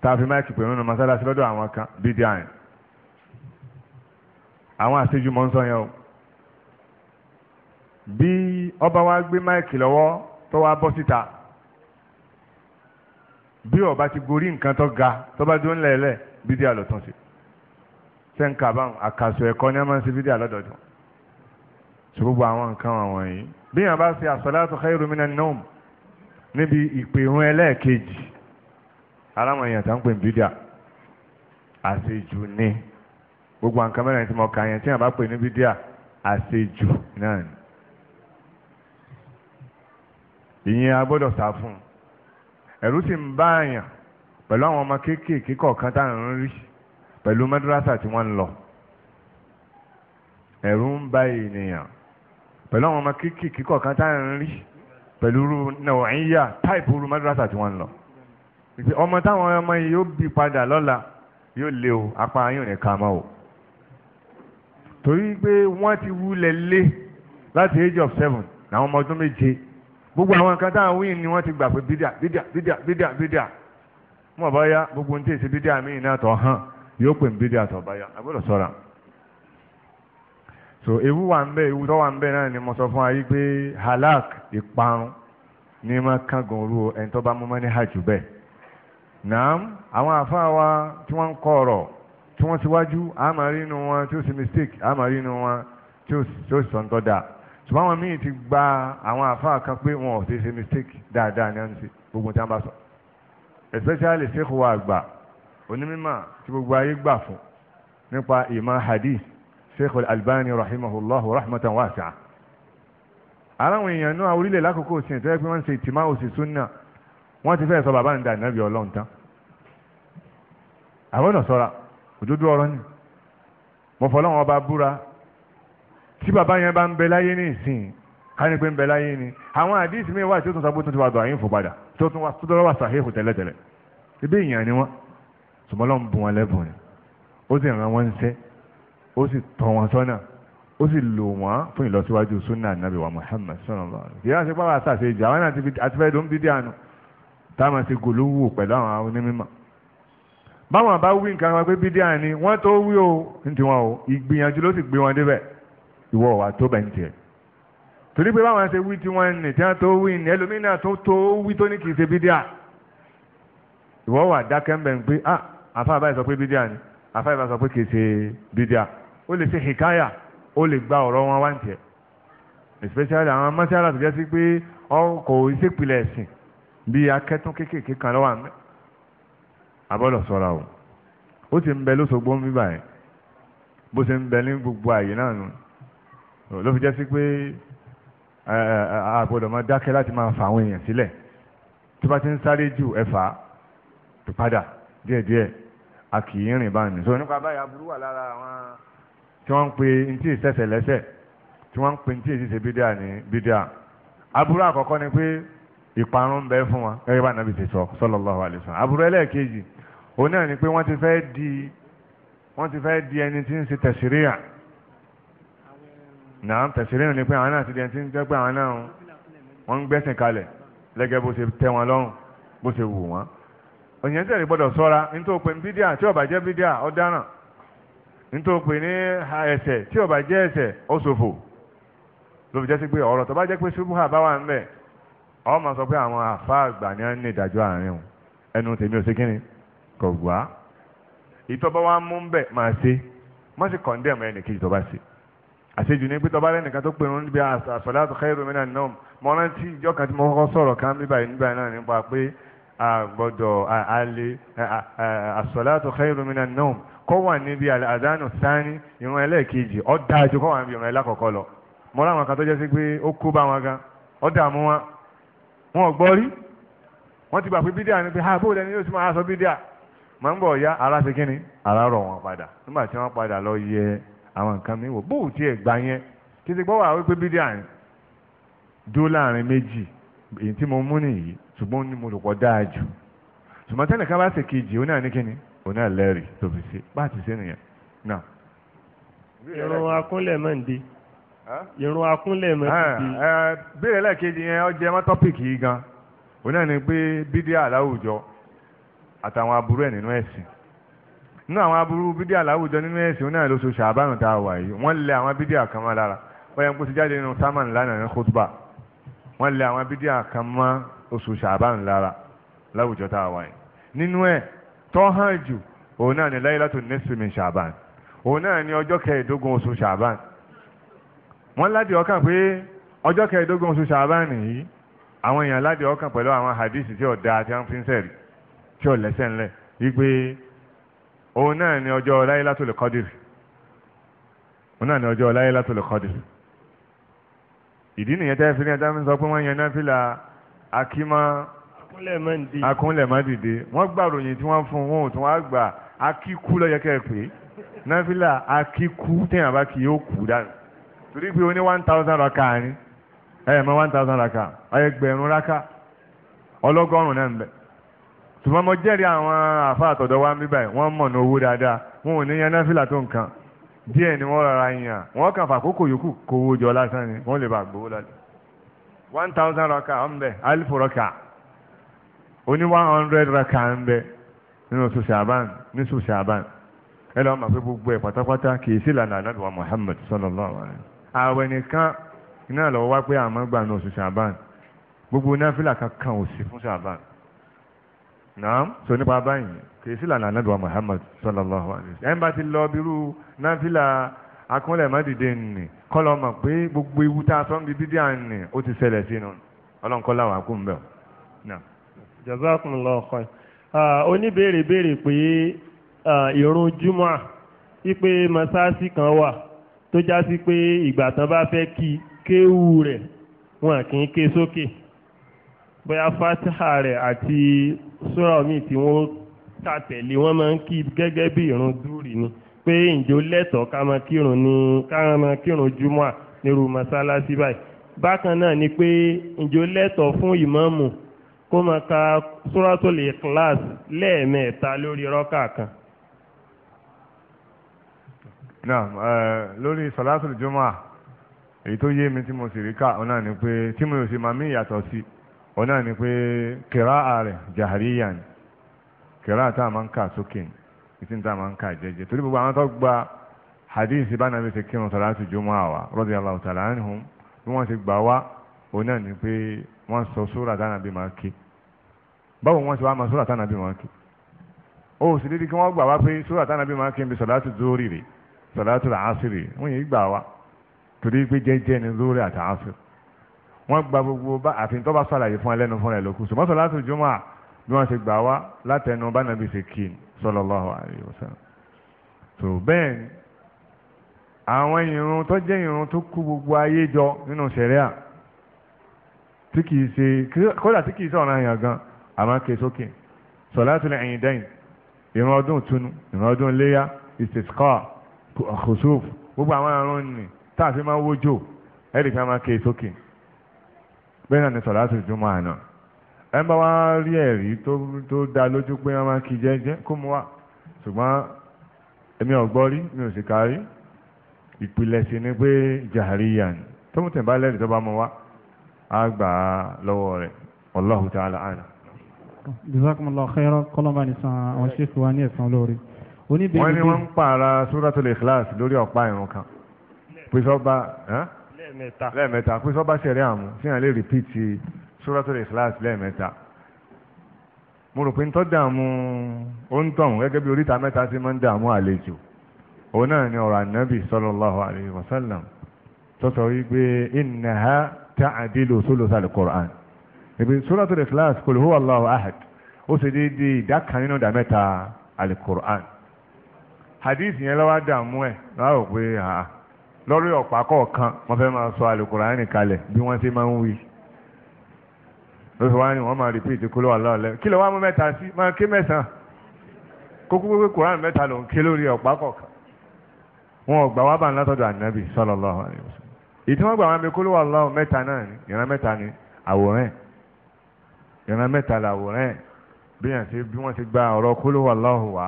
tá a fi máìkì pè irun nínú mọ́sálásí lọ́dọ̀ àwọn kan bíbí àyìn. àwọn àṣejù mọ́ ń sọ yẹn o. bí ọba wa gbé máìkì lọ́wọ́ tó wá bọ́ síta bí ọba ti gorí nǹkan tó ga tó bá dún lẹ́lẹ̀ bíbí àlọ́tàn sí ṣe ń kà bá àkàsọ ẹ̀kọ́ ní ẹ̀mọ́ síbídì àlọ́dọ̀dọ̀ ṣe gbogbo àwọn nǹkan àwọn yìí bí yàn bá ṣe as-salatu khairu minan nawm níbi ìpèrún ẹlẹ́ẹ̀kejì aláwọn èèyàn tá ń pè ní bídíà àṣejù ni gbogbo nǹkan mẹ́rin tí mo kà yẹn tí yàn bá pè ní bídíà àṣejù náà ni ìyẹn a gbọ́dọ̀ sá fún un ẹ̀rù sì ń bá àyàn pẹ̀lú àwọn ọmọ kéékèèké kọ̀ọ̀kan táwọn ń rí pẹ̀lú madrasa tí wọ́n ń lọ ẹ̀rù ń bà ènìyàn pẹ̀lú àwọn ọmọ kíkì kíkọ̀ kan tá à ń rí pẹ̀lú nàwọ̀nyíyà táìpù rú madrasa tí wọ́n ń lọ ọmọ táwọn ọmọ yìí yóò bí padà lọ́la yóò lé o apá yóò ní ká mọ́ o torí pé wọ́n ti wúlẹ̀ lé láti age of seven làwọn ọmọ ọdún méje gbogbo àwọn nǹkan táwọn wíìn ni wọ́n ti gbà pé bídà bídà bídà bídà bídà mọ̀ bá yá gbogbo ní tèsí bídà míì yóò pè ń bídí àtọ̀báyà agbọ́dọ̀ sọ́ra so ewu wà ń bẹ ewu tó wà ń bẹ náà ni mo sọ fún wa pé halak ìparun ní ma kángan orú ẹni tó bá mú mọ́ ní hajj bẹ́ẹ̀ naam àwọn àfáà wa tí wọ́n ń kọ́ ọ̀rọ̀ tí wọ́n síwájú àmàrí inú wọn tí ó sì mistake àmàrí inú wọn tí ó sì sọ ń tọ́ da ṣùgbọ́n àwọn míì ti gba àwọn àfáà kan pé wọn ò ti ṣe mistake dáadáa ní à ń ṣe gbogbo tí wọ́n bá sọ especially ṣéèkù wa àgbà onímọ̀ tí gbogbo ayé gbà fún nípa ìmọ̀ hadith sheikh albani rahimahullahu rahmatan wasi'a aláwọn èèyàn náà orílẹ̀ lákòókò sí ìtọ́jú pé wọ́n ń ṣe ìtìmá òsì súnà wọ́n ti fẹ́ sọ bàbá ń da ìnábì ọlọ́run tán àwọn ọ̀nà sọ́ra òdodo ọ̀rọ̀ ni mo fọ́ lọ́wọ́ ọba búra tí bàbá yẹn bá ń bẹ láyé ní ìsìn ká ní pé ń bẹ láyé ni àwọn àdìsí mi wà tí ó tún sọ pé ó tún ti wà dọ̀ àyínfò padà tó tún wà tó wà sàhéhù tẹ́lẹ̀tẹ́lẹ̀ ebí èèyàn ni wọ́n ṣùgbọ́n lọ́n bùn wọn lẹ́bùn ni ó sì ràn wọ́n ṣẹ́ ó sì tọ́ wọn sọ́nà ó sì lò wọ́n fún ìlọsíwájú sunna anabi wa Muhammad sallallahu alaihi wasallam yíyá ṣe pàwọ́ àṣàṣe ìjà wọn àti fẹ́ dùn bídí àná táwọn ti gòlówó pẹ̀lú àwọn onímọ̀ báwọn bá wí nǹkan wọn pé bídí àní wọ́n tó wí o ní tiwọn o ìgbìyànjú ló sì gbé wọn débẹ̀ ìwọ wà tó bẹ̀ ń tiẹ̀ torí pé báwọn ṣe wí tí wọ́n nì tí wọ́n tó wí ní ẹlòmínà tó tó wí tó ní kì í ṣe bídí à ìwọ wà dákẹ́ ń bẹ̀ ń pé ah àfáà báyìí sọ pé bídíà ni àfáà báyìí sọ pé kìí ṣe bídíà ó lè hikaya ó lè gba ọ̀rọ̀ wọn wá ní tiẹ̀ especially àwọn mọ́ṣálà tó jẹ́ sí pé ọkọ̀ ìṣèpìlẹ̀ ẹ̀sìn bíi akẹ́tún kéékèèké kan lọ́wọ́ àmì àbọ̀dọ̀ sọ̀ra o ó ti ń bẹ lóṣogbo ń bíbà yẹn bó ṣe ń bẹ ní gbogbo àyè náà nù ló fi jẹ́ pé àgbọ̀dọ̀ máa dákẹ́ láti máa fa àwọn èèyàn sílẹ̀ tó bá ti ń sáré jù ẹ fà á padà díẹ̀díẹ̀ a kì í rìn báyìí so nípa báyìí aburú wà lára àwọn tí wọ́n ń pe ntí ìsẹ̀sẹ̀ lẹ́sẹ̀ tí wọ́n ń pe ntí ìsẹ̀sẹ̀ bídíà ní bídíà aburú àkọ́kọ́ ni pé ìparun ń bẹ fún wa gẹ́gẹ́ bá nàbì ti sọ sallallahu alaihi wasallam aburú ẹlẹ́ẹ̀kejì òun náà ni pé wọ́n ti fẹ́ di wọ́n ti fẹ́ di ẹni tí ń ṣe tẹ̀síríà náà tẹ̀síríà ni pé àwọn náà ti di ẹni tí ń jẹ́ pé àwọn náà wọ́n ń gbẹ́sìn kalẹ̀ lẹ́gẹ́ bó ṣe tẹ́ wọn lọ́rùn bó ṣe wù wọ́n òyìn tẹ̀lé gbọ́dọ̀ sọ́ra nítorí pé bídíà tí ó bá jẹ́ bídíà ọ̀daràn nítorí pé ní ẹ̀ṣẹ̀ tí ó bá jẹ́ ẹ̀ṣẹ̀ ó ṣòfò ló fi jẹ́ sí pé ọ̀rọ̀ tó bá jẹ́ pé ṣubúhà bá wà ń bẹ̀ ọ máa sọ pé àwọn àfa àgbà ni wọ́n ní ìdájọ́ àárín o ẹnu tèmi ò sí kíni kò gbà á ìtọ́ba wa mú ń bẹ̀ máa ṣe má sì kọ̀ndẹ̀mù ẹnì kejì tó bá ṣe àṣejù ní pé tọ́ba rẹ̀ nìkan tó pinnu níbi àṣàlátù khairu minan nawm mọ́rántí ìjọ kan tí mo kọ́kọ́ sọ̀rọ̀ kan bíbáyìí níbàyìí náà nípa pé àgbọ̀dọ̀ àlè àsọ̀látò khairu minan naum kọ́ wà níbi àdánù sáni ìran ẹlẹ́ẹ̀kejì ó dáa jù kọ́ wà níbi ìran ẹlẹ́kọ̀ọ́kọ́ lọ mọ́ láwọn kan tó jẹ́ sí pé ó kú bá wọn gan ó dààmú wọn wọn ò gbọ́ rí wọ́n ti bà pé bídíà ni pé ha bó lẹni yóò tún máa sọ bídíà mọ̀ ń bọ̀ ya ara ṣe kíni ara rọ̀ wọn padà nígbà tí wọ́n padà lọ yẹ àwọn nǹkan mi wò bóò tiẹ̀ gbà yẹn kí ti gbọ́ wà wípé bídíà ni dó láàrin méjì èyí tí mo mú nìyí ṣùgbọ́n ní mo lò pọ̀ dáa jù ṣùgbọ́n tẹ́lẹ̀ ká bá ṣe kejì òun náà ní kíni òun náà lẹ́rìí tó fi ṣe bá ti ṣe nìyẹn náà. irun akúnlẹ̀ máa ń di irun akúnlẹ̀ máa ń di. béèrè lẹ́ẹ̀kejì yẹn ó jẹ́ mọ́ tọ́pìkì yìí gan òun náà ni pé bídíà láwùjọ àtàwọn aburú ẹ̀ nínú ẹ̀sìn nínú àwọn aburú bídíà láwùjọ nínú ẹ̀sìn òun náà ló so tá a wà yìí wọ́n lé àwọn bídíà kan lára wọ́n yẹ oṣù ṣàbán lára láwùjọ tá a wà yìí nínú ẹ̀ tó hàn jù òun náà ni láyélátò nẹ́sìmì ṣàbán òun náà ni ọjọ́ kẹẹ̀ẹ́dógún oṣù ṣàbán wọ́n láti ọkàn pé ọjọ́ kẹẹ̀ẹ́dógún oṣù ṣàbán nìyí àwọn èèyàn láti ọkàn pẹ̀lú àwọn hadith tí ọ̀dà àti àǹfíńsẹ̀rì tí ò lẹ́sẹ̀ ńlẹ̀ wípé òun náà ni ọjọ́ láyélátò lè kọ́dìrì òun náà ni ọjọ́ láyélátò lè kọ́dìrì ìdí nìyẹn tẹ́ fi ní ẹja fi sọ pé wọ́n yan náà fi la akímọ́ akúnlẹ̀ má dìde wọ́n gbà ròyìn tí wọ́n fún wọn ò tún wá gbà akíkú lọ́yẹ kẹ́ẹ̀pẹ́ náfìlà akíkú téèyàn bá kì yóò kú dànù torí pé ó ní one thousand raka ni ẹ mọ one thousand raka ẹgbẹ̀rún raka ọlọ́gọ́rùn-ún náà ń bẹ tùmọ̀ mọ́ jẹ́rìí àwọn àfa àtọ̀dọ̀ wa ń bí báyìí wọ́n mọ̀ ní owó dáadáa wọn ò ní yan náfìlà tó nǹkan díẹ̀ ni wọ́n rọra yàn wọ́n kàn fà kókò yòókù kówó jọ lásán ni wọ́n lè bá gbowó lálẹ́ one thousand raka ń bẹ alifu raka oní one hundred raka ń bẹ nínú oṣù sàbán ní oṣù sàbán ẹ lọ́wọ́ máa fi gbogbo ẹ̀ pátápátá kì í sí ìlànà ànábì wa Muhammad sallallahu alaihi àwẹ̀ nìkan iná lọ́wọ́ wá pé àmọ́ gbà ní oṣù sàbán gbogbo náfìlà kankan ò sí fún sàbán naam so nípa báyìí kìí sí lànà anábìwá Muhammad sallallahu alayhi wa sallam ẹ̀ ń bá ti lọ bírú náfìlà akúnlẹ̀ mádìde nì kọ́lọ́ mọ̀ pé gbogbo ewu tá a sọ ń bi bíbí à ń nì ó ti ṣẹlẹ̀ sínú ọlọ́nkọ́lá wà kú mbẹ́ o. jazakumullahu khair oníbèrè béèrè pé ìrun jumua wípé mọ́sáàsì kan wà tó já pé ìgbà tán bá fẹ́ kí kéwù rẹ̀ wọn kì í ké sókè bóyá fatiha rẹ̀ àti sura mi tí wọ́n tàtẹ̀lé wọ́n máa ń kí gẹ́gẹ́ bí ìrun dúrì ni. pé ǹjọ́ lẹ́tọ̀ọ́ ká máa kírun ní ká máa kírun júmọ́à nírú mọ́sálásí báyìí bákan náà ni pé ǹjọ́ lẹ́tọ̀ọ́ fún ìmáàmù kó máa ka suratul ikhlas lẹ́ẹ̀mẹ́ta lórí rọ́kà kan. náà lórí sọ̀látùl júmọ́à èyí tó yé mi tí mo sì rí ká ọ̀nà ni pé tí mo sì máa mí ìyàtọ̀ sí ọ̀nà ni pé kìráà rẹ̀ jàhàríyà ni kìráà tá máa ń kà sókè ni. ìtì níta máa ń ka jẹ́jẹ́ torí gbogbo àwọn tó gba hadith bá nàbí ṣe kírun sọ̀rọ̀ láti jùmọ̀ àwà radiyallahu ta'ala anhum bí wọ́n ti gbà wá òun náà ni pé wọ́n sọ sóra tánàbí máa ké báwo wọ́n ti wá máa sóra tánàbí máa ké ó sì dídí kí wọ́n gbà wá pé sóra tánàbí máa ké níbi sọ̀láàtù zórí rè sọ̀láàtù àásìrì wọ́n yìí gbà wá torí pé jẹ́jẹ́ ni zórí àti àásìrì wọ́n gba gbogbo àfi tó bá sàlàyé fún ẹlẹ́nu fún ẹ lókù ṣùgbọ́n jùmọ̀ bí wọ́n ti gbà wá látẹnu bánàbí ṣe kí ni sallallahu alaihi wasallam tó bẹ́ẹ̀ ni àwọn ìrun tó jẹ́ ìrun tó kú gbogbo ayé jọ nínú sẹ̀ríà tí kìí ṣe kódà tí kìí ṣe ọ̀ràn yàn gan àmọ́ ké sókè salatul Eidain ìrun ọdún túnú ìrun ọdún léyà istisqa khusuf gbogbo àwọn àrùn nì táàfin máa wójò ẹ̀ẹ́dì kan máa ké sókè bẹ́ẹ̀ náà ni salatul Jumu'ah náà ẹ bá wá rí ẹ̀rí tó dá lójú pé wọ́n máa kí jẹ́jẹ́ kó mú wá ṣùgbọ́n èmi ọ̀gbọ́ rí mi ò sì ká rí ni pé jàríyà ni tó mú tẹ̀bá lẹ́rìí tó bá mú wá á gbà á lọ́wọ́ rẹ̀ Allahu ta'ala àná. jazakumullahu khairan kọ́lọ́mbà ní san àwọn ṣéèkì wa ní ẹ̀sán lórí. wọ́n ní wọ́n ń pààrà suratul ikhlas lórí ọ̀pá ìrun kan pèsè ọba lẹ́ẹ̀mẹ́ta pèsè ọba ṣẹ̀rí àmú sí Suratul Ikhlas lẹ́ẹ̀mẹ́ta mo rò pé ń tọ́ dààmú ó ń tọ̀hún gẹ́gẹ́ bí oríta mẹ́ta sí máa ń dààmú àlejò òun náà ni ọ̀rọ̀ ànábì sallallahu alayhi wa sallam tó sọ wípé innaha ta'dilu thuluthal Qur'an ibi Suratul Ikhlas qul huwa Allahu ahad ó sì déédéé ìdá kan nínú ìdá mẹ́ta al-Qur'an hadith yẹn lọ́wọ́ dààmú ẹ̀ lọ́wọ́ pé lórí ọ̀pá kọ̀ọ̀kan wọ́n fẹ́ máa sọ al-Qur'an nìkalẹ̀ bí wọ́n ti máa ń wí ló fi wá ní wọ́n máa repeat kúlọ̀ wà lọ́ọ̀lẹ́ kí ló wá mú mẹ́ta sí máa ké mẹ́sàn-án kókó pé kúránì mẹ́ta ló ń ké lórí ọ̀pá kọ̀ọ̀kan wọn ò gbà wá bá ń látọ̀dọ̀ ànábì sallallahu alaihi wasallam ìtí wọ́n gbà wá mi kúlọ̀ wà lọ́ọ̀ mẹ́ta náà ni ìran mẹ́ta ni àwòrán ìran mẹ́ta làwòrán ẹ̀ bí yàn sí bí wọ́n ti gba ọ̀rọ̀ kúlọ̀ wà lọ́ọ̀ wá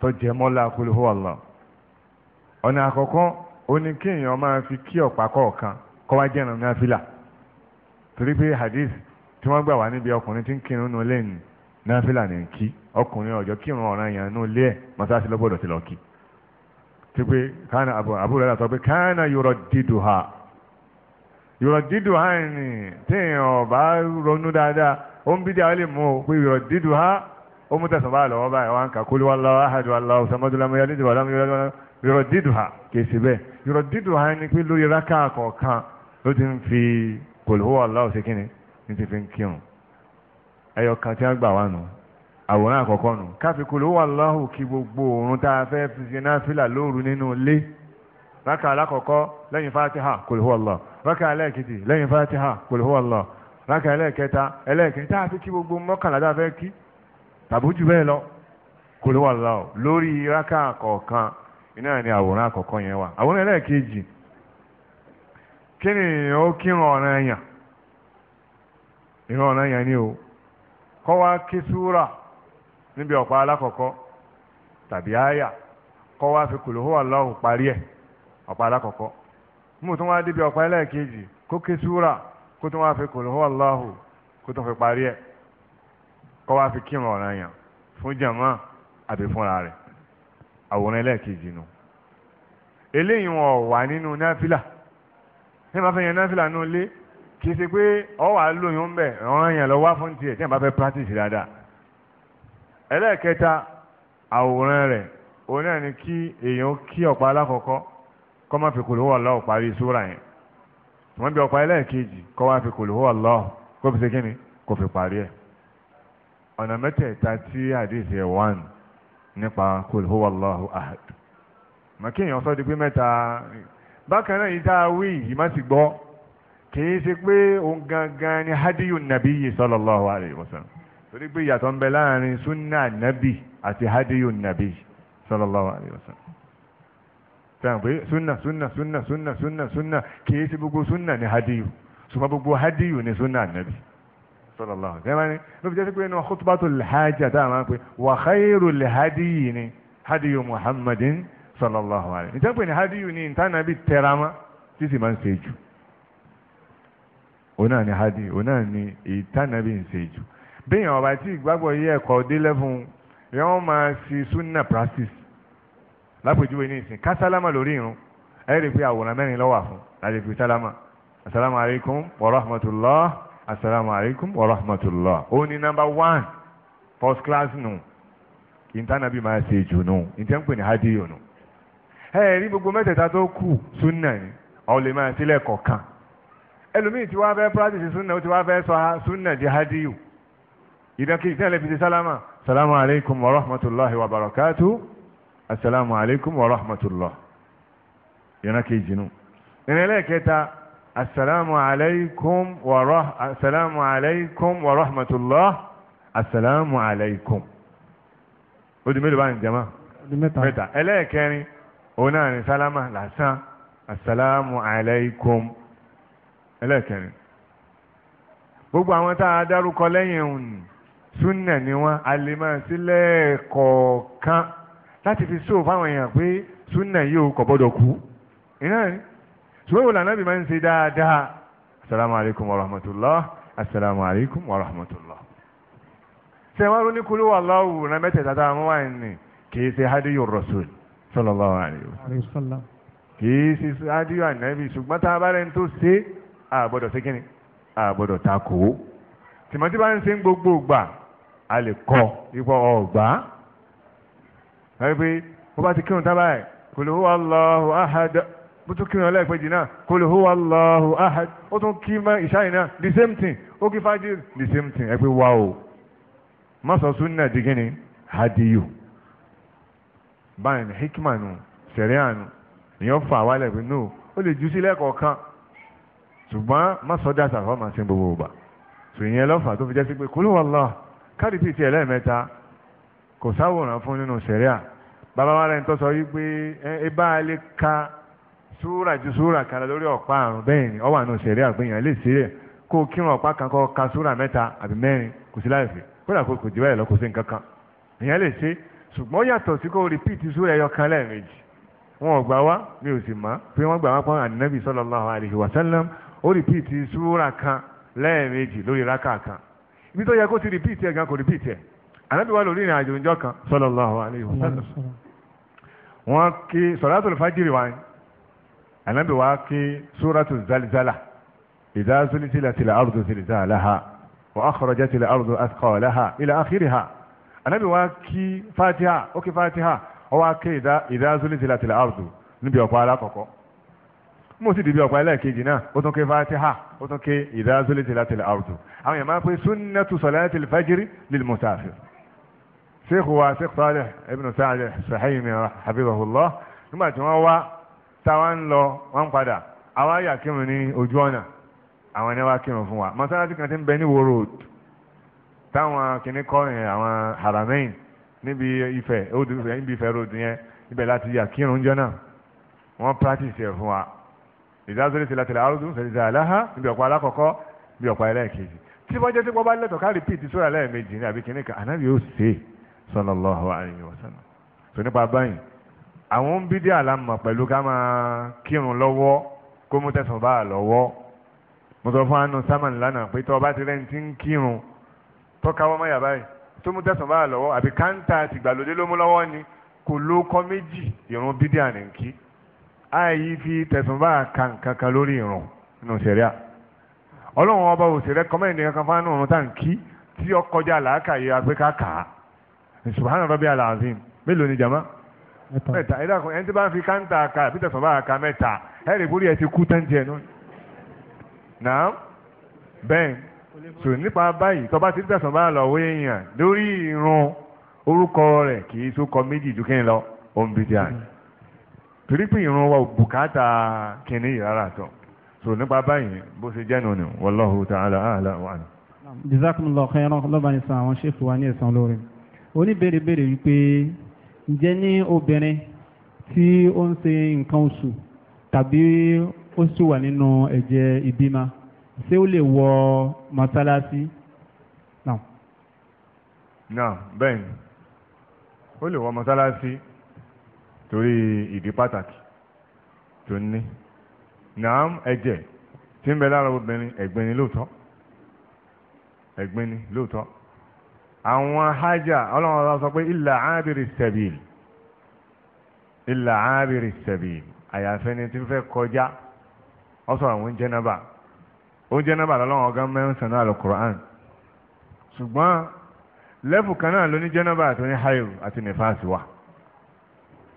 tó jẹ mọ́lá kúlọ̀ torí pé hadith tí wọ́n gbà wá níbi ọkùnrin tí ń kírun nù lẹ́nu náfìlà ní kí ọkùnrin ọ̀jọ́ kírun ọ̀ràn yẹn nù lé mọ́sáàsì ti lọ kí tí pé kánà àbúrò rẹ̀ yọrọ ha yọrọ ha ni téèyàn ọba ronú dáadáa ó ń bí dáa lè pé yọrọ dídù ha ó mú tẹ̀sán báyìí lọ́wọ́ báyìí wọn kà kó kòlù aláwọ̀ ṣe kíni ní ti fi ń kírun ẹyọ kan tí wọ́n gbà wá nù àwòrán àkọ́kọ́ nù káfí kòlù aláwọ̀ kí gbogbo oorun tá a fẹ́ fi ṣe náfìlà lóru nínú ilé rákà alákọ̀ọ́kọ́ lẹ́yìn fatiha aláwọ̀ a fi kí gbogbo mọ́kànlá tá a fẹ́ kí bẹ́ẹ̀ lọ aláwọ̀ lórí rákà iná Kini o èèyàn ó kírun Ihe èèyàn ìran ni o kọwa wá kí súrà níbi ọ̀pá alákọ̀ọ́kọ́ tàbí àyà kọ́ fi kùlù hùwà parí ẹ̀ ọ̀pá alákọ̀ọ́kọ́ mú tó wá débi ọ̀pá ẹlẹ́ẹ̀kejì kó kí ko kó wá fi kùlù hùwà kó tó fi parí ẹ̀ kọwa fi kírun ọ̀ràn èèyàn fún jàmáà àbí fúnra rẹ̀ àwòrán ẹlẹ́ẹ̀kejì nù eléyìí wọn tí wọ́n bá fẹ́ yan náfìlà nù lé kì í ṣe pé ọwọ́ àlóyún bẹ̀ ọ̀ràn yẹn lọ́wọ́ fún tiẹ̀ tí wọ́n bá fẹ́ practice dáadáa ẹlẹ́ẹ̀kẹta àwòrán rẹ̀ òun náà ni kí èèyàn kí ọ̀pá alákọ̀ọ́kọ́ kọ́ máa fi kòlówó ọlọ́ọ̀ parí súra yẹn wọ́n bí ọ̀pá ẹlẹ́ẹ̀kejì kọ́ wá fi kòlówó ọlọ́ọ̀ kó fi ṣe kí ni kò fi parí ẹ̀ ọ̀nà mẹ́tẹ̀ẹ̀ta tí àdéhìí ẹ̀ wà nípa kòlówó ọlọ́ọ̀ ahad mọ̀ kí èèyàn sọ́ di pé mẹ́ta bákan náà yìí tá a wí yìí má sì gbọ́ kì í ṣe pé òun gangan ni hadiyu nabi yìí sallallahu alayhi wa sallam torí pé ìyàtọ̀ ń bẹ láàrin sunna nabi àti hadiyu nabi sallallahu alayhi wa sallam sàn pé sunna sunna sunna sunna sunna sunna kì í ṣe gbogbo sunna ni hadiyu ṣùgbọ́n gbogbo hadiyu ni sunna nabi sallallahu alayhi wa sallam ló fi jẹ́ sí pé inú khutbatul hajj àtàwọn pé wa khayrul hadiyi ni hadiyu muhammadin sallallahu alaihi ìtẹ́pẹ́ ní hadiyu ní ìtànàbí tẹramá tí sì máa ń ṣe jù òun náà ni hadiyu òun náà ni ìtànàbí ń ṣe jù bẹ́ẹ̀yàn ọba tí ìgbàgbọ́ yí ẹ̀kọ́ dé lẹ́fún yẹn wọ́n máa fi sunna practice lápèjúwe ní ìsìn kásálámà lórí irun ẹ rí i àwòrán mẹ́rin ló wà láti fi sálámà asalaamu alaykum wa rahmatulah asalaamu alaykum wa rahmatulah ó ní one first class nù ìtànàbí máa ṣe jù nù ìtẹ́ǹpẹ̀ ní hadiyu ẹ̀rí gbogbo mẹ́tẹ̀ẹ̀ta tó kù súnà ni ọ̀ lè máa sílẹ̀ kọ̀ọ̀kan ẹlòmíì tí wàá fẹ́ practice súnà ó ti wàá fẹ́ sọ súnà di hadiyu ìdánkejì tí wọ́n lè fi ṣe sálámà salamu alaykum wa rahmatulahi wa barakatu asalaamu alaykum wa rahmatulah ìdánkejì nu ìrìnlẹ́kẹta asalaamu alaykum wa rah asalaamu alaykum wa rahmatulah asalaamu alaykum ó di mélòó bá ń jẹ́ ẹlẹ́ẹ̀kẹrin òun náà ní sálámà lásán asalaamu alaykum ẹlẹ́kẹ̀rin gbogbo àwọn tá a dárúkọ lẹ́yìn òun súnà ni wọ́n a lè máa sí lẹ́ẹ̀kọ̀ọ̀kan láti fi sóò fáwọn èèyàn pé súnà yóò kọ̀ gbọ́dọ̀ kú iná ni ṣùgbọ́n ìwòlànà bí máa ń ṣe dáadáa asalaamu alaykum wa rahmatulah asalaamu alaykum wa rahmatulah ṣe ronú kúrú wà lọ́wọ́ mẹ́tẹ̀ẹ̀ta tá a mọ́ wáyé ni kì í ṣe hadiyu rasul sallallahu alaihi wasallam kìí ṣe ṣáájú ànábì ṣùgbọ́n tá a bá rẹni tó ṣe àgbọ̀dọ̀ ṣe kíni àgbọ̀dọ̀ takò ó tìmọ́tí bá ń ṣe ń gbogbo ìgbà a lè kọ́ ipò ọ̀gbá wáyé pé ó bá ti kírun tábà ẹ̀ kul huwa Allahu ahad bó tún kírun ọlẹ́ẹ̀pẹ́jì náà kul huwa Allahu ahad ó tún kí mọ́ ìṣáyìn náà the same thing ó kí fájì the same thing ẹ pé wá o má sọ súnà di kíni hadiyu. báyìí ní hikima nù sẹ̀ríà nù èèyàn wálẹ̀ pé no ó lè jù ṣùgbọ́n má sọ dáṣà fọ́ máa ṣe gbogbo ògbà sò ìyẹn lọ́fà tó fi jẹ́ sí pé kúlù kò sáwòrán fún nínú sẹ̀ríà bàbá wa rẹ̀ ń tọ́ sọ yí pé ka ju kan lórí ọ̀pá àrùn bẹ́ẹ̀ ni fi kódà kò lọ kò sí nǹkan kan èèyàn ṣùgbọ́n yàtọ̀ sí kó repeat sórí ẹyọ kan lẹ́ẹ̀mejì wọn ò gbà wá mi ò sì mọ̀ pé wọ́n gbà wá pọ́n ànábì sallallahu alaihi wasallam ó repeat súra kan lẹ́ẹ̀mejì lórí rákà kan ibi tó yẹ kó ti repeat ẹ̀ gan kò repeat ẹ̀ ànábì wà lórí ìrìn àjò ìjọ kan sallallahu alaihi wasallam wọn kí salatul fajiri wa ni ànábì wa kí súratu zalzala idha anabi wa kí fatiha ó kí fatiha ó wá ké idha zulzilatil ardu níbi ọ̀pá alákọ̀ọ́kọ́ mo sì dìbí ọ̀pá ẹlẹ́ẹ̀kejì náà ó tún ké fatiha ó tún ké idha zulzilatil ardu àwọn èèyàn máa ń pè sunnatu salatil fajiri lil musafir sheikh wa sheikh salih ibn salih sahimi habibahullah nígbà tí wọ́n wá táwa ń lọ wọ́n padà àwa yà kírun ní ojú ọ̀nà àwọn ẹni wá wa mọ́sálásí kan ti ń bẹ ní táwọn kìnnì kọ́ yẹn àwọn haramain níbi Ifẹ̀ odò Ifẹ̀ níbi Ifẹ̀ road yẹn ibẹ̀ láti yà kírun jọ náà wọ́n practice ẹ̀ fún wa ìdásílẹ̀ ti láti láàrúdú fẹ̀rẹ̀dà aláha níbi ọ̀pá alákọ̀ọ́kọ́ níbi ọ̀pá ẹlẹ́ẹ̀kejì tí wọ́n jẹ́ tí wọ́n bá lẹ́tọ̀ ká rìpíìtì sóra lẹ́ẹ̀mejì ní àbí kìnnì kan ànábì yóò ṣe sallallahu alaihi wasallam tó nípa báyìí àwọn bídí àlámọ̀ pẹ̀lú ká máa kírun lọ́wọ́ kó mú tẹ̀sán bá a lọ́wọ́ mo sọ fún anu sámán lánàá pé tọ́ ọba ti rẹ́ni tí ń kírun tọ́ka wọ́n mọ́yà báyìí tó mú tẹ̀sán báyà lọ́wọ́ àbí káńtà àtìgbàlódé ló mú lọ́wọ́ ni kò ló kọ́ méjì ìrun bídíà ní kí àyè fi tẹ̀sán báyà ka nǹkan kan lórí ìrun nínú sẹ̀ríà ọlọ́run ọba òṣèré kọ́mẹ́ǹdì kankan fún àánú tá à ń kí tí ó kọjá làákàyè agbékàkà subhana rabbi alazim mélòó ni jama mẹ́ta ẹ dákun ẹni tí bá ń fi káńtà ka àbí tẹ̀sán báyà ka mẹ́ta ẹ lè borí ẹ ti kú tẹ́ńtì ẹ̀ náà bẹ́ẹ̀ sò nípa báyìí tọba ti tẹ̀sán bá lọ wé èèyàn lórí irun orúkọ rẹ̀ kì í tó méjì ju kí n lọ òǹbìdì torí pé irun wa bùkátà kìnìún rárá tán sò nípa báyìí bó ṣe jẹ́ nù ni wallahu ta'ala a'la wa ana. jazakumullahu khairan lọ́ba ní sàn àwọn ṣèfù wa ní ẹ̀sán lórí oníbèrè bèrè wípé ǹjẹ́ ní obìnrin tí ó ń ṣe nǹkan oṣù tàbí ó sì wà nínú ẹ̀jẹ̀ ìbímọ ṣé ó lè wọ mọ́sálásí náà. náà bẹ́ẹ̀ ni ó lè wọ mọ́sálásí torí ìdí pàtàkì tó ní náà ẹ̀jẹ̀ tí ń bẹ lára obìnrin ẹ̀gbin ni lóòótọ́ ẹ̀gbin ni lóòótọ́ àwọn hajjá ọlọ́run ọ̀rọ̀ sọ pé ilà ábìrì sẹ̀bìl ilà ábìrì sẹ̀bìl àyàfẹ́ni tí ń fẹ́ kọjá ọ sọ àwọn jẹ́nàbà ó jẹ́ nọ́mbà lọ́wọ́ ọ̀gá mẹ́sàn-án alukur'an ṣùgbọ́n lẹ́fù kan náà ló ní jẹ́nọ́bà àti ní hayo àti nífàsì wà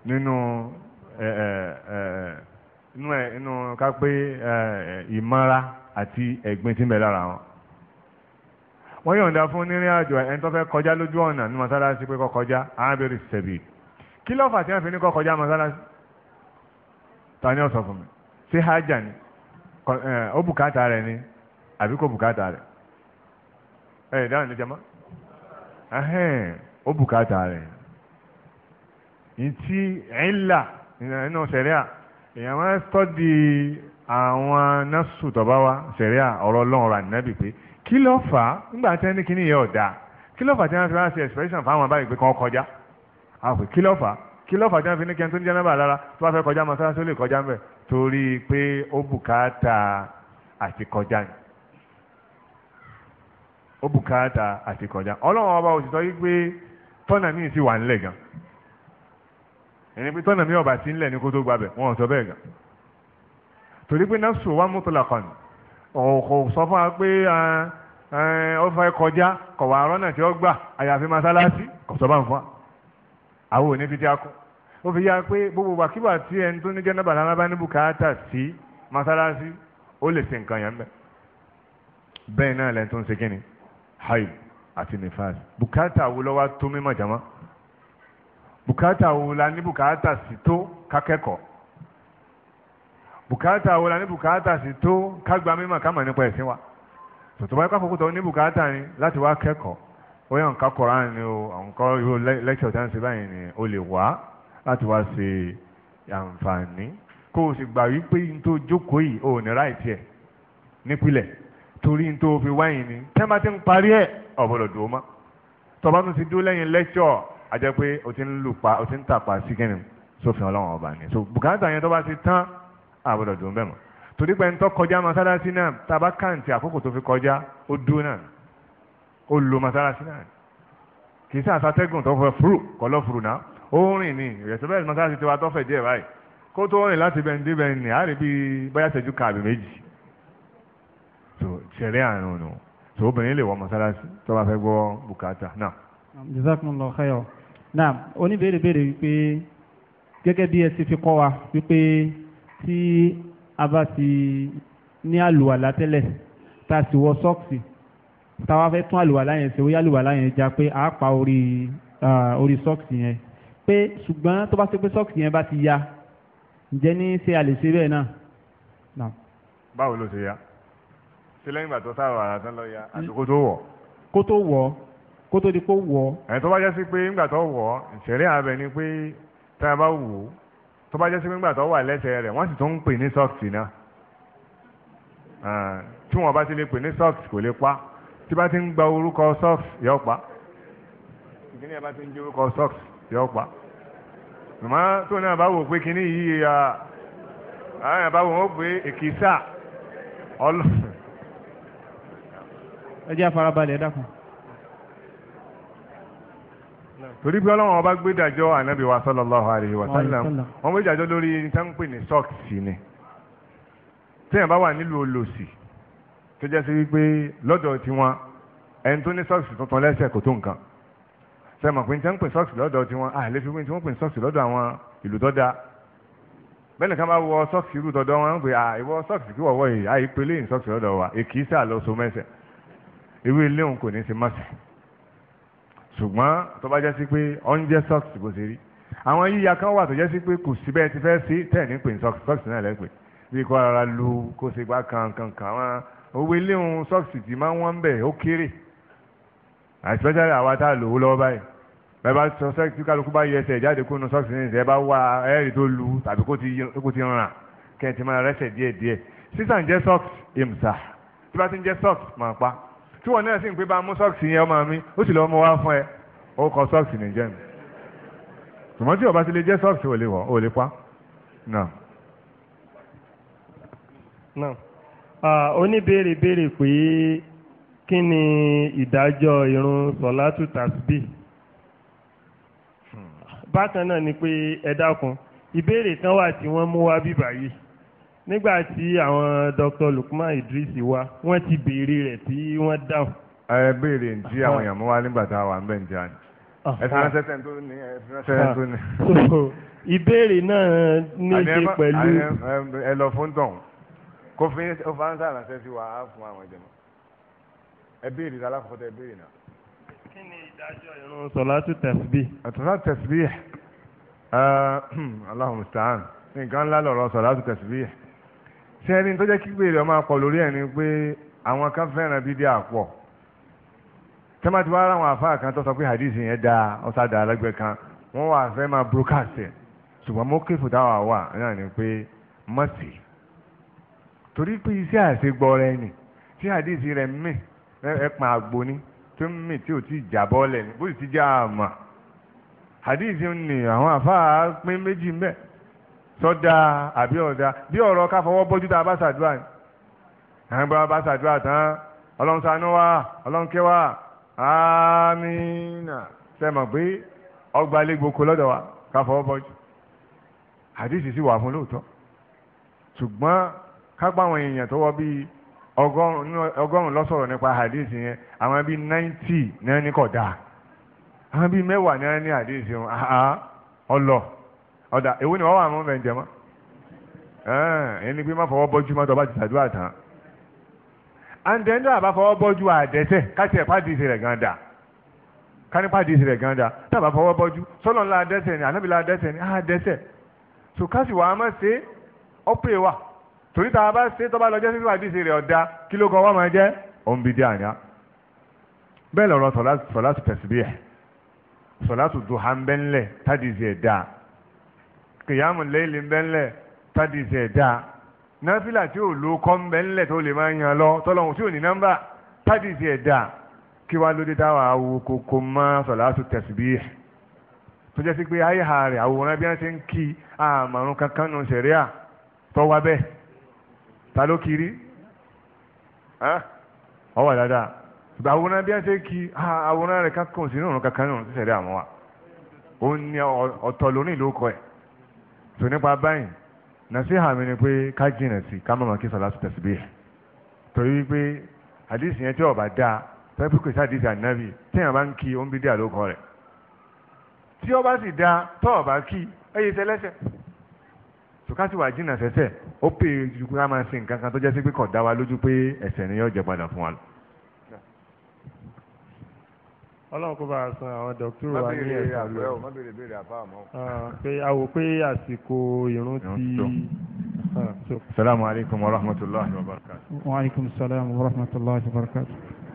nínú inú ẹ inú ká pé ìmọ́ra àti ẹ̀gbin tí ń bẹ lára wọn. wọ́n yọ̀ǹda fún nírìn àjò ẹni tó fẹ́ kọjá lójú ọ̀nà ní mọ́sálásí pé kọ́ kọjá arábìnrin sẹ̀bì kí ló fà tí wọ́n fi ní kọ́ kọjá mọ́sálásí ta ni fún mi ṣé hájà ni O bùkátà rẹ̀ ni àbí kò bùkátà rẹ̀ ẹ̀ dáhùn ní jama ó bùkátà rẹ̀ ìtì ẹ̀ńlá nínú sẹ̀ríà èèyàn máa ń tọ́dí àwọn násù tọ́ba wa sẹ̀ríà ọ̀rọ̀ ọlọ́run rà nínábì pé kí ló fà á nígbà tí ẹni kíní yẹ ọ̀dà kí ló fà á tí wọ́n fi wá sí expression fáwọn báyìí pé kàn kọjá àwọn pé kí ló fà á kí ló fà á tí wọ́n fi ní kí ẹni tó ń jẹ́ náà bà lára tó bá fẹ́ kọjá mọ́ sára tó lè kọjá ń bẹ̀ torí pé ó bùkátà àti kọjá ni ó bùkátà àti kọjá ọlọ́run ọba òtítọ́ yí pé tọ́nà míì sì wà ńlẹ̀ gan ẹni pé tọ́nà míì ọba sí ńlẹ̀ ní kó tó gbabẹ̀ wọn ò sọ bẹ́ẹ̀ gan torí pé nafsu wa mutlaqan ọ̀kọ̀ sọ fún wa pé ó fẹ́ kọjá kọ̀wá arọ́nà tí ó gbà àyàfi masalasi kọ̀sọ́ bá ń fún àwọn ò fi ti akọ ó fi ya pé gbogbo wàkíwà tí ẹni tó ní jẹ́nàbà lára bá ní bùkátà sí masalasi ó lè ṣe nǹkan yẹn bẹ́ẹ̀ bẹ́ẹ̀ náà lẹ́ni tó ń ṣe kíni haib àti nifas bùkátà wo lọ́wọ́ tó mímọ̀ jama bùkátà wo la ní bùkátà sí tó kakẹ́kọ̀ọ́ bùkátà wo la ní bùkátà sí tó kágbá mímọ̀ ká nípa ẹ̀sìn wa tòtò báyìí káfọ́ kútó ní bùkátà ni láti wá kẹ́kọ̀ọ́ ó yàn ká Kùránì ni o àwọn kọ́ irú lẹ́kṣọ̀ tí wọ́n ń ṣe báyìí ni o lè wá láti wá ṣe àǹfààní kó o sì gbà wípé n tó jókòó yìí ò ní ráìtì ẹ̀ nípìnlẹ̀ torí n tó fi wáyìn ni tẹ́ bá ti ń parí ẹ̀ ọ̀bọ̀dọ̀ dùn ó mọ́ tọ́ba tún ti dúró lẹ́yìn lẹ́kṣọ̀ àjẹ́ pé o ti ń lù o ti ń tàpá sí kẹ́ni sófin ọlọ́run ọba ni so bùkátà yẹn tó bá ti tán àbọ̀dọ̀ dùn bẹ́ẹ̀ mọ́ torí pé ń tọ́ kọjá masalasi náà taba kàǹtì àkókò tó fi kọjá ó dúró náà ó lo masalasi náà kì í sàtàtẹ́gùn tó fẹ́ fúrú kọ́lọ́ fúrú náà ó rìn ní ìrẹsẹ̀ bẹ́ẹ̀ mọ́sáàsì tiwa tọ́fẹ̀ díẹ̀ báyìí kó tó rìn láti bẹ́ẹ̀ dé bẹ́ẹ̀ ní àárẹ̀ bíi bóyá ṣẹ́jú kan àbí méjì tó ṣẹlẹ̀ àrùn nù tó obìnrin lè wọ mọ́sáàsì tó bá fẹ́ gbọ́ bùkátà náà. jazakumullahu khayr náà oníbèrè bèrè wípé gẹ́gẹ́ bí ẹ ti fi kọ́ wa wípé tí a bá ti ní àlùwàlá tẹ́lẹ̀ tá a sì wọ sọ́ọ̀kì táwa fẹ́ tún àlùwàlá yẹn ṣe ó àlùwàlá yẹn já pé àá pa orí orí yẹn pé ṣùgbọ́n tó bá ṣe pé sọ́ọ̀kì yẹn bá ti ya ǹjẹ́ ní ṣe a lè ṣe bẹ́ẹ̀ náà. báwo ló ṣe ya ṣe lẹ́yìn ìgbà tó sáàrọ̀ àrà tán lọ ya àti kó tó wọ̀. kó tó wọ̀ kó tó di kó wọ̀. ẹ̀ tó bá jẹ́ sí pé ńgbà tó wọ̀ ìṣẹ̀lẹ̀ abẹ ni pé tá a bá wò ó tó bá jẹ́ sí pé ńgbà tó wà lẹ́sẹ̀ rẹ̀ wọ́n sì tún ń pè ní sọ́ọ̀kì náà tí wọ́n bá ti lè pè ní sọ́ọ̀kì kò lè pa tí bá ti ń gba orúkọ sọ́ọ̀kì yọ pa ìdílé bá ti ń jẹ́ orúkọ sọ́ọ̀kì yọ pa màmá tó náà bá wò pé kínní yìí ya àwọn yàrá bá wò ó pé èkìsà ọlọ. ẹ jẹ́ àfarabalẹ̀ ẹ dákun. torí pé ọlọ́run ọba gbé ìdájọ́ ànábì wa sallallahu alaihi wa sallam wọ́n gbé ìdájọ́ lórí ẹni tá ń pè ní sọ́ọ̀kì ni téèyàn bá wà nílùú olòṣì tó jẹ́ sí wípé lọ́dọ̀ tiwọn ẹni tó ní sọ́ọ̀kì tuntun lẹ́sẹ̀ kò tó nǹkan sẹ́mọ̀ pé tí wọ́n ń pè sọ́ọ̀sì lọ́dọ̀ tí wọ́n àlẹ́ fi pé tí wọ́n ń pè sọ́ọ̀sì lọ́dọ̀ àwọn ìlú tó dáa bẹ́ẹ̀ nìkan bá wọ sọ́ọ̀sì irú tọ́dọ̀ wọn ń pè à ìwọ sọ́ọ̀sì kí wọ́wọ́ yìí àyè pé léyìn sọ́ọ̀sì lọ́dọ̀ wa èkì sà lọ so mẹ́sẹ̀ ewé ilé òun kò ní ti mọ́sẹ̀ ṣùgbọ́n tó bá jẹ́ sí pé ọ́n jẹ́ sọ́ọ̀sì bó ṣe rí àwọn yíya kan wà tó jẹ́ sí pé kò sí bẹ́ẹ̀ ti fẹ́ sí tẹ̀ ní pè sọ́ọ̀sì sọ́ọ̀sì náà lẹ́pẹ́ bí kò rárá lu kó ṣe gbá kankan kan àwọn owó ilé òun sọ́ọ̀sì ti máa wọ́n bẹ̀ ó kéré especially àwa tá a lò ó lọ́wọ́ báyìí bẹ́ẹ̀ bá sọ sẹ́ẹ̀kì kálukú bá yẹ ẹsẹ̀ jáde kó nu sọ́ọ̀sì ní ìṣẹ́ bá wá ẹ̀rì tó lu tàbí kó ti ràn kẹ́ ẹ̀ ti máa rẹ́sẹ̀ díẹ̀ díẹ̀ sísan jẹ́ sọ́ọ̀sì ìmùsà tí bá ti ń jẹ́ sọ́ọ̀sì máa pa tí wọn náà sì ń pé bá mú sọ́ọ̀sì yẹn ọmọ mi ó sì lọ́ọ́ mọ wá fún ẹ ó kọ sọ́ọ̀sì nìjẹ́ mi ṣùgbọ́n tí ọba ti lè jẹ́ sọ́ọ̀sì ò lè wọ̀ ò lè pa ah, oníbèrè béèrè pé kí ni ìdájọ́ irun sọ̀látù tàbí hmm. bákan náà ni pé ẹ dákun ìbéèrè kan wà tí wọ́n mú wá bí báyìí nígbà tí àwọn Dr. Lukman Idris wá wọ́n ti béèrè rẹ̀ tí wọ́n dáhùn. ẹ béèrè ní tí àwọn èèyàn mú wá nígbà tá a wà ń bẹ̀ ń jẹ́ àná ẹ fi ránṣẹ́ tẹ̀ tó ní ẹ fi ránṣẹ́ tó ní. ìbéèrè náà ní ṣe pẹ̀lú. ẹ lọ fún tọ̀hún kó fi ó fa sí wa á fún àwọn ìjọba. ẹbéèrè rárá kọ́kọ́ tẹ ẹbéèrè kí ni ìdájọ́ ìrun sọ̀látù tẹ̀síbí. sọ̀látù tẹ̀síbí aláhùn sàn nǹkan ńlá lọ̀rọ̀ sọ̀látù tẹ̀síbí. ṣé ẹni tó jẹ́ kí gbèrè ọmọ akọ lórí ẹni pé àwọn kan fẹ́ràn bíi dé àpọ̀ tẹ́mátì wá ráwọn àfáà kan tó sọ pé hadith yẹn dáa ọ̀sá dáa lẹ́gbẹ̀ẹ́ kan wọ́n wà fẹ́ máa broadcast ṣùgbọ́n mo kéfù táwa wà náà ni pé torí pé iṣẹ́ àṣegbọ́ rẹ ni tí hadith rẹ̀ mìíràn ẹ pọn àgbo ni tó ń mì tí ò tí jà bọ́ọ̀lẹ̀ ni bó sì ti já a mọ̀ hadith ni àwọn àfáà pín méjì mbẹ sọdá àbí ọdá bí ọ̀rọ̀ ká fọwọ́ bójú tá a bá ṣàdúrà ni àwọn bá bá ṣàdúrà tán ọlọ́run ṣàánú wa ọlọ́run kẹ́ wa amínà sẹ́mọ̀ pé ọgbà lẹ́gbọ̀kọ lọ́dọ̀ wa ká fọwọ́ bójú hadith sì wà fún lóòótọ́ ṣùgbọ́n ká gbà àwọn èèyàn tọwọ́ bíi ọgọ́rùn-ún ló sọ̀rọ̀ nípa hadith yẹn àwọn bíi ninety náà ní kódà àwọn bíi mẹ́wàá náà ní hadith yẹn ọlọ ọ̀dà èwo ni wọ́n wà mọ́ mẹ́jẹ mọ́ ẹni pé má fọwọ́ bọ́jú mọ́tò bá ti ṣàdúrà tán àǹdẹ̀ńdà bá fọwọ́ bọ́jú àdẹ́tẹ̀ káṣí ẹ̀pá dìísì rẹ̀ gan dà kánípá dìísì rẹ̀ gan dà tábà fọwọ́ bọ́jú sọ́lọ́ńlá adẹ́sẹ̀ ni ànábìlá adẹ́sẹ̀ ni àdẹ́sẹ̀ so káṣí wàá mọ̀ sí ọ́pẹ́ wà torí tá a bá ṣe tó bá lọ jẹ́ sí wàá díṣe rẹ̀ ọ̀dà kí ló kọ́ wọ́n máa jẹ́ òun bìí díà yá bẹ́ẹ̀ lọ́rọ̀ sọ̀látù tẹ̀síbí ẹ̀ sọ̀látù duha ń bẹ́ńlẹ̀ tádìsí ẹ̀ kìyàmù lẹ́yìn bẹ́ńlẹ̀ tádìsí ẹ̀ náfìlà tí ò lo kọ́ ń bẹ́ńlẹ̀ tó lè máa yan lọ tọ́lọ́hún tí ò ní nọ́mbà tádìsí ẹ̀ dáa kí wàá lóde táwa awo koko mọ́ sọ̀látù tẹ̀síbí ẹ̀ tó jẹ́ sí pé ayé ha rẹ̀ àwòrán bí wọ́n ti ń kí àmàrún kankan nù sẹ̀ríà tọ́wá bẹ́ẹ̀ ta ló kiri ọ wà dáadáa ṣùgbọ́n àwòrán bí a ṣe kí àwòrán rẹ̀ kankan sínú òun kankan nínú sísẹ̀rẹ̀ àwọn wa ó ní ọ̀tọ̀ kọ ẹ̀ nípa báyìí ni pé ká jìnà sí ká mọ̀mọ́ kí sọ̀lá tẹ̀sí bí ẹ̀ torí wípé àdìsí yẹn tí ọ̀bà dáa pẹ́pẹ́ kò sí àdìsí ànábì bá ń kí ó ń bí ọba sì dáa tọ́ sùkásì wà jìnnà sẹ́sẹ̀ ó pè é ju ká máa sin nǹkan kan tó jẹ́ sí pé kò dá wa lójú pé ẹ̀ṣẹ̀ ni yóò jẹ padà fún wa. ọlọ́run kó bá a san àwọn dọ́kítọ́rù wa ní ẹ̀sán lọ ah, pé a wò pé àsìkò ìrun ti. السلام عليكم ورحمة الله وبركاته وعليكم السلام ورحمة الله وبركاته